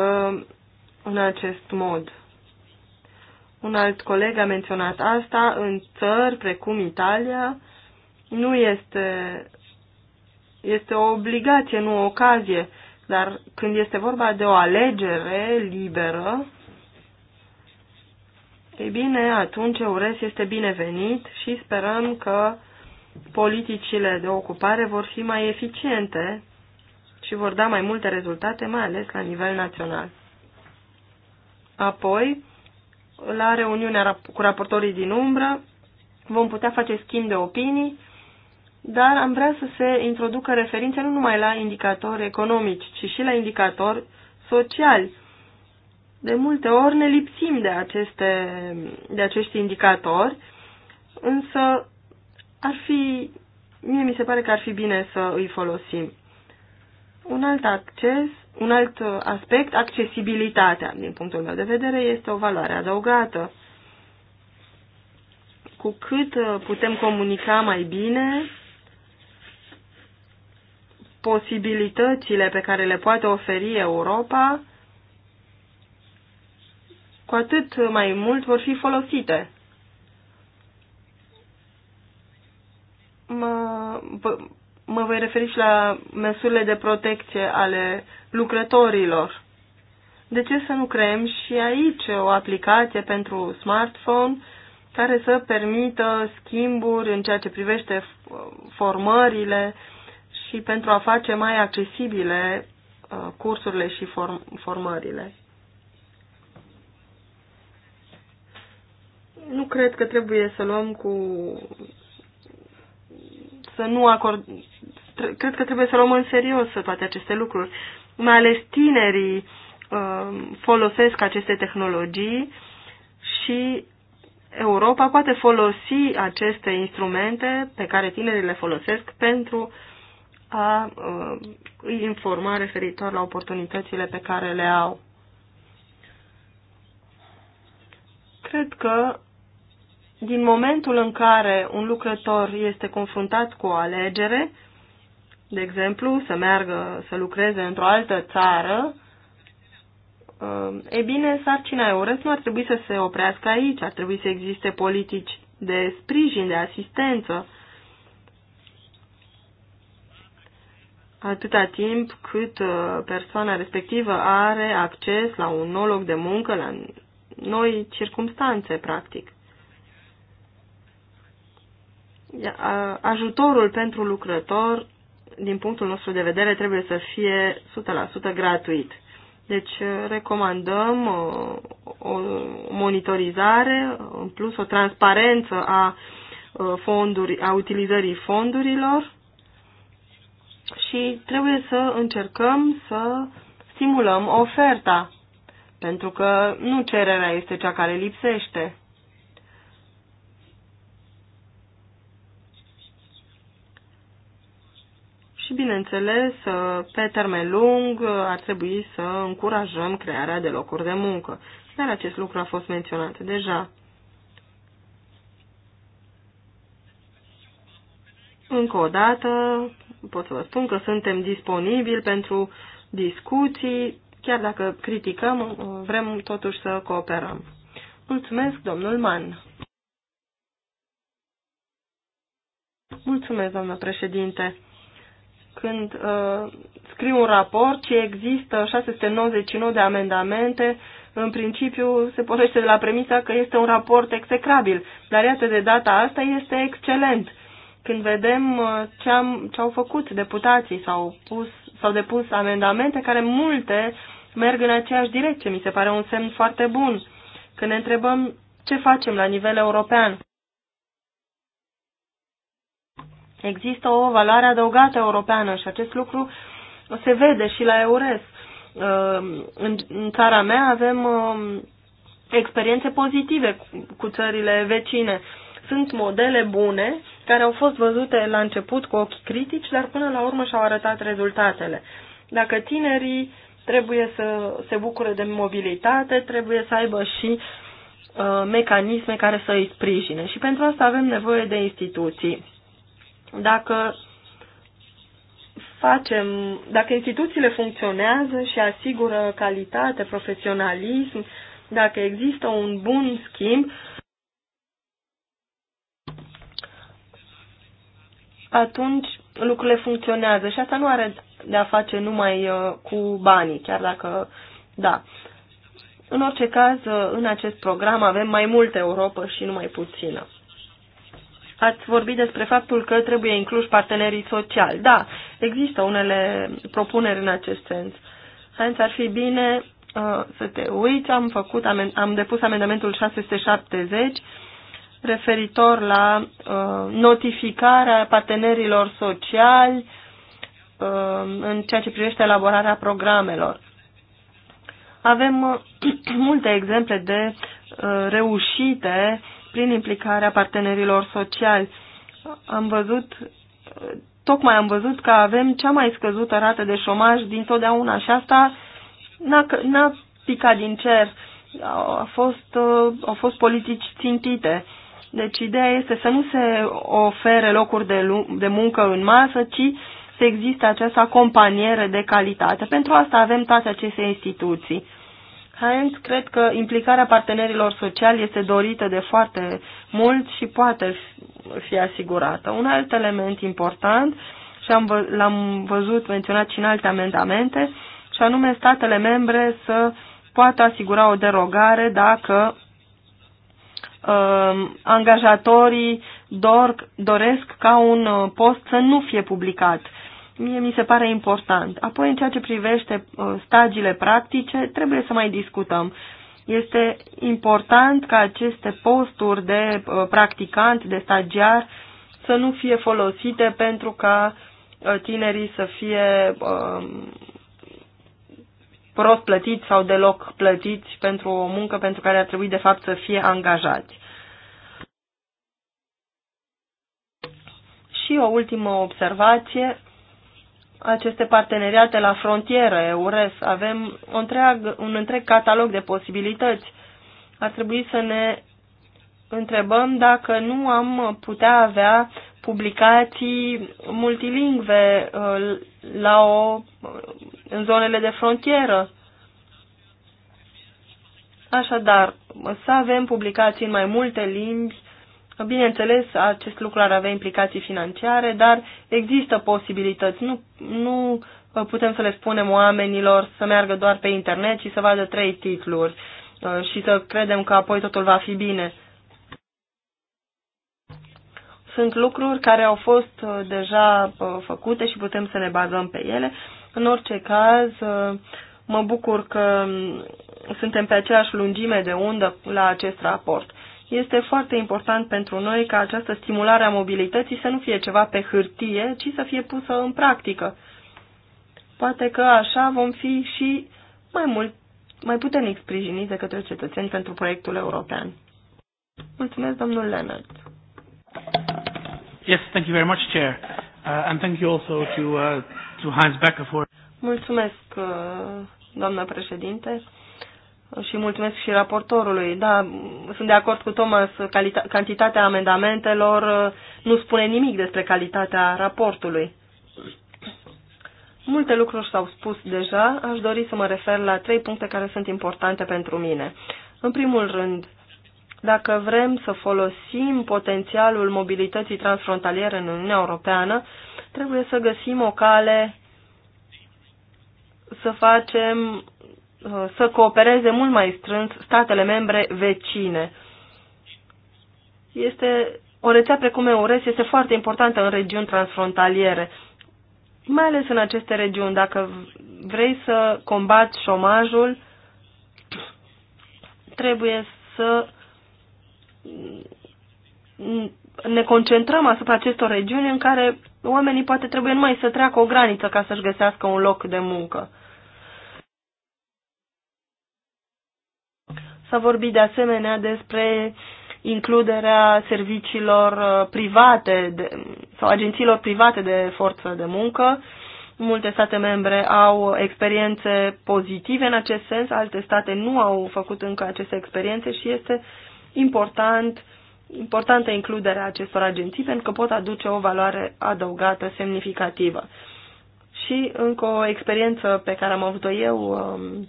în acest mod. Un alt coleg a menționat asta, în țări precum Italia nu este, este o obligație, nu o ocazie, dar când este vorba de o alegere liberă, ei bine, atunci EURES este binevenit și sperăm că politicile de ocupare vor fi mai eficiente și vor da mai multe rezultate, mai ales la nivel național. Apoi, la reuniunea cu raportorii din umbră, vom putea face schimb de opinii, dar am vrea să se introducă referințe nu numai la indicatori economici, ci și la indicatori sociali. De multe ori ne lipsim de, aceste, de acești indicatori, însă ar fi, mie mi se pare că ar fi bine să îi folosim. Un alt acces un alt uh, aspect, accesibilitatea, din punctul meu de vedere, este o valoare adăugată. Cu cât uh, putem comunica mai bine posibilitățile pe care le poate oferi Europa, cu atât mai mult vor fi folosite. Mă, mă voi referi și la măsurile de protecție ale lucrătorilor. De ce să nu creăm și aici o aplicație pentru smartphone care să permită schimburi în ceea ce privește formările și pentru a face mai accesibile uh, cursurile și form- formările? Nu cred că trebuie să luăm cu să nu acord... Cred că trebuie să luăm în serios toate aceste lucruri. Mai ales tinerii um, folosesc aceste tehnologii și Europa poate folosi aceste instrumente pe care tinerii le folosesc pentru a um, îi informa referitor la oportunitățile pe care le au. Cred că din momentul în care un lucrător este confruntat cu o alegere, de exemplu, să meargă să lucreze într-o altă țară, uh, e bine, sarcina EURES nu ar trebui să se oprească aici, ar trebui să existe politici de sprijin, de asistență, atâta timp cât uh, persoana respectivă are acces la un nou loc de muncă, la noi circumstanțe, practic ajutorul pentru lucrător, din punctul nostru de vedere, trebuie să fie 100% gratuit. Deci uh, recomandăm uh, o monitorizare, uh, în plus o transparență a, fonduri, a utilizării fondurilor și trebuie să încercăm să stimulăm oferta, pentru că nu cererea este cea care lipsește. și, bineînțeles, uh, pe termen lung uh, ar trebui să încurajăm crearea de locuri de muncă. Dar acest lucru a fost menționat deja. Încă o dată pot să vă spun că suntem disponibili pentru discuții, chiar dacă criticăm, uh, vrem totuși să cooperăm. Mulțumesc, domnul Mann. Mulțumesc, doamnă președinte când uh, scriu un raport și există 699 de amendamente, în principiu se pornește de la premisa că este un raport execrabil, dar iată de data asta este excelent. Când vedem uh, ce, am, ce au făcut deputații, s-au, pus, s-au depus amendamente care multe merg în aceeași direcție, mi se pare un semn foarte bun. Când ne întrebăm ce facem la nivel european, Există o valoare adăugată europeană și acest lucru se vede și la EURES. Uh, în țara mea avem uh, experiențe pozitive cu țările vecine. Sunt modele bune care au fost văzute la început cu ochi critici, dar până la urmă și-au arătat rezultatele. Dacă tinerii trebuie să se bucure de mobilitate, trebuie să aibă și uh, mecanisme care să îi sprijine. Și pentru asta avem nevoie de instituții. Dacă facem, dacă instituțiile funcționează și asigură calitate, profesionalism, dacă există un bun schimb, atunci lucrurile funcționează și asta nu are de a face numai uh, cu banii, chiar dacă, da. În orice caz, uh, în acest program avem mai multă Europa și nu mai puțină. Ați vorbit despre faptul că trebuie incluși partenerii sociali. Da, există unele propuneri în acest sens. Sainț, ar fi bine uh, să te uiți. Am, făcut, am, am depus amendamentul 670 referitor la uh, notificarea partenerilor sociali uh, în ceea ce privește elaborarea programelor. Avem uh, *clears throat* multe exemple de uh, reușite prin implicarea partenerilor sociali. Am văzut, tocmai am văzut că avem cea mai scăzută rată de șomaj din totdeauna și asta n-a, picat din cer. Au fost, uh, au fost politici țintite. Deci ideea este să nu se ofere locuri de, de muncă în masă, ci să existe această acompaniere de calitate. Pentru asta avem toate aceste instituții. Heinz, cred că implicarea partenerilor sociali este dorită de foarte mult și poate fi asigurată. Un alt element important, și am, l-am văzut menționat și în alte amendamente, și anume statele membre să poată asigura o derogare dacă uh, angajatorii dor, doresc ca un uh, post să nu fie publicat mie mi se pare important. Apoi, în ceea ce privește uh, stagiile practice, trebuie să mai discutăm. Este important ca aceste posturi de uh, practicant, de stagiar, să nu fie folosite pentru ca uh, tinerii să fie um, prost plătiți sau deloc plătiți pentru o muncă pentru care ar trebui de fapt să fie angajați. Și o ultimă observație, aceste parteneriate la frontieră, EURES. Avem o întreag, un întreg catalog de posibilități. Ar trebui să ne întrebăm dacă nu am putea avea publicații multilingve uh, la o, în zonele de frontieră. Așadar, să avem publicații în mai multe limbi, Bineînțeles, acest lucru ar avea implicații financiare, dar există posibilități. Nu, nu putem să le spunem oamenilor să meargă doar pe internet și să vadă trei titluri uh, și să credem că apoi totul va fi bine. Sunt lucruri care au fost uh, deja uh, făcute și putem să ne bazăm pe ele. În orice caz, mă bucur că mm, suntem pe aceeași lungime de undă la acest raport. Este foarte important pentru noi ca această stimulare a mobilității să nu fie ceva pe hârtie, ci să fie pusă în practică. Poate că așa vom fi și mai mult mai puternic sprijiniți de către cetățeni pentru proiectul european. Mulțumesc, domnul Leonard. Yes, thank you very much, Chair. Uh, and thank you also to, uh, to Hans Becker for... Mulțumesc, uh, doamnă președinte și mulțumesc și raportorului. Da, sunt de acord cu Thomas, cantitatea amendamentelor nu spune nimic despre calitatea raportului. Multe lucruri s-au spus deja, aș dori să mă refer la trei puncte care sunt importante pentru mine. În primul rând, dacă vrem să folosim potențialul mobilității transfrontaliere în Uniunea Europeană, trebuie să găsim o cale să facem Uh, să coopereze mult mai strâns statele membre vecine. Este o rețea precum EURES este foarte importantă în regiuni transfrontaliere, mai ales în aceste regiuni. Dacă vrei să combați șomajul, trebuie să ne concentrăm asupra acestor regiuni în care oamenii poate trebuie numai să treacă o graniță ca să-și găsească un loc de muncă. S-a vorbit de asemenea despre includerea serviciilor uh, private de, sau agențiilor private de forță de muncă. Multe state membre au experiențe pozitive în acest sens, alte state nu au făcut încă aceste experiențe și este important, importantă includerea acestor agenții pentru că pot aduce o valoare adăugată semnificativă. Și încă o experiență pe care am avut-o eu um,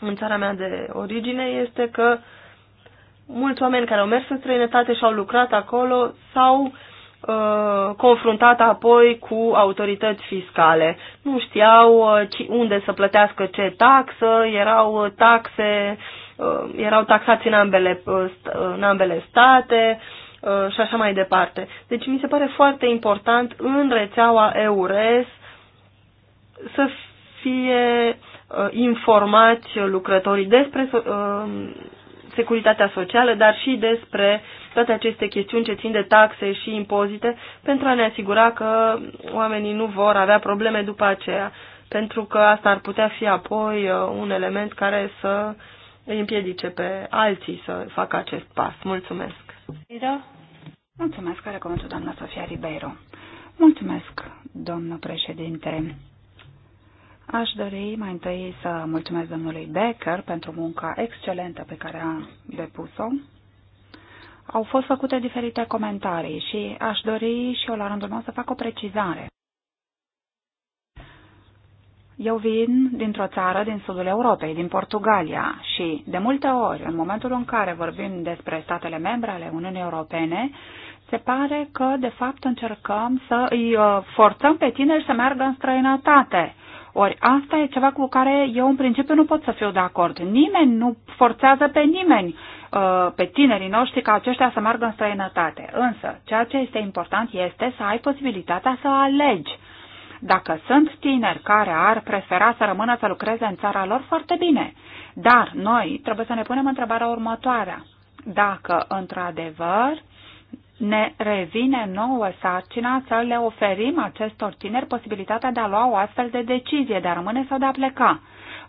în țara mea de origine este că mulți oameni care au mers în străinătate și au lucrat acolo s-au uh, confruntat apoi cu autorități fiscale. Nu știau uh, unde să plătească ce taxă, erau uh, taxe, uh, erau taxați în ambele, uh, uh, în ambele state și așa mai departe. Deci mi se pare foarte important în rețeaua EURES să fie Uh, informați lucrătorii despre uh, securitatea socială, dar și despre toate aceste chestiuni ce țin de taxe și impozite, pentru a ne asigura că oamenii nu vor avea probleme după aceea, pentru că asta ar putea fi apoi uh, un element care să îi împiedice pe alții să facă acest pas. Mulțumesc! Mulțumesc, are cuvântul doamna Sofia Ribeiro. Mulțumesc, domnul președinte. Aș dori mai întâi să mulțumesc domnului Becker pentru munca excelentă pe care a depus-o. Au fost făcute diferite comentarii și aș dori și eu la rândul meu să fac o precizare. Eu vin dintr-o țară din sudul Europei, din Portugalia, și de multe ori, în momentul în care vorbim despre statele membre ale Uniunii Europene, se pare că, de fapt, încercăm să îi uh, forțăm pe tineri să meargă în străinătate. Ori asta e ceva cu care eu în principiu nu pot să fiu de acord. Nimeni nu forțează pe nimeni, uh, pe tinerii noștri, ca aceștia să meargă în străinătate. Însă, ceea ce este important este să ai posibilitatea să alegi. Dacă sunt tineri care ar prefera să rămână să lucreze în țara lor, foarte bine. Dar noi trebuie să ne punem întrebarea următoarea. Dacă, într-adevăr, ne revine nouă sarcina să le oferim acestor tineri posibilitatea de a lua o astfel de decizie, de a rămâne sau de a pleca.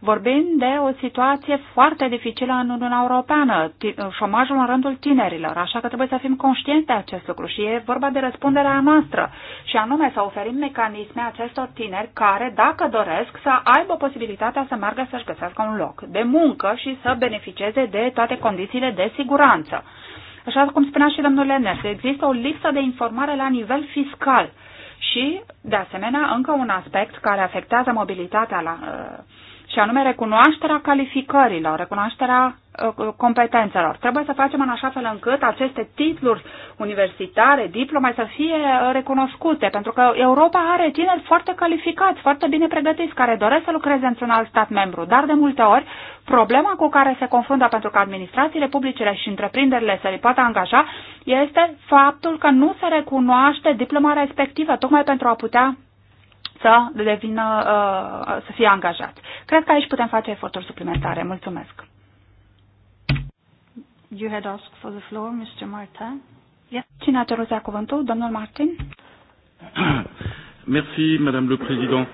Vorbim de o situație foarte dificilă în Uniunea Europeană, șomajul în rândul tinerilor, așa că trebuie să fim conștienți de acest lucru și e vorba de răspunderea noastră și anume să oferim mecanisme acestor tineri care, dacă doresc, să aibă posibilitatea să meargă să-și găsească un loc de muncă și să beneficieze de toate condițiile de siguranță. Așa cum spunea și domnul Enes, există o lipsă de informare la nivel fiscal și, de asemenea, încă un aspect care afectează mobilitatea la, uh, și anume recunoașterea calificărilor, recunoașterea uh, competențelor. Trebuie să facem în așa fel încât aceste titluri universitare, diplome să fie uh, recunoscute, pentru că Europa are tineri foarte calificați, foarte bine pregătiți, care doresc să lucreze într-un alt stat membru, dar de multe ori problema cu care se confruntă pentru că administrațiile publice și întreprinderile să le poată angaja este faptul că nu se recunoaște diploma respectivă, tocmai pentru a putea să devină, uh, să fie angajat. Cred că aici putem face eforturi suplimentare. Mulțumesc. You had asked for the floor, Mr. Martin. Yes. Cine a cerut să cuvântul? Domnul Martin? *coughs* Merci, Madame le Président.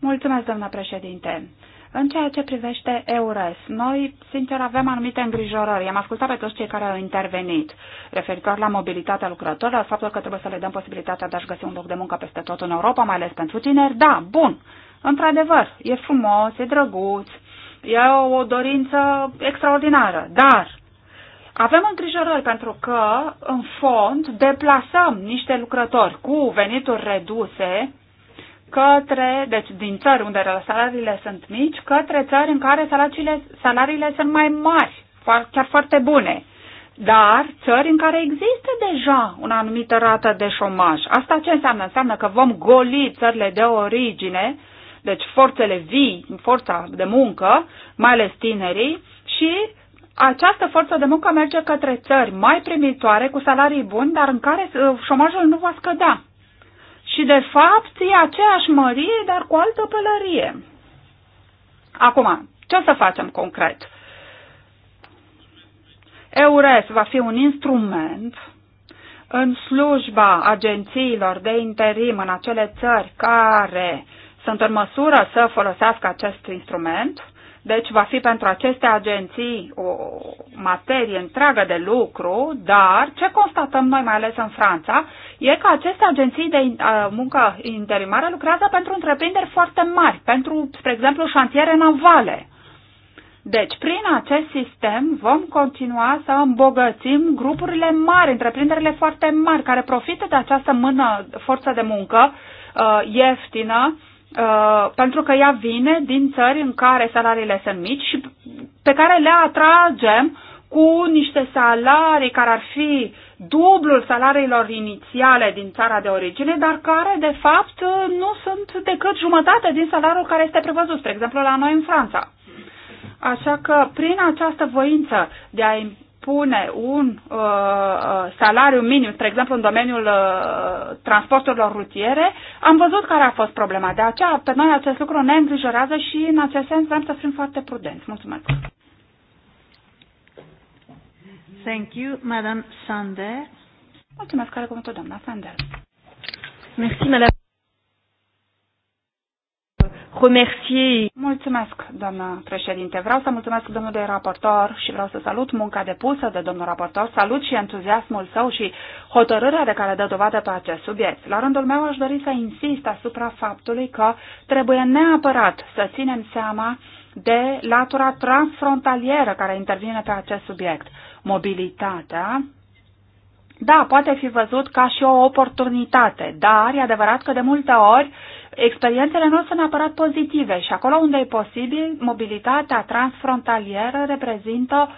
Mulțumesc, doamna președinte. În ceea ce privește EURES, noi, sincer, avem anumite îngrijorări. I-am ascultat pe toți cei care au intervenit referitor la mobilitatea lucrătorilor, faptul că trebuie să le dăm posibilitatea de a-și găsi un loc de muncă peste tot în Europa, mai ales pentru tineri. Da, bun, într-adevăr, e frumos, e drăguț, e o dorință extraordinară, dar avem îngrijorări pentru că, în fond, deplasăm niște lucrători cu venituri reduse către, deci din țări unde salariile sunt mici, către țări în care salariile, salariile sunt mai mari, chiar foarte bune. Dar țări în care există deja o anumită rată de șomaj. Asta ce înseamnă? Înseamnă că vom goli țările de origine, deci forțele vii, forța de muncă, mai ales tinerii, și această forță de muncă merge către țări mai primitoare, cu salarii buni, dar în care uh, șomajul nu va scădea. Și de fapt e aceeași mărie, dar cu altă pălărie. Acum, ce o să facem concret? EURES va fi un instrument în slujba agențiilor de interim în acele țări care sunt în măsură să folosească acest instrument deci va fi pentru aceste agenții o materie întreagă de lucru, dar ce constatăm noi, mai ales în Franța, e că aceste agenții de uh, muncă interimară lucrează pentru întreprinderi foarte mari, pentru, spre exemplu, șantiere navale. Deci, prin acest sistem vom continua să îmbogățim grupurile mari, întreprinderile foarte mari, care profită de această mână, forță de muncă uh, ieftină Uh, pentru că ea vine din țări în care salariile sunt mici și pe care le atragem cu niște salarii care ar fi dublul salariilor inițiale din țara de origine, dar care, de fapt, nu sunt decât jumătate din salariul care este prevăzut, spre exemplu, la noi în Franța. Așa că, prin această voință de a impune un uh, uh, salariu minim, spre exemplu în domeniul uh, transporturilor rutiere, am văzut care a fost problema. De aceea, pe noi acest lucru ne îngrijorează și în acest sens vrem să fim foarte prudenți. Mulțumesc! Thank you, Madam Sander. Mulțumesc, care cuvântul, doamna Sander. Mulțumesc. Madame remercier. Mulțumesc, doamnă președinte. Vreau să mulțumesc domnului raportor și vreau să salut munca depusă de domnul raportor, salut și entuziasmul său și hotărârea de care dă dovadă pe acest subiect. La rândul meu aș dori să insist asupra faptului că trebuie neapărat să ținem seama de latura transfrontalieră care intervine pe acest subiect. Mobilitatea, da, poate fi văzut ca și o oportunitate, dar e adevărat că de multe ori experiențele nu sunt neapărat pozitive și acolo unde e posibil, mobilitatea transfrontalieră reprezintă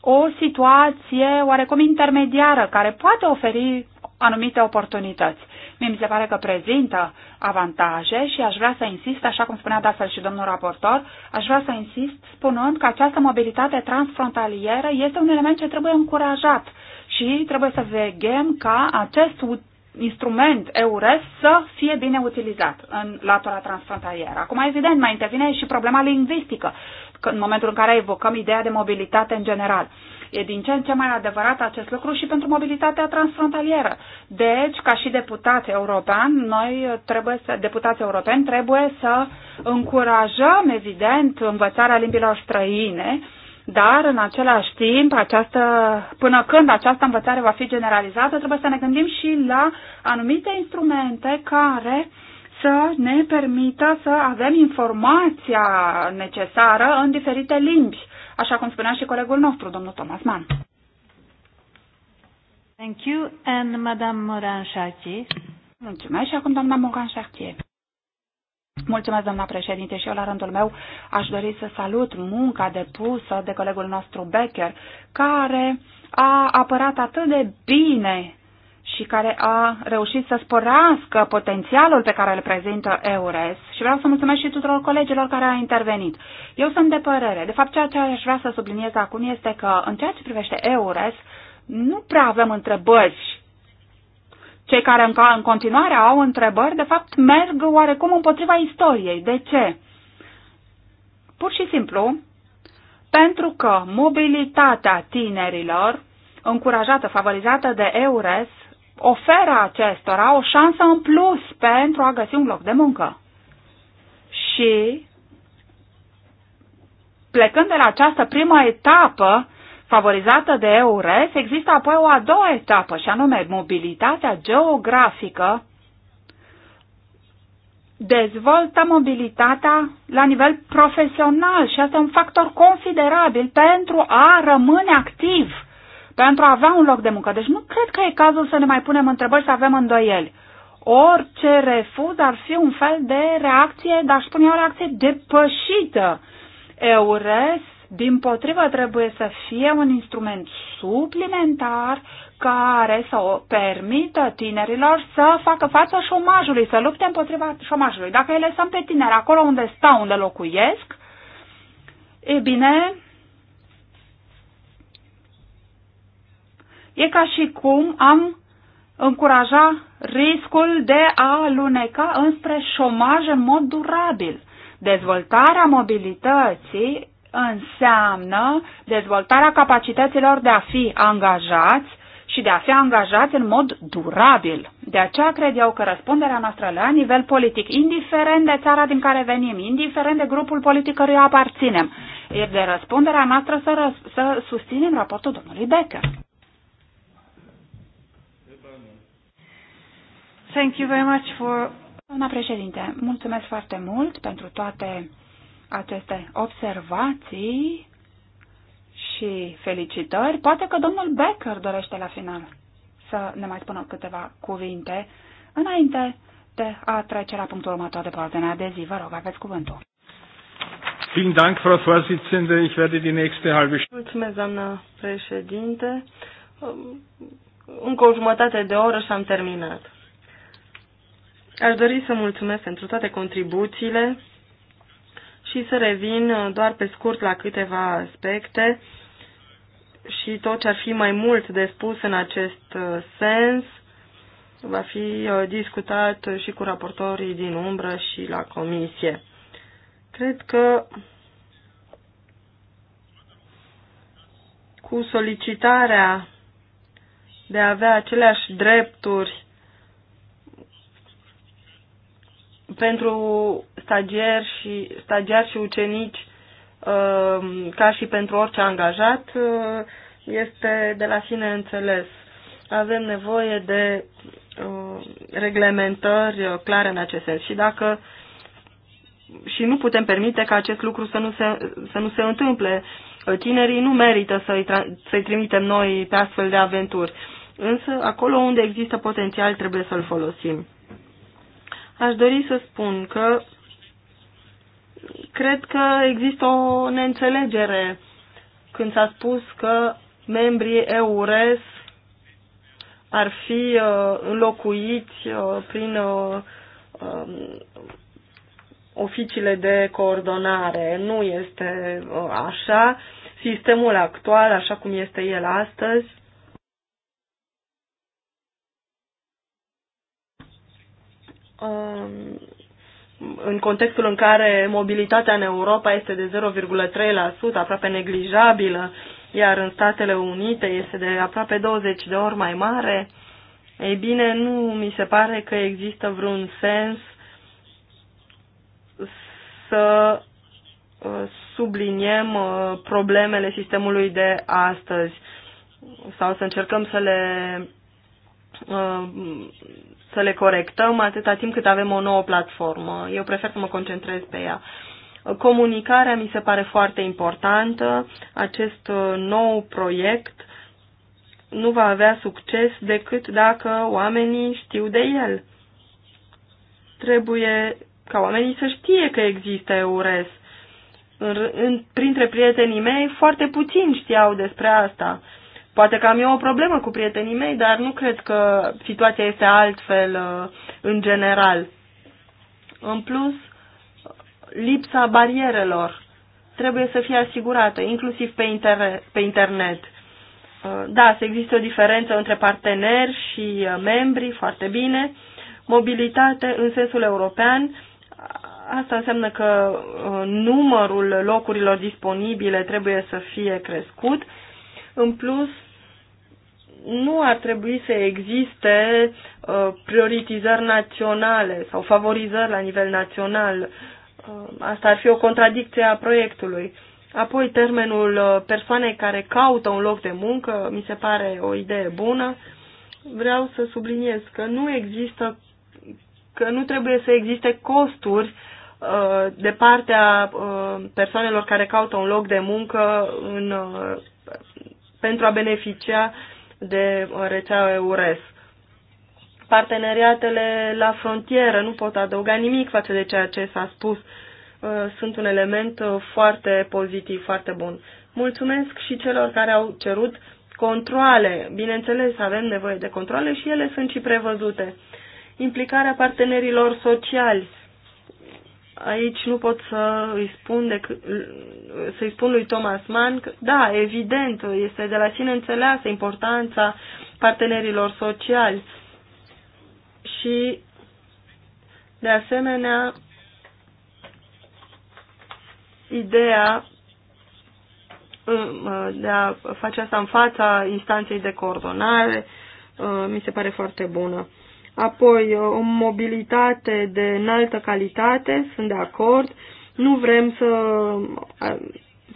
o situație oarecum intermediară care poate oferi anumite oportunități. Mie mi se pare că prezintă avantaje și aș vrea să insist, așa cum spunea de și domnul raportor, aș vrea să insist spunând că această mobilitate transfrontalieră este un element ce trebuie încurajat și trebuie să veghem ca acest instrument EURES să fie bine utilizat în latura transfrontalieră. Acum, evident, mai intervine și problema lingvistică, în momentul în care evocăm ideea de mobilitate în general. E din ce în ce mai adevărat acest lucru și pentru mobilitatea transfrontalieră. Deci, ca și deputați european, noi trebuie să, deputați europeni trebuie să încurajăm, evident, învățarea limbilor străine dar în același timp, această, până când această învățare va fi generalizată, trebuie să ne gândim și la anumite instrumente care să ne permită să avem informația necesară în diferite limbi, așa cum spunea și colegul nostru, domnul Thomas Mann. Thank you and Madame Moran Mulțumesc și acum doamna Moran Chartier. Mulțumesc, doamna președinte, și eu la rândul meu aș dori să salut munca depusă de colegul nostru Becker, care a apărat atât de bine și care a reușit să sporească potențialul pe care îl prezintă EURES și vreau să mulțumesc și tuturor colegilor care au intervenit. Eu sunt de părere. De fapt, ceea ce aș vrea să subliniez acum este că în ceea ce privește EURES, nu prea avem întrebări cei care încă în continuare au întrebări, de fapt, merg oarecum împotriva istoriei. De ce? Pur și simplu, pentru că mobilitatea tinerilor, încurajată, favorizată de EURES, oferă acestora o șansă în plus pentru a găsi un loc de muncă. Și plecând de la această primă etapă, favorizată de EURES, există apoi o a doua etapă, și anume mobilitatea geografică dezvoltă mobilitatea la nivel profesional și asta e un factor considerabil pentru a rămâne activ, pentru a avea un loc de muncă. Deci nu cred că e cazul să ne mai punem întrebări să avem îndoieli. Orice refuz ar fi un fel de reacție, dar aș spune o reacție depășită. EURES din potrivă, trebuie să fie un instrument suplimentar care să o permită tinerilor să facă față șomajului, să lupte împotriva șomajului. Dacă ele sunt pe tineri acolo unde stau, unde locuiesc, e bine, e ca și cum am încuraja riscul de a aluneca înspre șomaj în mod durabil. Dezvoltarea mobilității înseamnă dezvoltarea capacităților de a fi angajați și de a fi angajați în mod durabil. De aceea cred eu că răspunderea noastră la nivel politic, indiferent de țara din care venim, indiferent de grupul politic căruia aparținem, e de răspunderea noastră să, răs- să susținem raportul domnului Becker. Thank you very much for... Doamna președinte, mulțumesc foarte mult pentru toate aceste observații și felicitări, poate că domnul Becker dorește la final să ne mai spună câteva cuvinte înainte de a trece la punctul următor de pe ordinea de zi. Vă rog, aveți cuvântul. Vielen Dank, Frau Vorsitzende. Ich werde die nächste halbe Stunde. Mulțumesc, doamnă președinte. Încă o jumătate de oră și am terminat. Aș dori să mulțumesc pentru toate contribuțiile și să revin uh, doar pe scurt la câteva aspecte și tot ce ar fi mai mult de spus în acest uh, sens va fi uh, discutat și cu raportorii din umbră și la comisie. Cred că cu solicitarea de a avea aceleași drepturi pentru stagiari și, stagiari și ucenici, uh, ca și pentru orice angajat, uh, este de la sine înțeles. Avem nevoie de uh, reglementări clare în acest sens. Și dacă și nu putem permite ca acest lucru să nu se, să nu se întâmple. Tinerii nu merită să-i, să-i trimitem noi pe astfel de aventuri. Însă, acolo unde există potențial, trebuie să-l folosim aș dori să spun că cred că există o neînțelegere când s-a spus că membrii EURES ar fi uh, înlocuiți uh, prin uh, um, oficiile de coordonare. Nu este uh, așa. Sistemul actual, așa cum este el astăzi, Um, în contextul în care mobilitatea în Europa este de 0,3%, aproape neglijabilă, iar în Statele Unite este de aproape 20 de ori mai mare, ei bine, nu mi se pare că există vreun sens să uh, subliniem uh, problemele sistemului de astăzi sau să încercăm să le uh, să le corectăm atâta timp cât avem o nouă platformă. Eu prefer să mă concentrez pe ea. Comunicarea mi se pare foarte importantă. Acest uh, nou proiect nu va avea succes decât dacă oamenii știu de el. Trebuie ca oamenii să știe că există EURES. În, în, printre prietenii mei, foarte puțini știau despre asta. Uh, Poate că am eu o problemă cu prietenii mei, dar nu cred că situația este altfel uh, în general. În plus, lipsa barierelor trebuie să fie asigurată, inclusiv pe, inter- pe internet. Uh, da, să există o diferență între parteneri și uh, membri, foarte bine. Mobilitate în sensul european, asta înseamnă că numărul locurilor disponibile trebuie să fie crescut. În plus, nu ar trebui să existe uh, prioritizări naționale sau favorizări la nivel național. Uh, asta ar fi o contradicție a proiectului. Apoi termenul uh, persoanei care caută un loc de muncă mi se pare o idee bună. Vreau să subliniez că nu există că nu trebuie să existe costuri de partea persoanelor care caută un loc de muncă în, pentru a beneficia de uh, rețeaua EURES. Parteneriatele la frontieră nu pot adăuga nimic față de ceea ce s-a spus. Uh, sunt un element uh, foarte pozitiv, foarte bun. Mulțumesc și celor care au cerut controle. Bineînțeles, avem nevoie de controle și ele sunt și prevăzute. Implicarea partenerilor sociali aici nu pot să îi spun, dec- să-i spun lui Thomas Mann că, da, evident, este de la sine înțeleasă importanța partenerilor sociali și, de asemenea, ideea um, de a face asta în fața instanței de coordonare uh, mi se pare foarte bună apoi o mobilitate de înaltă calitate, sunt de acord. Nu vrem să,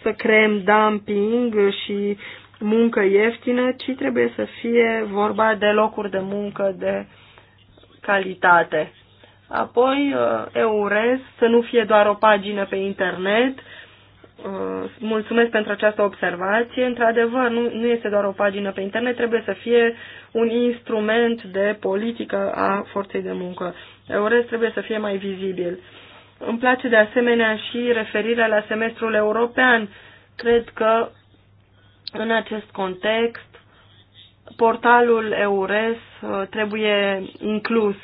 să creăm dumping și muncă ieftină, ci trebuie să fie vorba de locuri de muncă de calitate. Apoi, urez să nu fie doar o pagină pe internet, Uh, mulțumesc pentru această observație. Într-adevăr, nu, nu este doar o pagină pe internet, trebuie să fie un instrument de politică a forței de muncă. EURES trebuie să fie mai vizibil. Îmi place de asemenea și referirea la semestrul european. Cred că în acest context portalul EURES uh, trebuie inclus.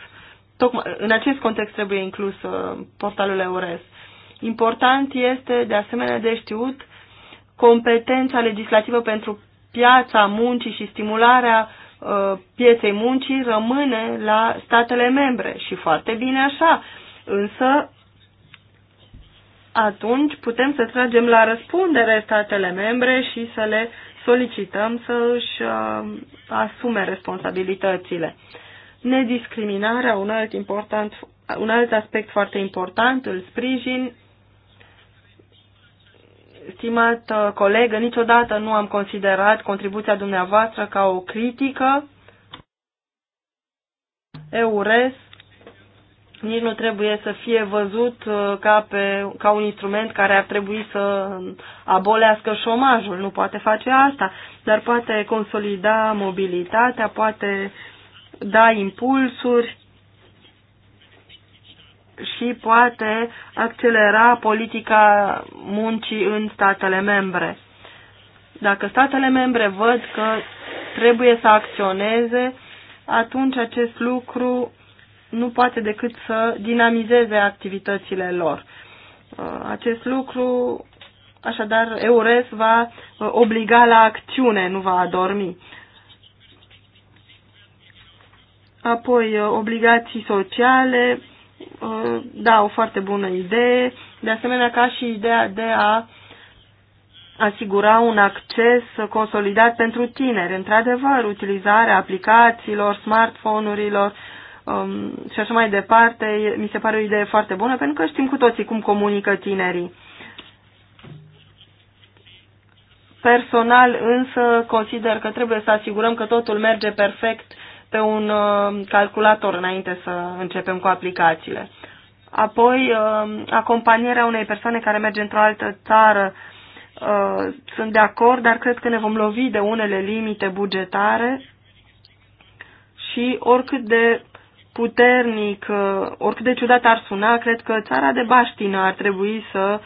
Tocmai, în acest context trebuie inclus uh, portalul EURES Important este, de asemenea, de știut competența legislativă pentru piața muncii și stimularea uh, pieței muncii rămâne la statele membre și foarte bine așa. Însă, atunci putem să tragem la răspundere statele membre și să le solicităm să își uh, asume responsabilitățile. Nediscriminarea, un alt, important, un alt aspect foarte important, îl sprijin Stimat colegă, niciodată nu am considerat contribuția dumneavoastră ca o critică. EURES nici nu trebuie să fie văzut uh, ca, pe, ca un instrument care ar trebui să abolească șomajul. Nu poate face asta, dar poate consolida mobilitatea, poate da impulsuri și poate accelera politica muncii în statele membre. Dacă statele membre văd că trebuie să acționeze, atunci acest lucru nu poate decât să dinamizeze activitățile lor. Uh, acest lucru, așadar, EURES va uh, obliga la acțiune, nu va adormi. Apoi, uh, obligații sociale, Uh, da, o foarte bună idee, de asemenea ca și ideea de a asigura un acces consolidat pentru tineri. Într-adevăr, utilizarea aplicațiilor, smartphone-urilor um, și așa mai departe, mi se pare o idee foarte bună, pentru că știm cu toții cum comunică tinerii. Personal însă consider că trebuie să asigurăm că totul merge perfect uh, pe un uh, calculator înainte să începem cu aplicațiile. Apoi, uh, acompanierea unei persoane care merge într-o altă țară, uh, sunt de acord, dar cred că ne vom lovi de unele limite bugetare și oricât de puternic, oricât de ciudat ar suna, cred că țara de baștină ar trebui să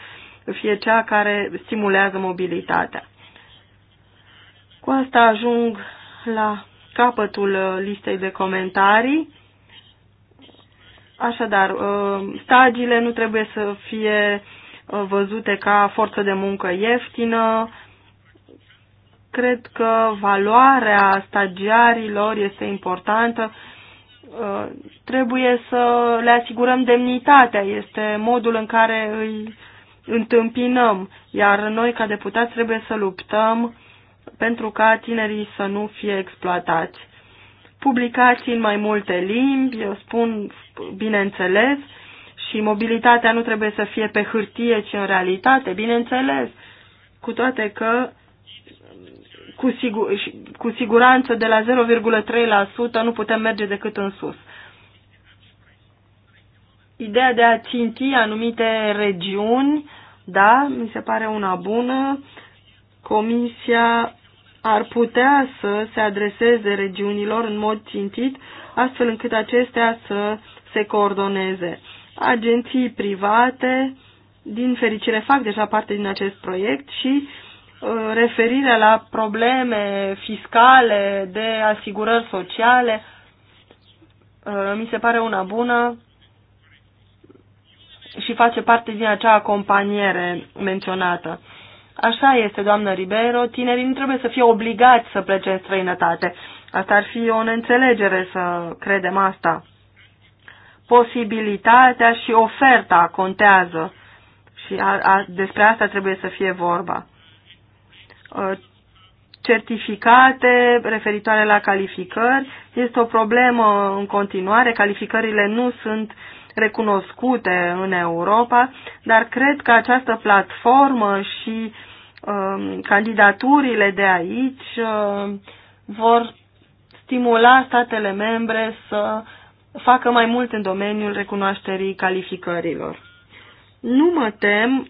fie cea care stimulează mobilitatea. Cu asta ajung la capătul uh, listei de comentarii. Așadar, uh, stagiile nu trebuie să fie uh, văzute ca forță de muncă ieftină. Cred că valoarea stagiarilor este importantă. Trebuie să le asigurăm demnitatea, este modul în care îi întâmpinăm, iar noi ca deputați trebuie să luptăm pentru ca tinerii să nu fie exploatați. Publicații în mai multe limbi, eu spun bineînțeles, și mobilitatea nu trebuie să fie pe hârtie, ci în realitate, bineînțeles, cu toate că cu, sigur, cu siguranță de la 0,3% nu putem merge decât în sus. Ideea de a ținti anumite regiuni, da, mi se pare una bună, Comisia ar putea să se adreseze regiunilor în mod țintit, astfel încât acestea să se coordoneze. Agenții private, din fericire, fac deja parte din acest proiect și uh, referirea la probleme fiscale, de asigurări sociale, uh, mi se pare una bună și face parte din acea companiere menționată. Așa este, doamnă Ribeiro, tinerii nu trebuie să fie obligați să plece în străinătate. Asta ar fi o neînțelegere să credem asta. Posibilitatea și oferta contează și a, a, despre asta trebuie să fie vorba. Ă, certificate referitoare la calificări este o problemă în continuare. Calificările nu sunt recunoscute în Europa, dar cred că această platformă și uh, Um, candidaturile de aici um, vor stimula statele membre să facă mai mult în domeniul recunoașterii calificărilor. Nu mă tem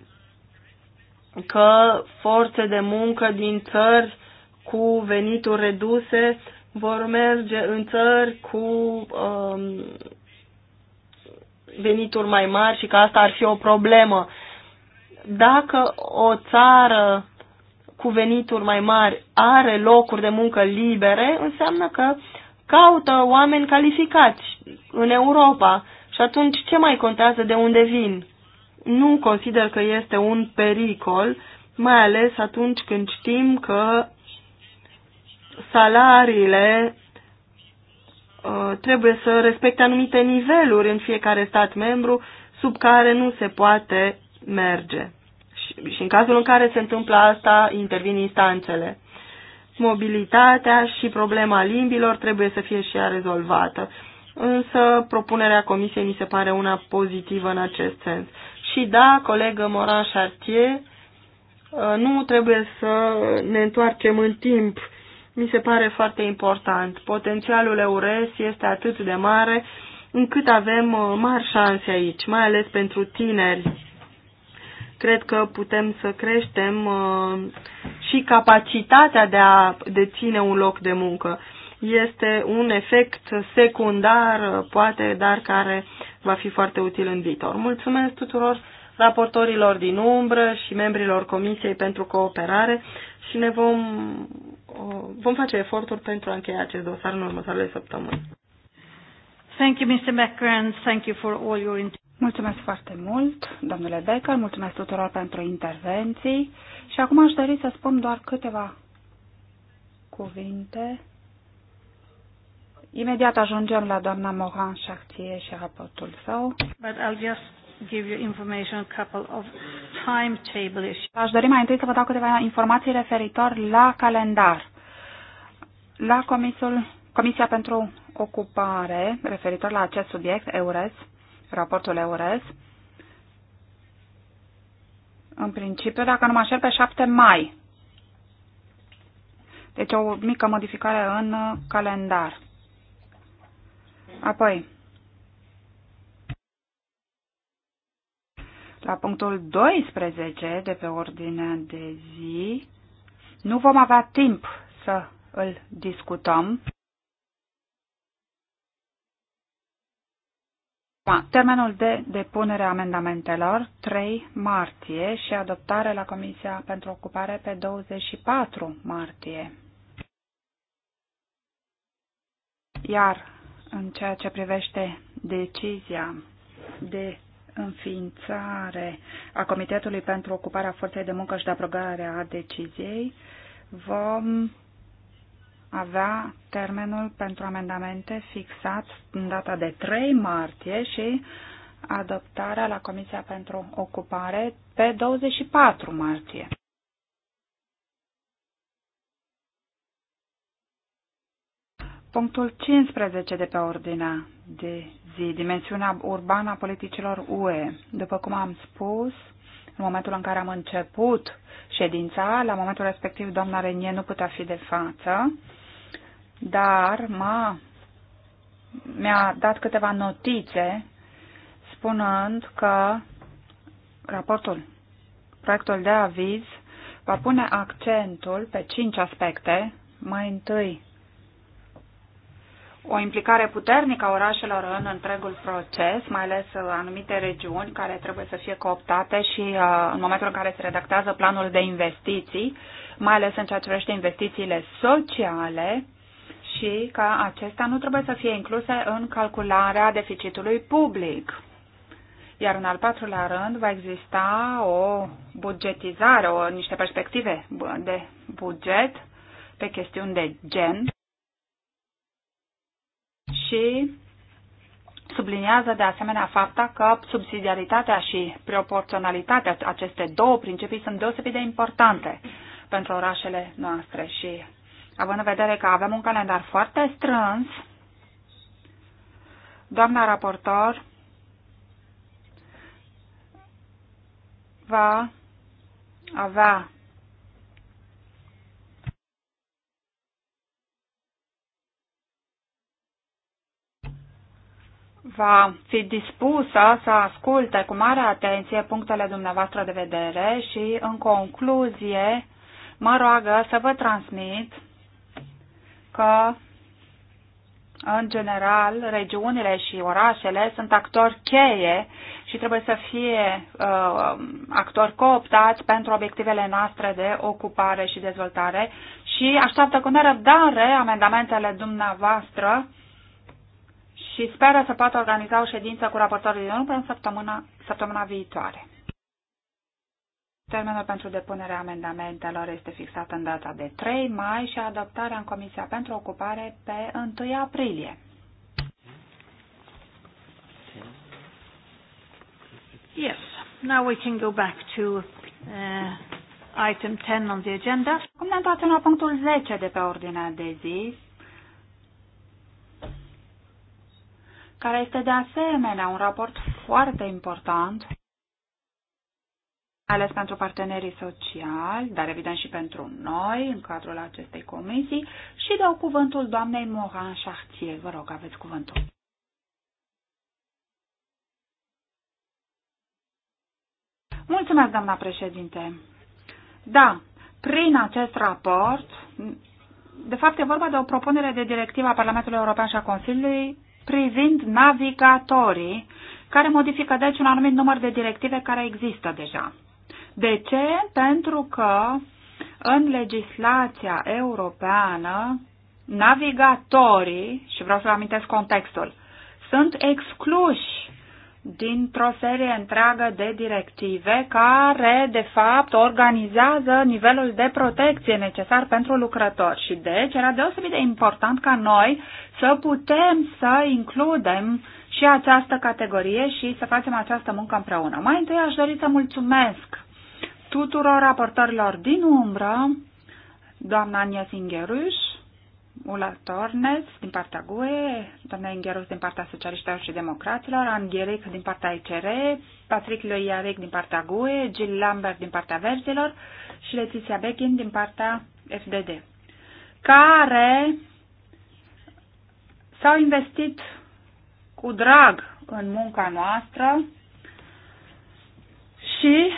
că forțe de muncă din țări cu venituri reduse vor merge în țări cu um, venituri mai mari și că asta ar fi o problemă dacă o țară cu venituri mai mari are locuri de muncă libere, înseamnă că caută oameni calificați în Europa. Și atunci ce mai contează de unde vin? Nu consider că este un pericol, mai ales atunci când știm că salariile uh, trebuie să respecte anumite niveluri în fiecare stat membru sub care nu se poate merge. Și, și în cazul în care se întâmplă asta, intervin instanțele. Mobilitatea și problema limbilor trebuie să fie și ea rezolvată. Însă propunerea comisiei mi se pare una pozitivă în acest sens. Și da, colegă Moran Chartier, uh, nu trebuie să ne întoarcem în timp. Mi se pare foarte important. Potențialul EURES este atât de mare încât avem uh, mari șanse aici, mai ales pentru tineri cred că putem să creștem uh, și capacitatea de a deține un loc de muncă. Este un efect secundar, uh, poate, dar care va fi foarte util în viitor. Mulțumesc tuturor raportorilor din umbră și membrilor Comisiei pentru Cooperare și ne vom, uh, vom face eforturi pentru a încheia acest dosar în următoarele săptămâni. Thank you, Mr. Macron. thank you for all your Mulțumesc foarte mult, domnule Becker, mulțumesc tuturor pentru intervenții și acum aș dori să spun doar câteva cuvinte. Imediat ajungem la doamna Moran Chartier și raportul său. But I'll just give you information a couple of timetable issues. Aș dori mai întâi să vă dau câteva informații referitor la calendar. La comisul, Comisia pentru Ocupare, referitor la acest subiect, EURES, raportul EURES, în principiu, dacă nu mă pe 7 mai. Deci o mică modificare în calendar. Apoi, la punctul 12 de pe ordinea de zi, nu vom avea timp să îl discutăm. Termenul de depunere a amendamentelor 3 martie și adoptare la Comisia pentru Ocupare pe 24 martie. Iar în ceea ce privește decizia de înființare a Comitetului pentru Ocuparea Forței de Muncă și de Aprobare a Deciziei, vom avea termenul pentru amendamente fixat în data de 3 martie și adoptarea la Comisia pentru Ocupare pe 24 martie. Punctul 15 de pe ordinea de zi, dimensiunea urbană a politicilor UE. După cum am spus, în momentul în care am început ședința, la momentul respectiv doamna Renie nu putea fi de față dar m-a, mi-a dat câteva notițe spunând că raportul, proiectul de aviz va pune accentul pe cinci aspecte. Mai întâi, o implicare puternică a orașelor în întregul proces, mai ales anumite regiuni care trebuie să fie cooptate și uh, în momentul în care se redactează planul de investiții, mai ales în ceea ce privește investițiile sociale, și că acestea nu trebuie să fie incluse în calcularea deficitului public. Iar în al patrulea rând va exista o bugetizare, o, niște perspective de buget pe chestiuni de gen și subliniază de asemenea fapta că subsidiaritatea și proporționalitatea, aceste două principii sunt deosebit de importante pentru orașele noastre și având în vedere că avem un calendar foarte strâns, doamna raportor va avea va fi dispusă să asculte cu mare atenție punctele dumneavoastră de vedere și, în concluzie, mă roagă să vă transmit că, în general, regiunile și orașele sunt actori cheie și trebuie să fie uh, actori cooptați pentru obiectivele noastre de ocupare și dezvoltare și așteaptă cu nerăbdare amendamentele dumneavoastră și speră să poată organiza o ședință cu raportorii din urmă în săptămâna, săptămâna viitoare. Termenul pentru depunerea amendamentelor este fixat în data de 3 mai și adoptarea în Comisia pentru Ocupare pe 1 aprilie. Yes, now we can go back to uh, item 10 on the agenda. Cum ne întoarcem la punctul 10 de pe ordinea de zi, care este de asemenea un raport foarte important ales pentru partenerii sociali, dar evident și pentru noi în cadrul acestei comisii și dau cuvântul doamnei Moran Chartier. Vă rog, aveți cuvântul. Mulțumesc, doamna președinte. Da, prin acest raport, de fapt e vorba de o propunere de directivă a Parlamentului European și a Consiliului privind navigatorii, care modifică deci un anumit număr de directive care există deja. De ce? Pentru că în legislația europeană, navigatorii, și vreau să vă amintesc contextul, sunt excluși dintr-o serie întreagă de directive care, de fapt, organizează nivelul de protecție necesar pentru lucrători. Și deci era deosebit de important ca noi să putem să includem și această categorie și să facem această muncă împreună. Mai întâi aș dori să mulțumesc tuturor raportorilor din umbră, doamna Ania Singheruș, Ula Tornes din partea GUE, doamna Ingheruș din partea Socialiștilor și Democraților, Angheric din partea ICR, Patrick Loiarec din partea GUE, Jill Lambert din partea Verzilor și Letizia Beckin din partea FDD, care s-au investit cu drag în munca noastră și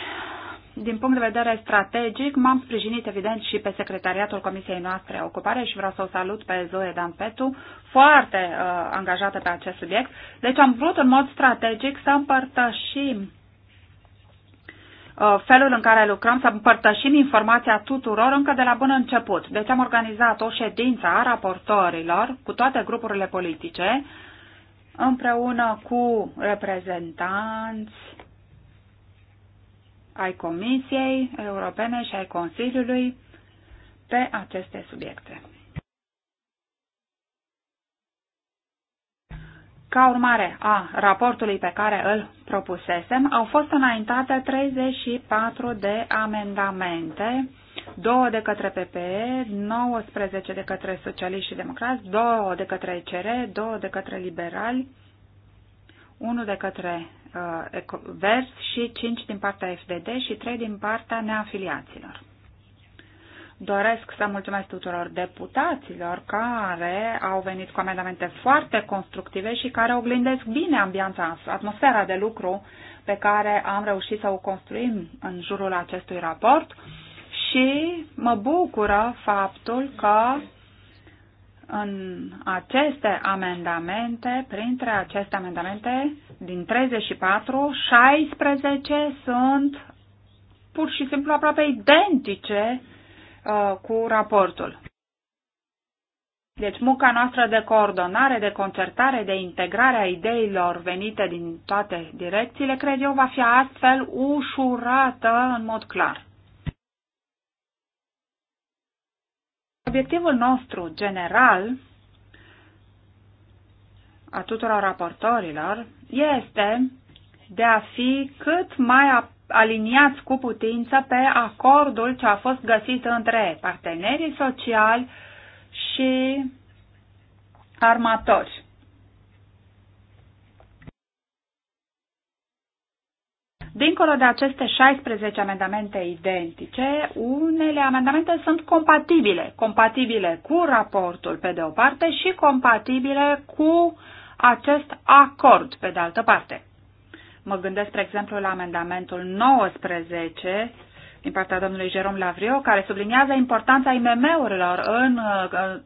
din punct de vedere strategic, m-am sprijinit evident și pe secretariatul Comisiei noastre Ocupare și vreau să o salut pe Zoe Danpetu, foarte uh, angajată pe acest subiect. Deci am vrut în mod strategic să împărtășim uh, felul în care lucrăm, să împărtășim informația tuturor încă de la bun început. Deci am organizat o ședință a raportorilor cu toate grupurile politice, împreună cu reprezentanți ai Comisiei Europene și ai Consiliului pe aceste subiecte. Ca urmare a raportului pe care îl propusesem, au fost înaintate 34 de amendamente, 2 de către PPE, 19 de către Socialiști și Democrați, 2 de către ECR, 2 de către Liberali, 1 de către uh, Vers și 5 din partea FDD și 3 din partea neafiliaților. Doresc să mulțumesc tuturor deputaților care au venit cu amendamente foarte constructive și care oglindesc bine ambianța, atmosfera de lucru pe care am reușit să o construim în jurul acestui raport și mă bucură faptul că în aceste amendamente, printre aceste amendamente, din 34, 16 sunt pur și simplu aproape identice uh, cu raportul. Deci munca noastră de coordonare, de concertare, de integrare a ideilor venite din toate direcțiile, cred eu, va fi astfel ușurată în mod clar. Obiectivul nostru general a tuturor raportorilor este de a fi cât mai aliniați cu putință pe acordul ce a fost găsit între partenerii sociali și armatori. Dincolo de aceste 16 amendamente identice, unele amendamente sunt compatibile, compatibile cu raportul pe de o parte și compatibile cu acest acord pe de altă parte. Mă gândesc, spre exemplu, la amendamentul 19 din partea domnului Jerome Lavrio, care subliniază importanța IMM-urilor în,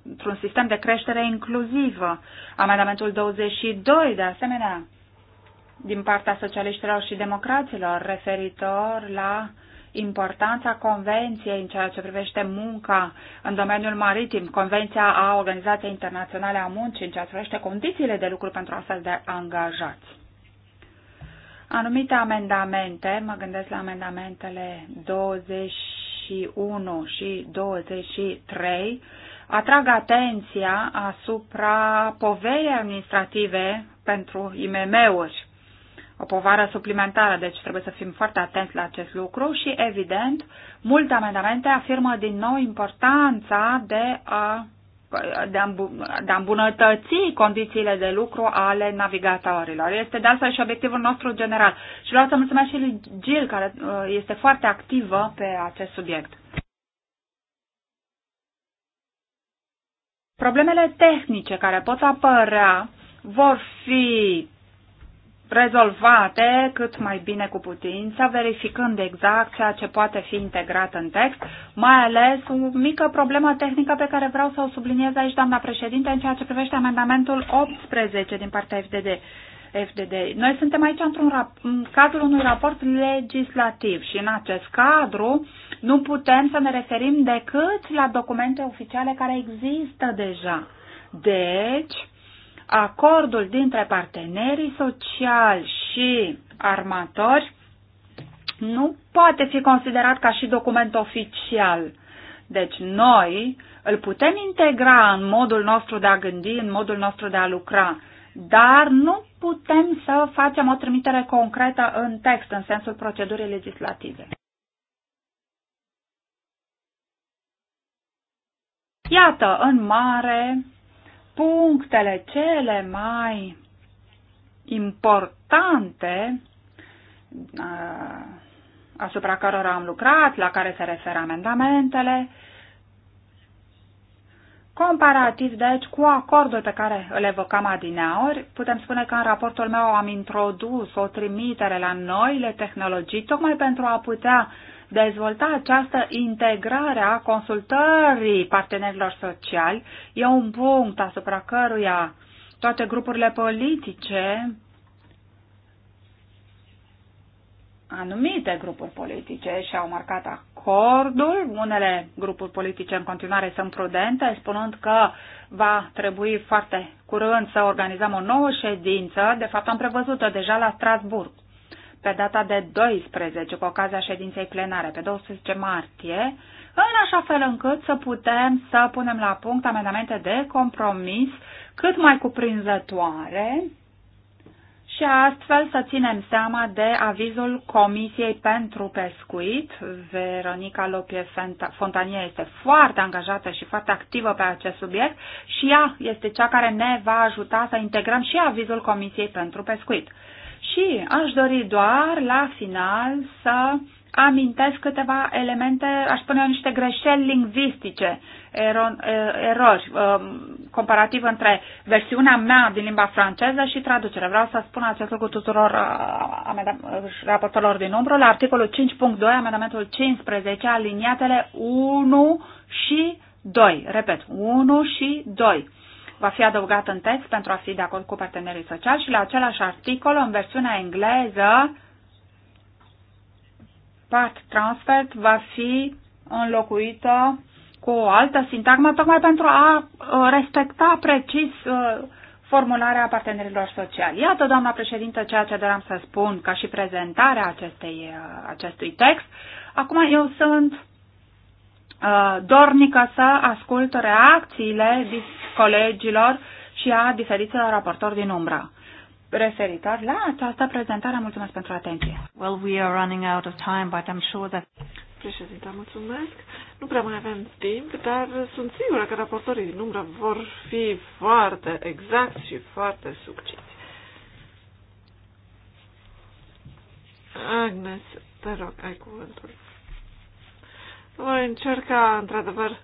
într-un sistem de creștere inclusivă. Amendamentul 22, de asemenea, din partea socialiștilor și democraților referitor la importanța convenției în ceea ce privește munca în domeniul maritim, convenția a Organizației Internaționale a Muncii în ceea ce privește condițiile de lucru pentru astfel de angajați. Anumite amendamente, mă gândesc la amendamentele 21 și 23, atrag atenția asupra poverii administrative pentru IMM-uri o povară suplimentară, deci trebuie să fim foarte atenți la acest lucru și, evident, multe amendamente afirmă din nou importanța de a, de a, de a îmbunătăți condițiile de lucru ale navigatorilor. Este de altfel și obiectivul nostru general. Și vreau să mulțumesc și lui Gil, care uh, este foarte activă pe acest subiect. Problemele tehnice care pot apărea vor fi rezolvate cât mai bine cu putință, verificând exact ceea ce poate fi integrat în text, mai ales o mică problemă tehnică pe care vreau să o subliniez aici, doamna președinte, în ceea ce privește amendamentul 18 din partea FDD. FDD. Noi suntem aici într-un în cadrul unui raport legislativ și în acest cadru nu putem să ne referim decât la documente oficiale care există deja. Deci, acordul dintre partenerii sociali și armatori nu poate fi considerat ca și document oficial. Deci noi îl putem integra în modul nostru de a gândi, în modul nostru de a lucra, dar nu putem să facem o trimitere concretă în text, în sensul procedurii legislative. Iată, în mare, punctele cele mai importante uh, asupra cărora am lucrat, la care se referă amendamentele, Comparativ, deci, cu acordul pe care îl evocam adineaori, putem spune că în raportul meu am introdus o trimitere la noile tehnologii, tocmai pentru a putea uh, dezvolta această integrare a consultării partenerilor sociali e un punct asupra căruia toate grupurile politice, anumite grupuri politice și-au marcat acordul. Unele grupuri politice în continuare sunt prudente, spunând că va trebui foarte curând să organizăm o nouă ședință. De fapt, am prevăzut-o deja la Strasburg pe data de 12, cu ocazia ședinței plenare, pe 12 martie, în așa fel încât să putem să punem la punct amendamente de compromis cât mai cuprinzătoare și astfel să ținem seama de avizul Comisiei pentru Pescuit. Veronica Lopie Fontanie este foarte angajată și foarte activă pe acest subiect și ea este cea care ne va ajuta să integrăm și avizul Comisiei pentru Pescuit. Și aș dori doar la final să amintesc câteva elemente, aș spune niște greșeli lingvistice, ero, erori, um, comparativ între versiunea mea din limba franceză și traducere. Vreau să spun acest lucru tuturor uh, raportorilor din umbră. La articolul 5.2, amendamentul 15, aliniatele 1 și 2. Repet, 1 și 2 va fi adăugat în text pentru a fi de acord cu partenerii sociali și la același articol, în versiunea engleză, part transfer va fi înlocuită cu o altă sintagmă, tocmai pentru a uh, respecta precis uh, formularea partenerilor sociali. Iată, doamna președintă, ceea ce doream să spun ca și prezentarea acestei, uh, acestui text. Acum eu sunt Uh, dornică să ascult reacțiile colegilor și a diferiților raportori din umbră. Referitor la această prezentare, mulțumesc pentru atenție. Well, we are running out of time, but I'm sure that... Președinte, mulțumesc. Nu prea mai avem timp, dar sunt sigură că raportorii din umbră vor fi foarte exacti și foarte succinți. Agnes, te rog, ai cuvântul. Voi încerca, într-adevăr,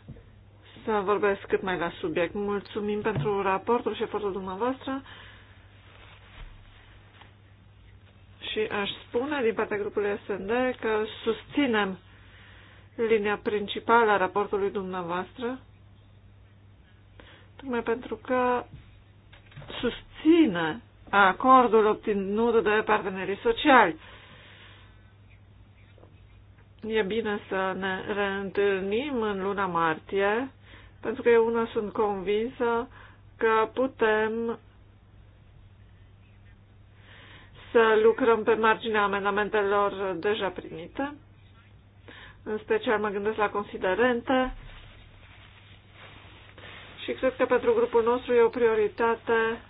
să vorbesc cât mai la subiect. Mulțumim pentru raportul și efortul dumneavoastră. Și aș spune din partea grupului SND că susținem linia principală a raportului dumneavoastră, tocmai pentru că susține acordul obținut de partenerii sociali E bine să ne reîntâlnim în luna martie, pentru că eu una sunt convinsă că putem să lucrăm pe marginea amendamentelor deja primite. În special mă gândesc la considerente și cred că pentru grupul nostru e o prioritate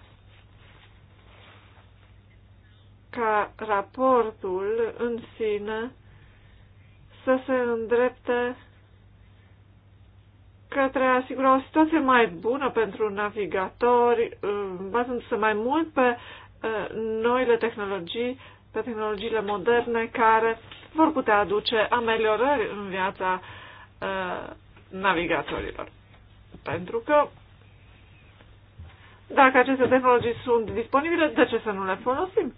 ca raportul în sine să se îndrepte către a asigura o situație mai bună pentru navigatori, bazându-se mai mult pe uh, noile tehnologii, pe tehnologiile moderne care vor putea aduce ameliorări în viața uh, navigatorilor. Pentru că dacă aceste tehnologii sunt disponibile, de ce să nu le folosim?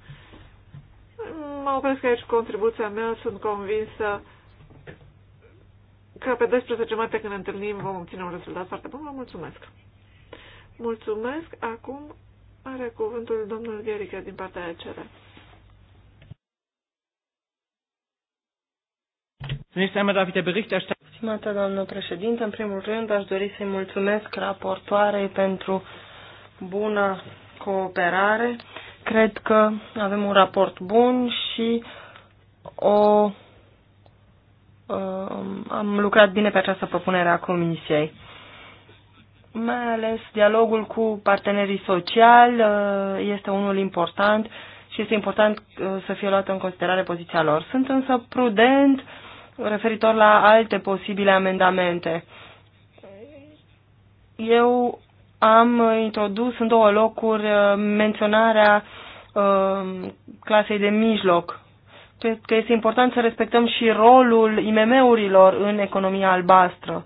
Mă opresc aici cu contribuția mea, sunt convinsă că pe 12 martie când ne întâlnim vom obține un rezultat foarte bun. Vă mulțumesc! Mulțumesc! Acum are cuvântul domnul Gherică din partea ECR. Zunächst Stimată doamnă președinte, în primul rând aș dori să-i mulțumesc raportoarei pentru bună cooperare. Cred că avem un raport bun și o Uh, am lucrat bine pe această propunere a Comisiei. Mai ales dialogul cu partenerii sociali uh, este unul important și este important uh, să fie luată în considerare poziția lor. Sunt însă prudent referitor la alte posibile amendamente. Eu am introdus în două locuri menționarea clasei de mijloc Cred că este important să respectăm și rolul IMM-urilor în economia albastră.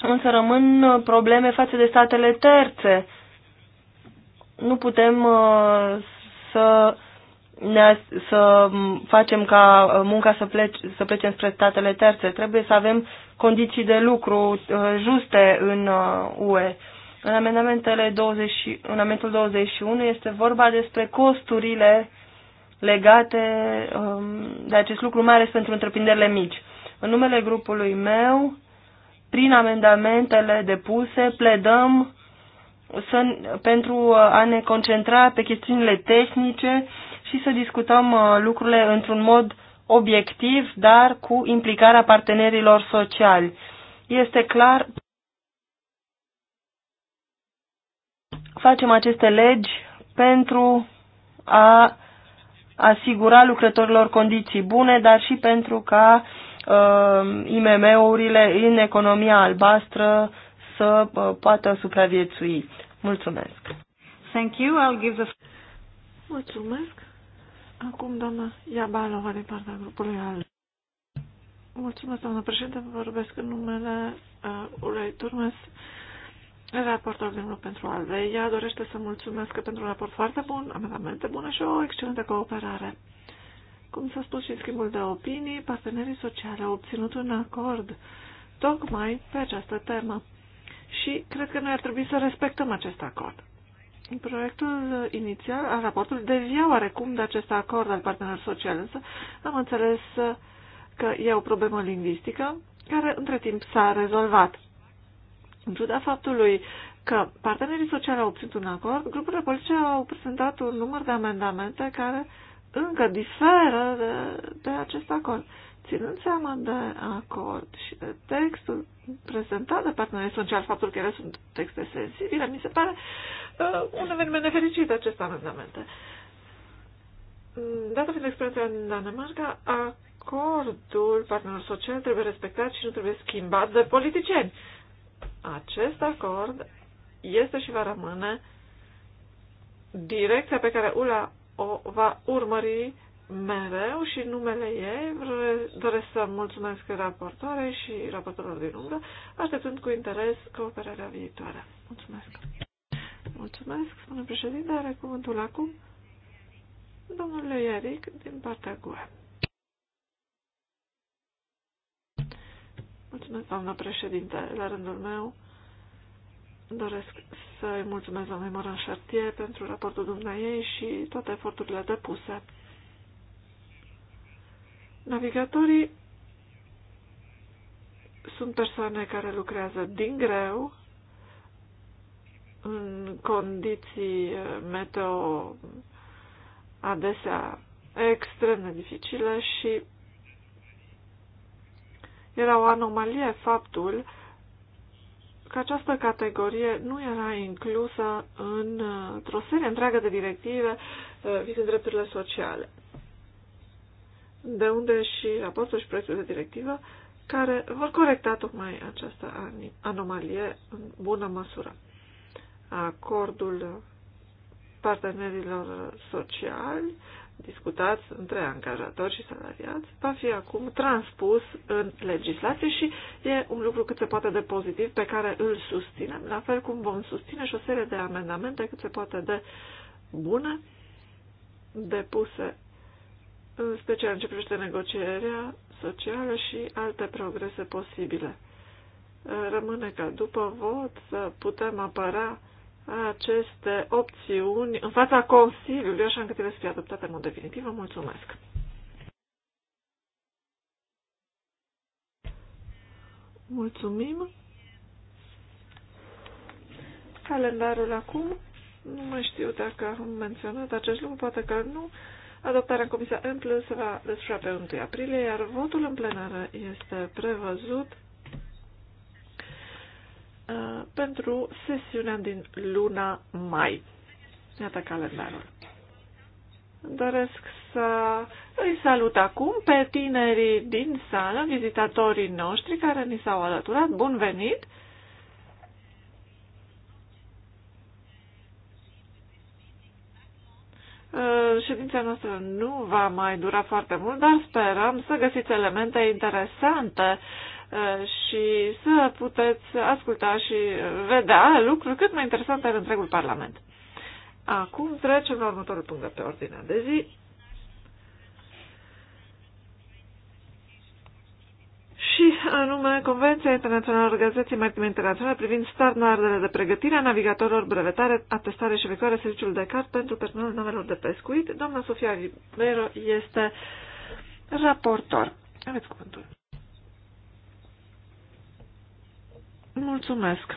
Însă rămân probleme față de statele terțe. Nu putem uh, să ne, să facem ca uh, munca să plece, să plece spre statele terțe. Trebuie să avem condiții de lucru uh, juste în UE. În, amendamentele 20, în amendamentul 21 este vorba despre costurile uh, legate um, de acest lucru, mai ales pentru întreprinderile mici. În numele grupului meu, prin amendamentele depuse, pledăm să, pentru a ne concentra pe chestiunile tehnice și să discutăm uh, lucrurile într-un mod obiectiv, dar cu implicarea partenerilor sociali. Este clar, facem aceste legi pentru a asigura lucrătorilor condiții bune, dar și pentru ca uh, IMM-urile în economia albastră să uh, poată supraviețui. Mulțumesc! Thank you. I'll give the... Mulțumesc! Acum, doamna Iabalova, de partea grupului al. Mulțumesc, doamna președinte, vorbesc în numele uh, Urei Turmes Raportul din pentru ALDE. Ea dorește să mulțumesc pentru un raport foarte bun, amendamente bune și o excelentă cooperare. Cum s-a spus și în schimbul de opinii, partenerii sociale au obținut un acord tocmai pe această temă și cred că noi ar trebui să respectăm acest acord. Proiectul inițial al raportului devia oarecum de acest acord al partenerilor sociale, însă am înțeles că e o problemă lingvistică care între timp s-a rezolvat. În ciuda faptului că partenerii sociali au obținut un acord, grupurile politice au prezentat un număr de amendamente care încă diferă de, de acest acord. Ținând seama de acord și de textul prezentat de partenerii sociali, faptul că ele sunt texte sensibile, mi se pare uh, un eveniment nefericit aceste amendamente. Dată fiind experiența din Danemarca, acordul partenerilor sociali trebuie respectat și nu trebuie schimbat de politicieni. Uh, acest acord este și va rămâne direcția pe care ULA o va urmări mereu și numele ei. Doresc să mulțumesc raportoarei și raportorilor din umbră, așteptând cu interes cooperarea viitoare. Mulțumesc! Mulțumesc, spune președinte, are cuvântul acum domnul Ieric din partea GUE. Mulțumesc, doamnă președinte. La rândul meu doresc să-i mulțumesc doamnei Moran Chartier pentru raportul dumneai și toate eforturile depuse. Navigatorii sunt persoane care lucrează din greu în condiții meteo adesea extrem de dificile și era o anomalie faptul că această categorie nu era inclusă într-o serie întreagă de directive uh, vizând drepturile sociale. De unde și raportul și proiectul de directivă care vor corecta tocmai această anomalie în bună măsură. Acordul partenerilor sociali discutați între angajatori și salariați va fi acum transpus în legislație și e un lucru cât se poate de pozitiv pe care îl susținem, la fel cum vom susține și o serie de amendamente cât se poate de bune depuse, în special în ce privește negocierea socială și alte progrese posibile. Rămâne ca după vot să putem apăra aceste opțiuni în fața Consiliului, așa încât ele să fie adoptate în mod definitiv. Vă mulțumesc! Mulțumim! Calendarul acum, nu mai știu dacă am menționat acest lucru, poate că nu. Adoptarea în Comisia în plus se va desfășura pe 1 aprilie, iar votul în plenară este prevăzut Uh, pentru sesiunea din luna mai. Iată calendarul. Doresc să îi salut acum pe tinerii din sală, vizitatorii noștri care ni s-au alăturat. Bun venit! Uh, ședința noastră nu va mai dura foarte mult, dar sperăm să găsiți elemente interesante uh, Uh, și să puteți asculta și vedea lucruri cât mai interesante în întregul Parlament. Acum trecem la următorul punct de pe ordinea de zi. Și anume Convenția Internațională a Organizației Maritime Internaționale privind standardele de pregătire a navigatorilor, brevetare, atestare și efectuare serviciul de cart pentru personalul navelor de pescuit. Doamna Sofia Ribeiro este raportor. Aveți cuvântul. Mulțumesc,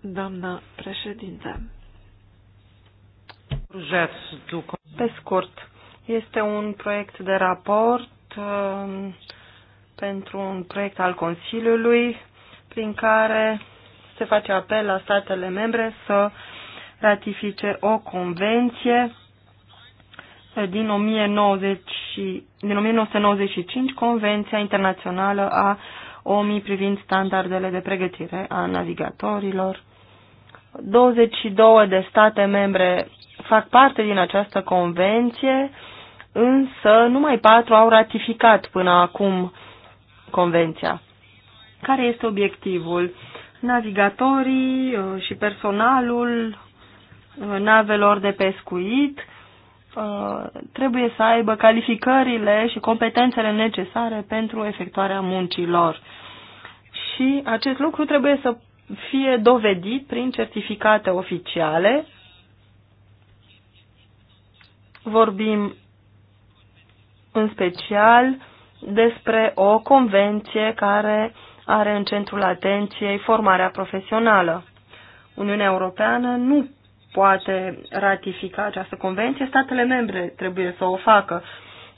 doamna președinte. Pe scurt, este un proiect de raport um, pentru un proiect al Consiliului prin care se face apel la statele membre să ratifice o convenție din, 1990, din 1995, Convenția Internațională a OMI privind standardele de pregătire a navigatorilor. 22 de state membre fac parte din această convenție, însă numai patru au ratificat până acum convenția. Care este obiectivul? Navigatorii uh, și personalul uh, navelor de pescuit Uh, trebuie să aibă calificările și competențele necesare pentru efectuarea muncilor. Și acest lucru trebuie să fie dovedit prin certificate oficiale. Vorbim în special despre o convenție care are în centrul atenției formarea profesională. Uniunea Europeană nu poate ratifica această convenție, statele membre trebuie să o facă.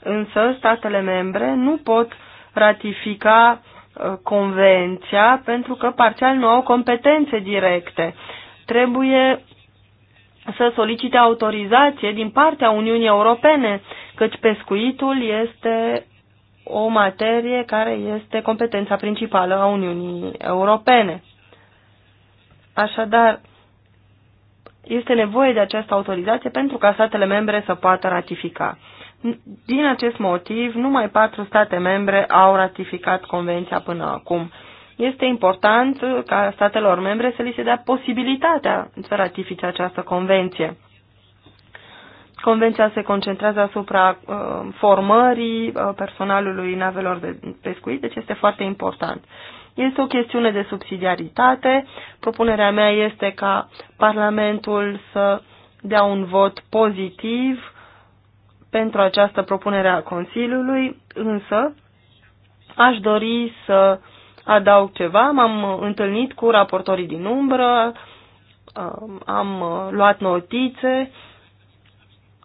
Însă statele membre nu pot ratifica uh, convenția pentru că parțial nu au competențe directe. Trebuie să solicite autorizație din partea Uniunii Europene, căci pescuitul este o materie care este competența principală a Uniunii Europene. Așadar, este nevoie de această autorizație pentru ca statele membre să poată ratifica. Din acest motiv, numai patru state membre au ratificat convenția până acum. Este important ca statelor membre să li se dea posibilitatea să ratifice această convenție. Convenția se concentrează asupra uh, formării uh, personalului navelor de pescuit, deci este foarte important. Uh, este o chestiune de subsidiaritate. Propunerea mea este ca Parlamentul să dea un vot pozitiv pentru această propunere a Consiliului, însă aș dori să adaug ceva. M-am întâlnit cu raportorii din umbră, am luat notițe,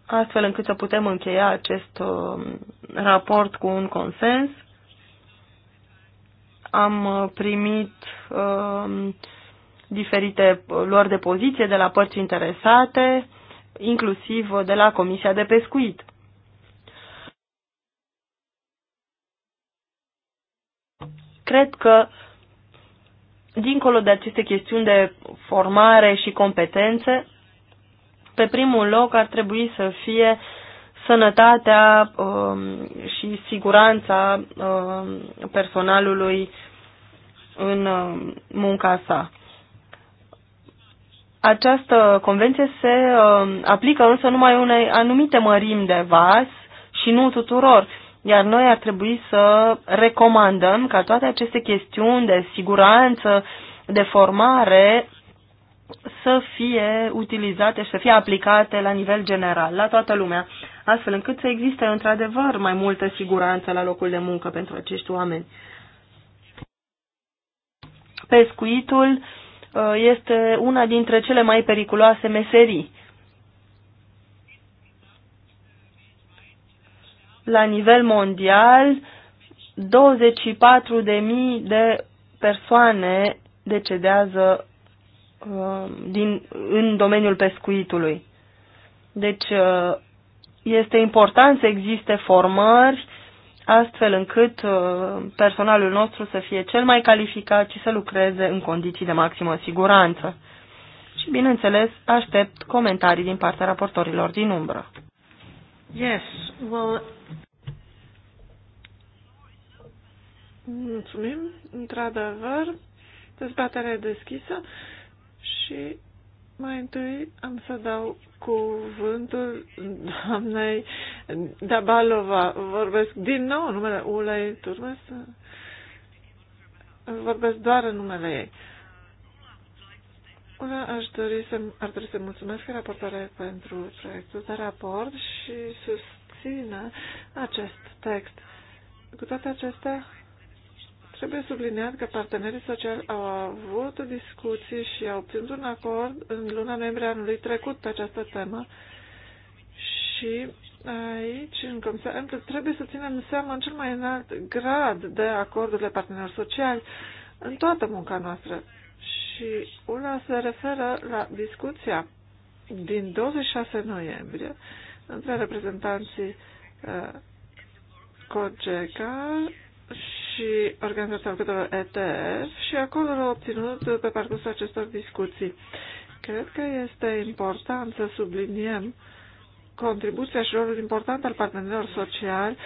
astfel încât să putem încheia acest um, raport cu un consens am uh, primit um, uh, diferite luări de poziție de la părți interesate, inclusiv uh, de la Comisia de Pescuit. Cred că, dincolo de aceste chestiuni de formare și competențe, pe primul loc ar trebui să fie uh, sănătatea um, și siguranța um, personalului în um, munca sa. Această convenție se aplică însă numai unei anumite mărimi de vas și nu tuturor, iar noi ar trebui să recomandăm ca toate aceste chestiuni de siguranță, de formare să fie utilizate și să fie aplicate la nivel general, la toată lumea astfel încât să existe într-adevăr mai multă siguranță la locul de muncă pentru acești oameni. Pescuitul uh, este una dintre cele mai periculoase meserii. La nivel mondial, 24.000 de persoane decedează uh, din, în domeniul pescuitului. Deci uh, este important să existe formări astfel încât uh, personalul nostru să fie cel mai calificat și să lucreze în condiții de maximă siguranță. Și, bineînțeles, aștept comentarii din partea raportorilor din umbră. Yes, well... Mulțumim, într-adevăr, dezbaterea deschisă și mai întâi am să dau cuvântul doamnei Dabalova. Vorbesc din nou numele Ulei Turmes. Vorbesc doar în numele ei. Una, aș dori să, ar trebui să mulțumesc raportare pentru proiectul de raport și susțină acest text. Cu toate acestea, Trebuie subliniat că partenerii sociali au avut discuții și au obținut un acord în luna noiembrie anului trecut pe această temă și aici, în Comisia trebuie să ținem seama în cel mai înalt grad de acordurile partenerilor sociali în toată munca noastră. Și una se referă la discuția din 26 noiembrie între reprezentanții uh, COGECA și Organizația Lucrătorilor ETF și acolo acordul obținut pe parcursul acestor discuții. Cred că este important să subliniem contribuția și rolul important al partenerilor sociali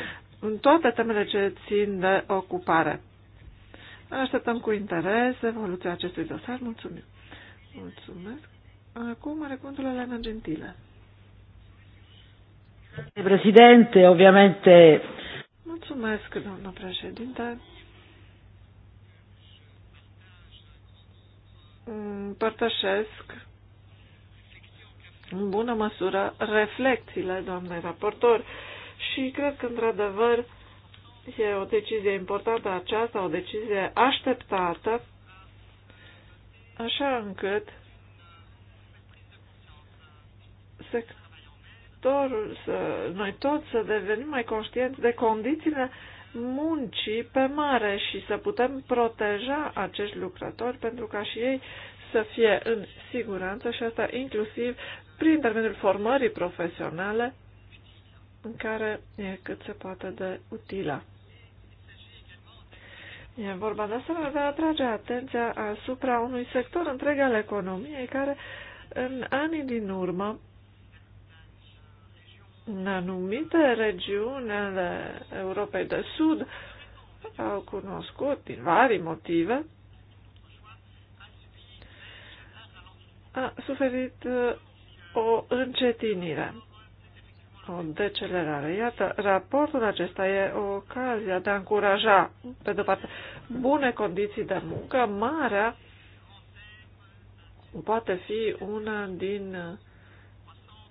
în toate temele ce țin de ocupare. Așteptăm cu interes evoluția acestui dosar. Mulțumim! Mulțumesc! Acum are cuvântul Elena Gentile. Presidente, ovviamente Mulțumesc, doamnă președinte. Împărtășesc în bună măsură reflecțiile doamnei raportor și cred că, într-adevăr, e o decizie importantă aceasta, o decizie așteptată, așa încât sec ajutor să, noi toți să devenim mai conștienți de condițiile muncii pe mare și să putem proteja acești lucrători pentru ca și ei să fie în siguranță și asta inclusiv prin intermediul formării profesionale în care e cât se poate de utilă. E vorba de asta de a atrage atenția asupra unui sector întreg al economiei care în anii din urmă în anumite regiuni ale Europei de Sud au cunoscut, din vari motive, a suferit uh, o încetinire, o decelerare. Iată, raportul acesta e o ocazia de a încuraja, pe de parte, bune condiții de muncă. Marea poate fi una din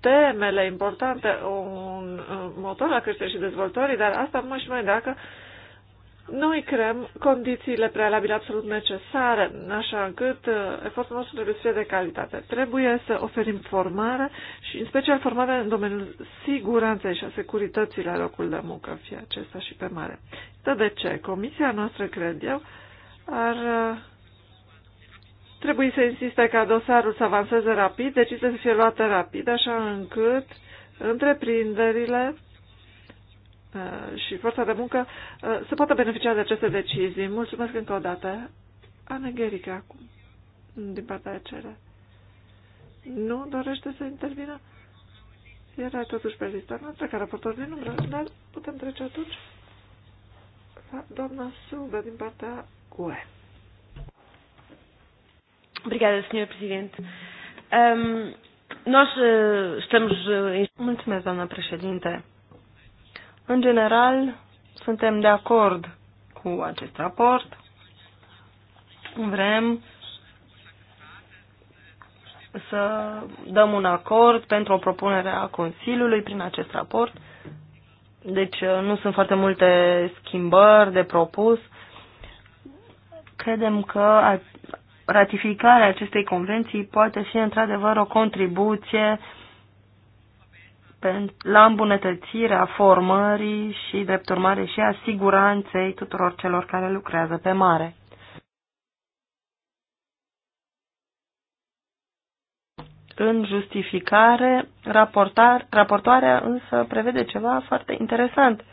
temele importante, un motor al creșterii și dezvoltării, dar asta mai și mai dacă noi creăm condițiile prealabile absolut necesare, așa încât uh, efortul nostru trebuie să fie de calitate. Trebuie să oferim formare și, în special, formare în domeniul siguranței și a securității la locul de muncă, fie acesta și pe mare. De ce? Comisia noastră, cred eu, ar uh, Trebuie să insiste ca dosarul să avanseze rapid, deci să fie luată rapid, așa încât întreprinderile uh, și forța de muncă uh, să poată beneficia de aceste decizii. Mulțumesc încă o dată. Ana Gherica, acum, din partea aceea. Nu dorește să intervină? Era totuși pe lista noastră ca raportor din umbră, dar putem trece atunci la doamna Suga din partea UE. Obrigada, Sr. Presidente. Um, nós uh, estamos. Uh, Mulțumesc, doamnă președinte. În general, suntem de acord cu acest raport. Vrem să dăm un acord pentru o propunere a Consiliului prin acest raport. Deci eh, nu sunt foarte multe schimbări de propus. Credem că ratificarea acestei convenții poate fi într-adevăr o contribuție la îmbunătățirea formării și, drept urmare, și a siguranței tuturor celor care lucrează pe mare. În justificare, raportoarea însă prevede ceva foarte interesant,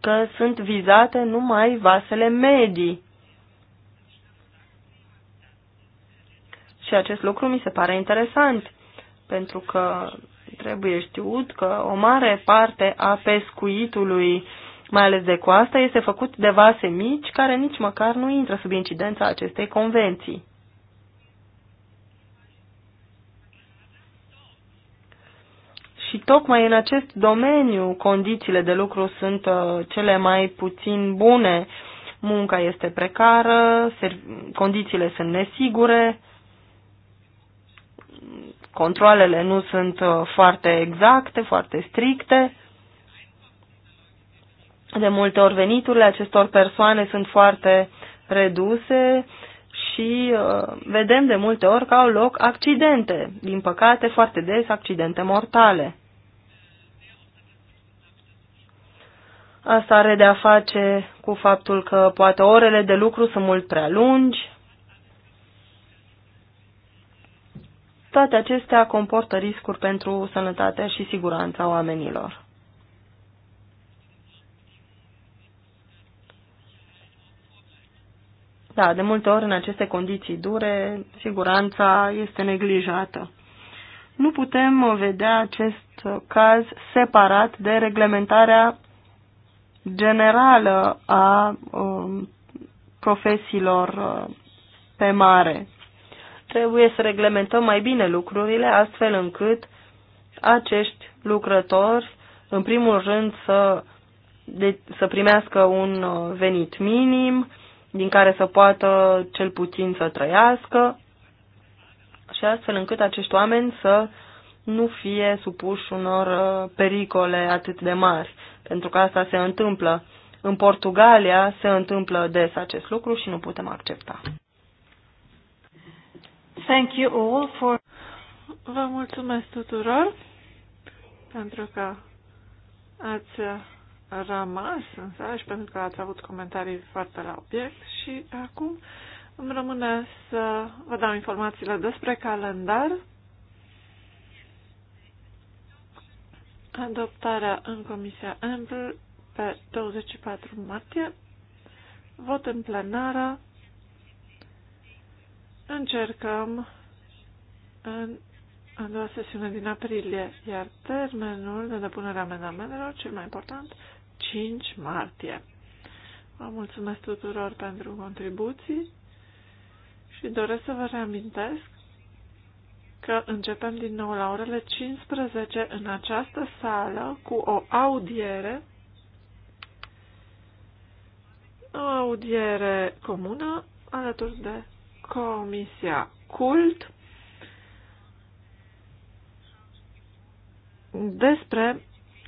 că sunt vizate numai vasele medii Și acest lucru mi se pare interesant, pentru că trebuie știut că o mare parte a pescuitului, mai ales de coastă, este făcut de vase mici care nici măcar nu intră sub incidența acestei convenții. Și tocmai în acest domeniu condițiile de lucru sunt uh, cele mai puțin bune. Munca este precară, condițiile sunt nesigure, uh, Controlele nu sunt uh, foarte exacte, foarte stricte. De multe ori veniturile acestor persoane sunt foarte reduse și uh, vedem de multe ori că au loc accidente, din păcate foarte des accidente mortale. Asta are de a face cu faptul că poate orele de lucru sunt mult prea lungi, Toate acestea comportă riscuri pentru sănătatea și siguranța oamenilor. Da, de multe ori în aceste condiții dure, siguranța este neglijată. Nu putem vedea acest caz separat de reglementarea generală a um, profesiilor uh, pe mare. Trebuie să reglementăm mai bine lucrurile astfel încât acești lucrători, în primul rând, să, de, să primească un uh, venit minim din care să poată cel puțin să trăiască și astfel încât acești oameni să nu fie supuși unor uh, pericole atât de mari, pentru că asta se întâmplă. În Portugalia se întâmplă des acest lucru și nu putem accepta. Thank you all for... Vă mulțumesc tuturor pentru că ați rămas în sală și pentru că ați avut comentarii foarte la obiect și acum îmi rămâne să vă dau informațiile despre calendar. Adoptarea în Comisia Ample pe 24 martie, vot în plenară încercăm în a doua sesiune din aprilie, iar termenul de depunere a amendamentelor, cel mai important, 5 martie. Vă mulțumesc tuturor pentru contribuții și doresc să vă reamintesc că începem din nou la orele 15 în această sală cu o audiere, o audiere comună alături de Comisia Cult despre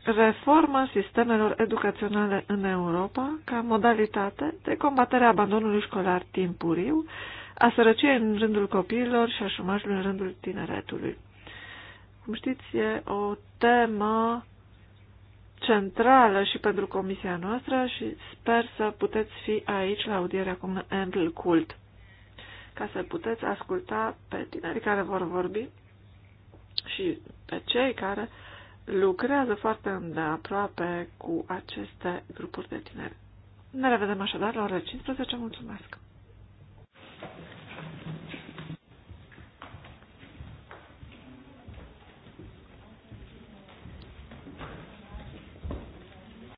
reforma sistemelor educaționale în Europa ca modalitate de combatere a abandonului școlar timpuriu, a sărăciei în rândul copiilor și a șomajului în rândul tineretului. Cum știți, e o temă centrală și pentru comisia noastră și sper să puteți fi aici la audierea cu Andrew Cult ca să puteți asculta pe tinerii care vor vorbi și pe cei care lucrează foarte îndeaproape cu aceste grupuri de tineri. Ne revedem așadar la ora 15. Mulțumesc!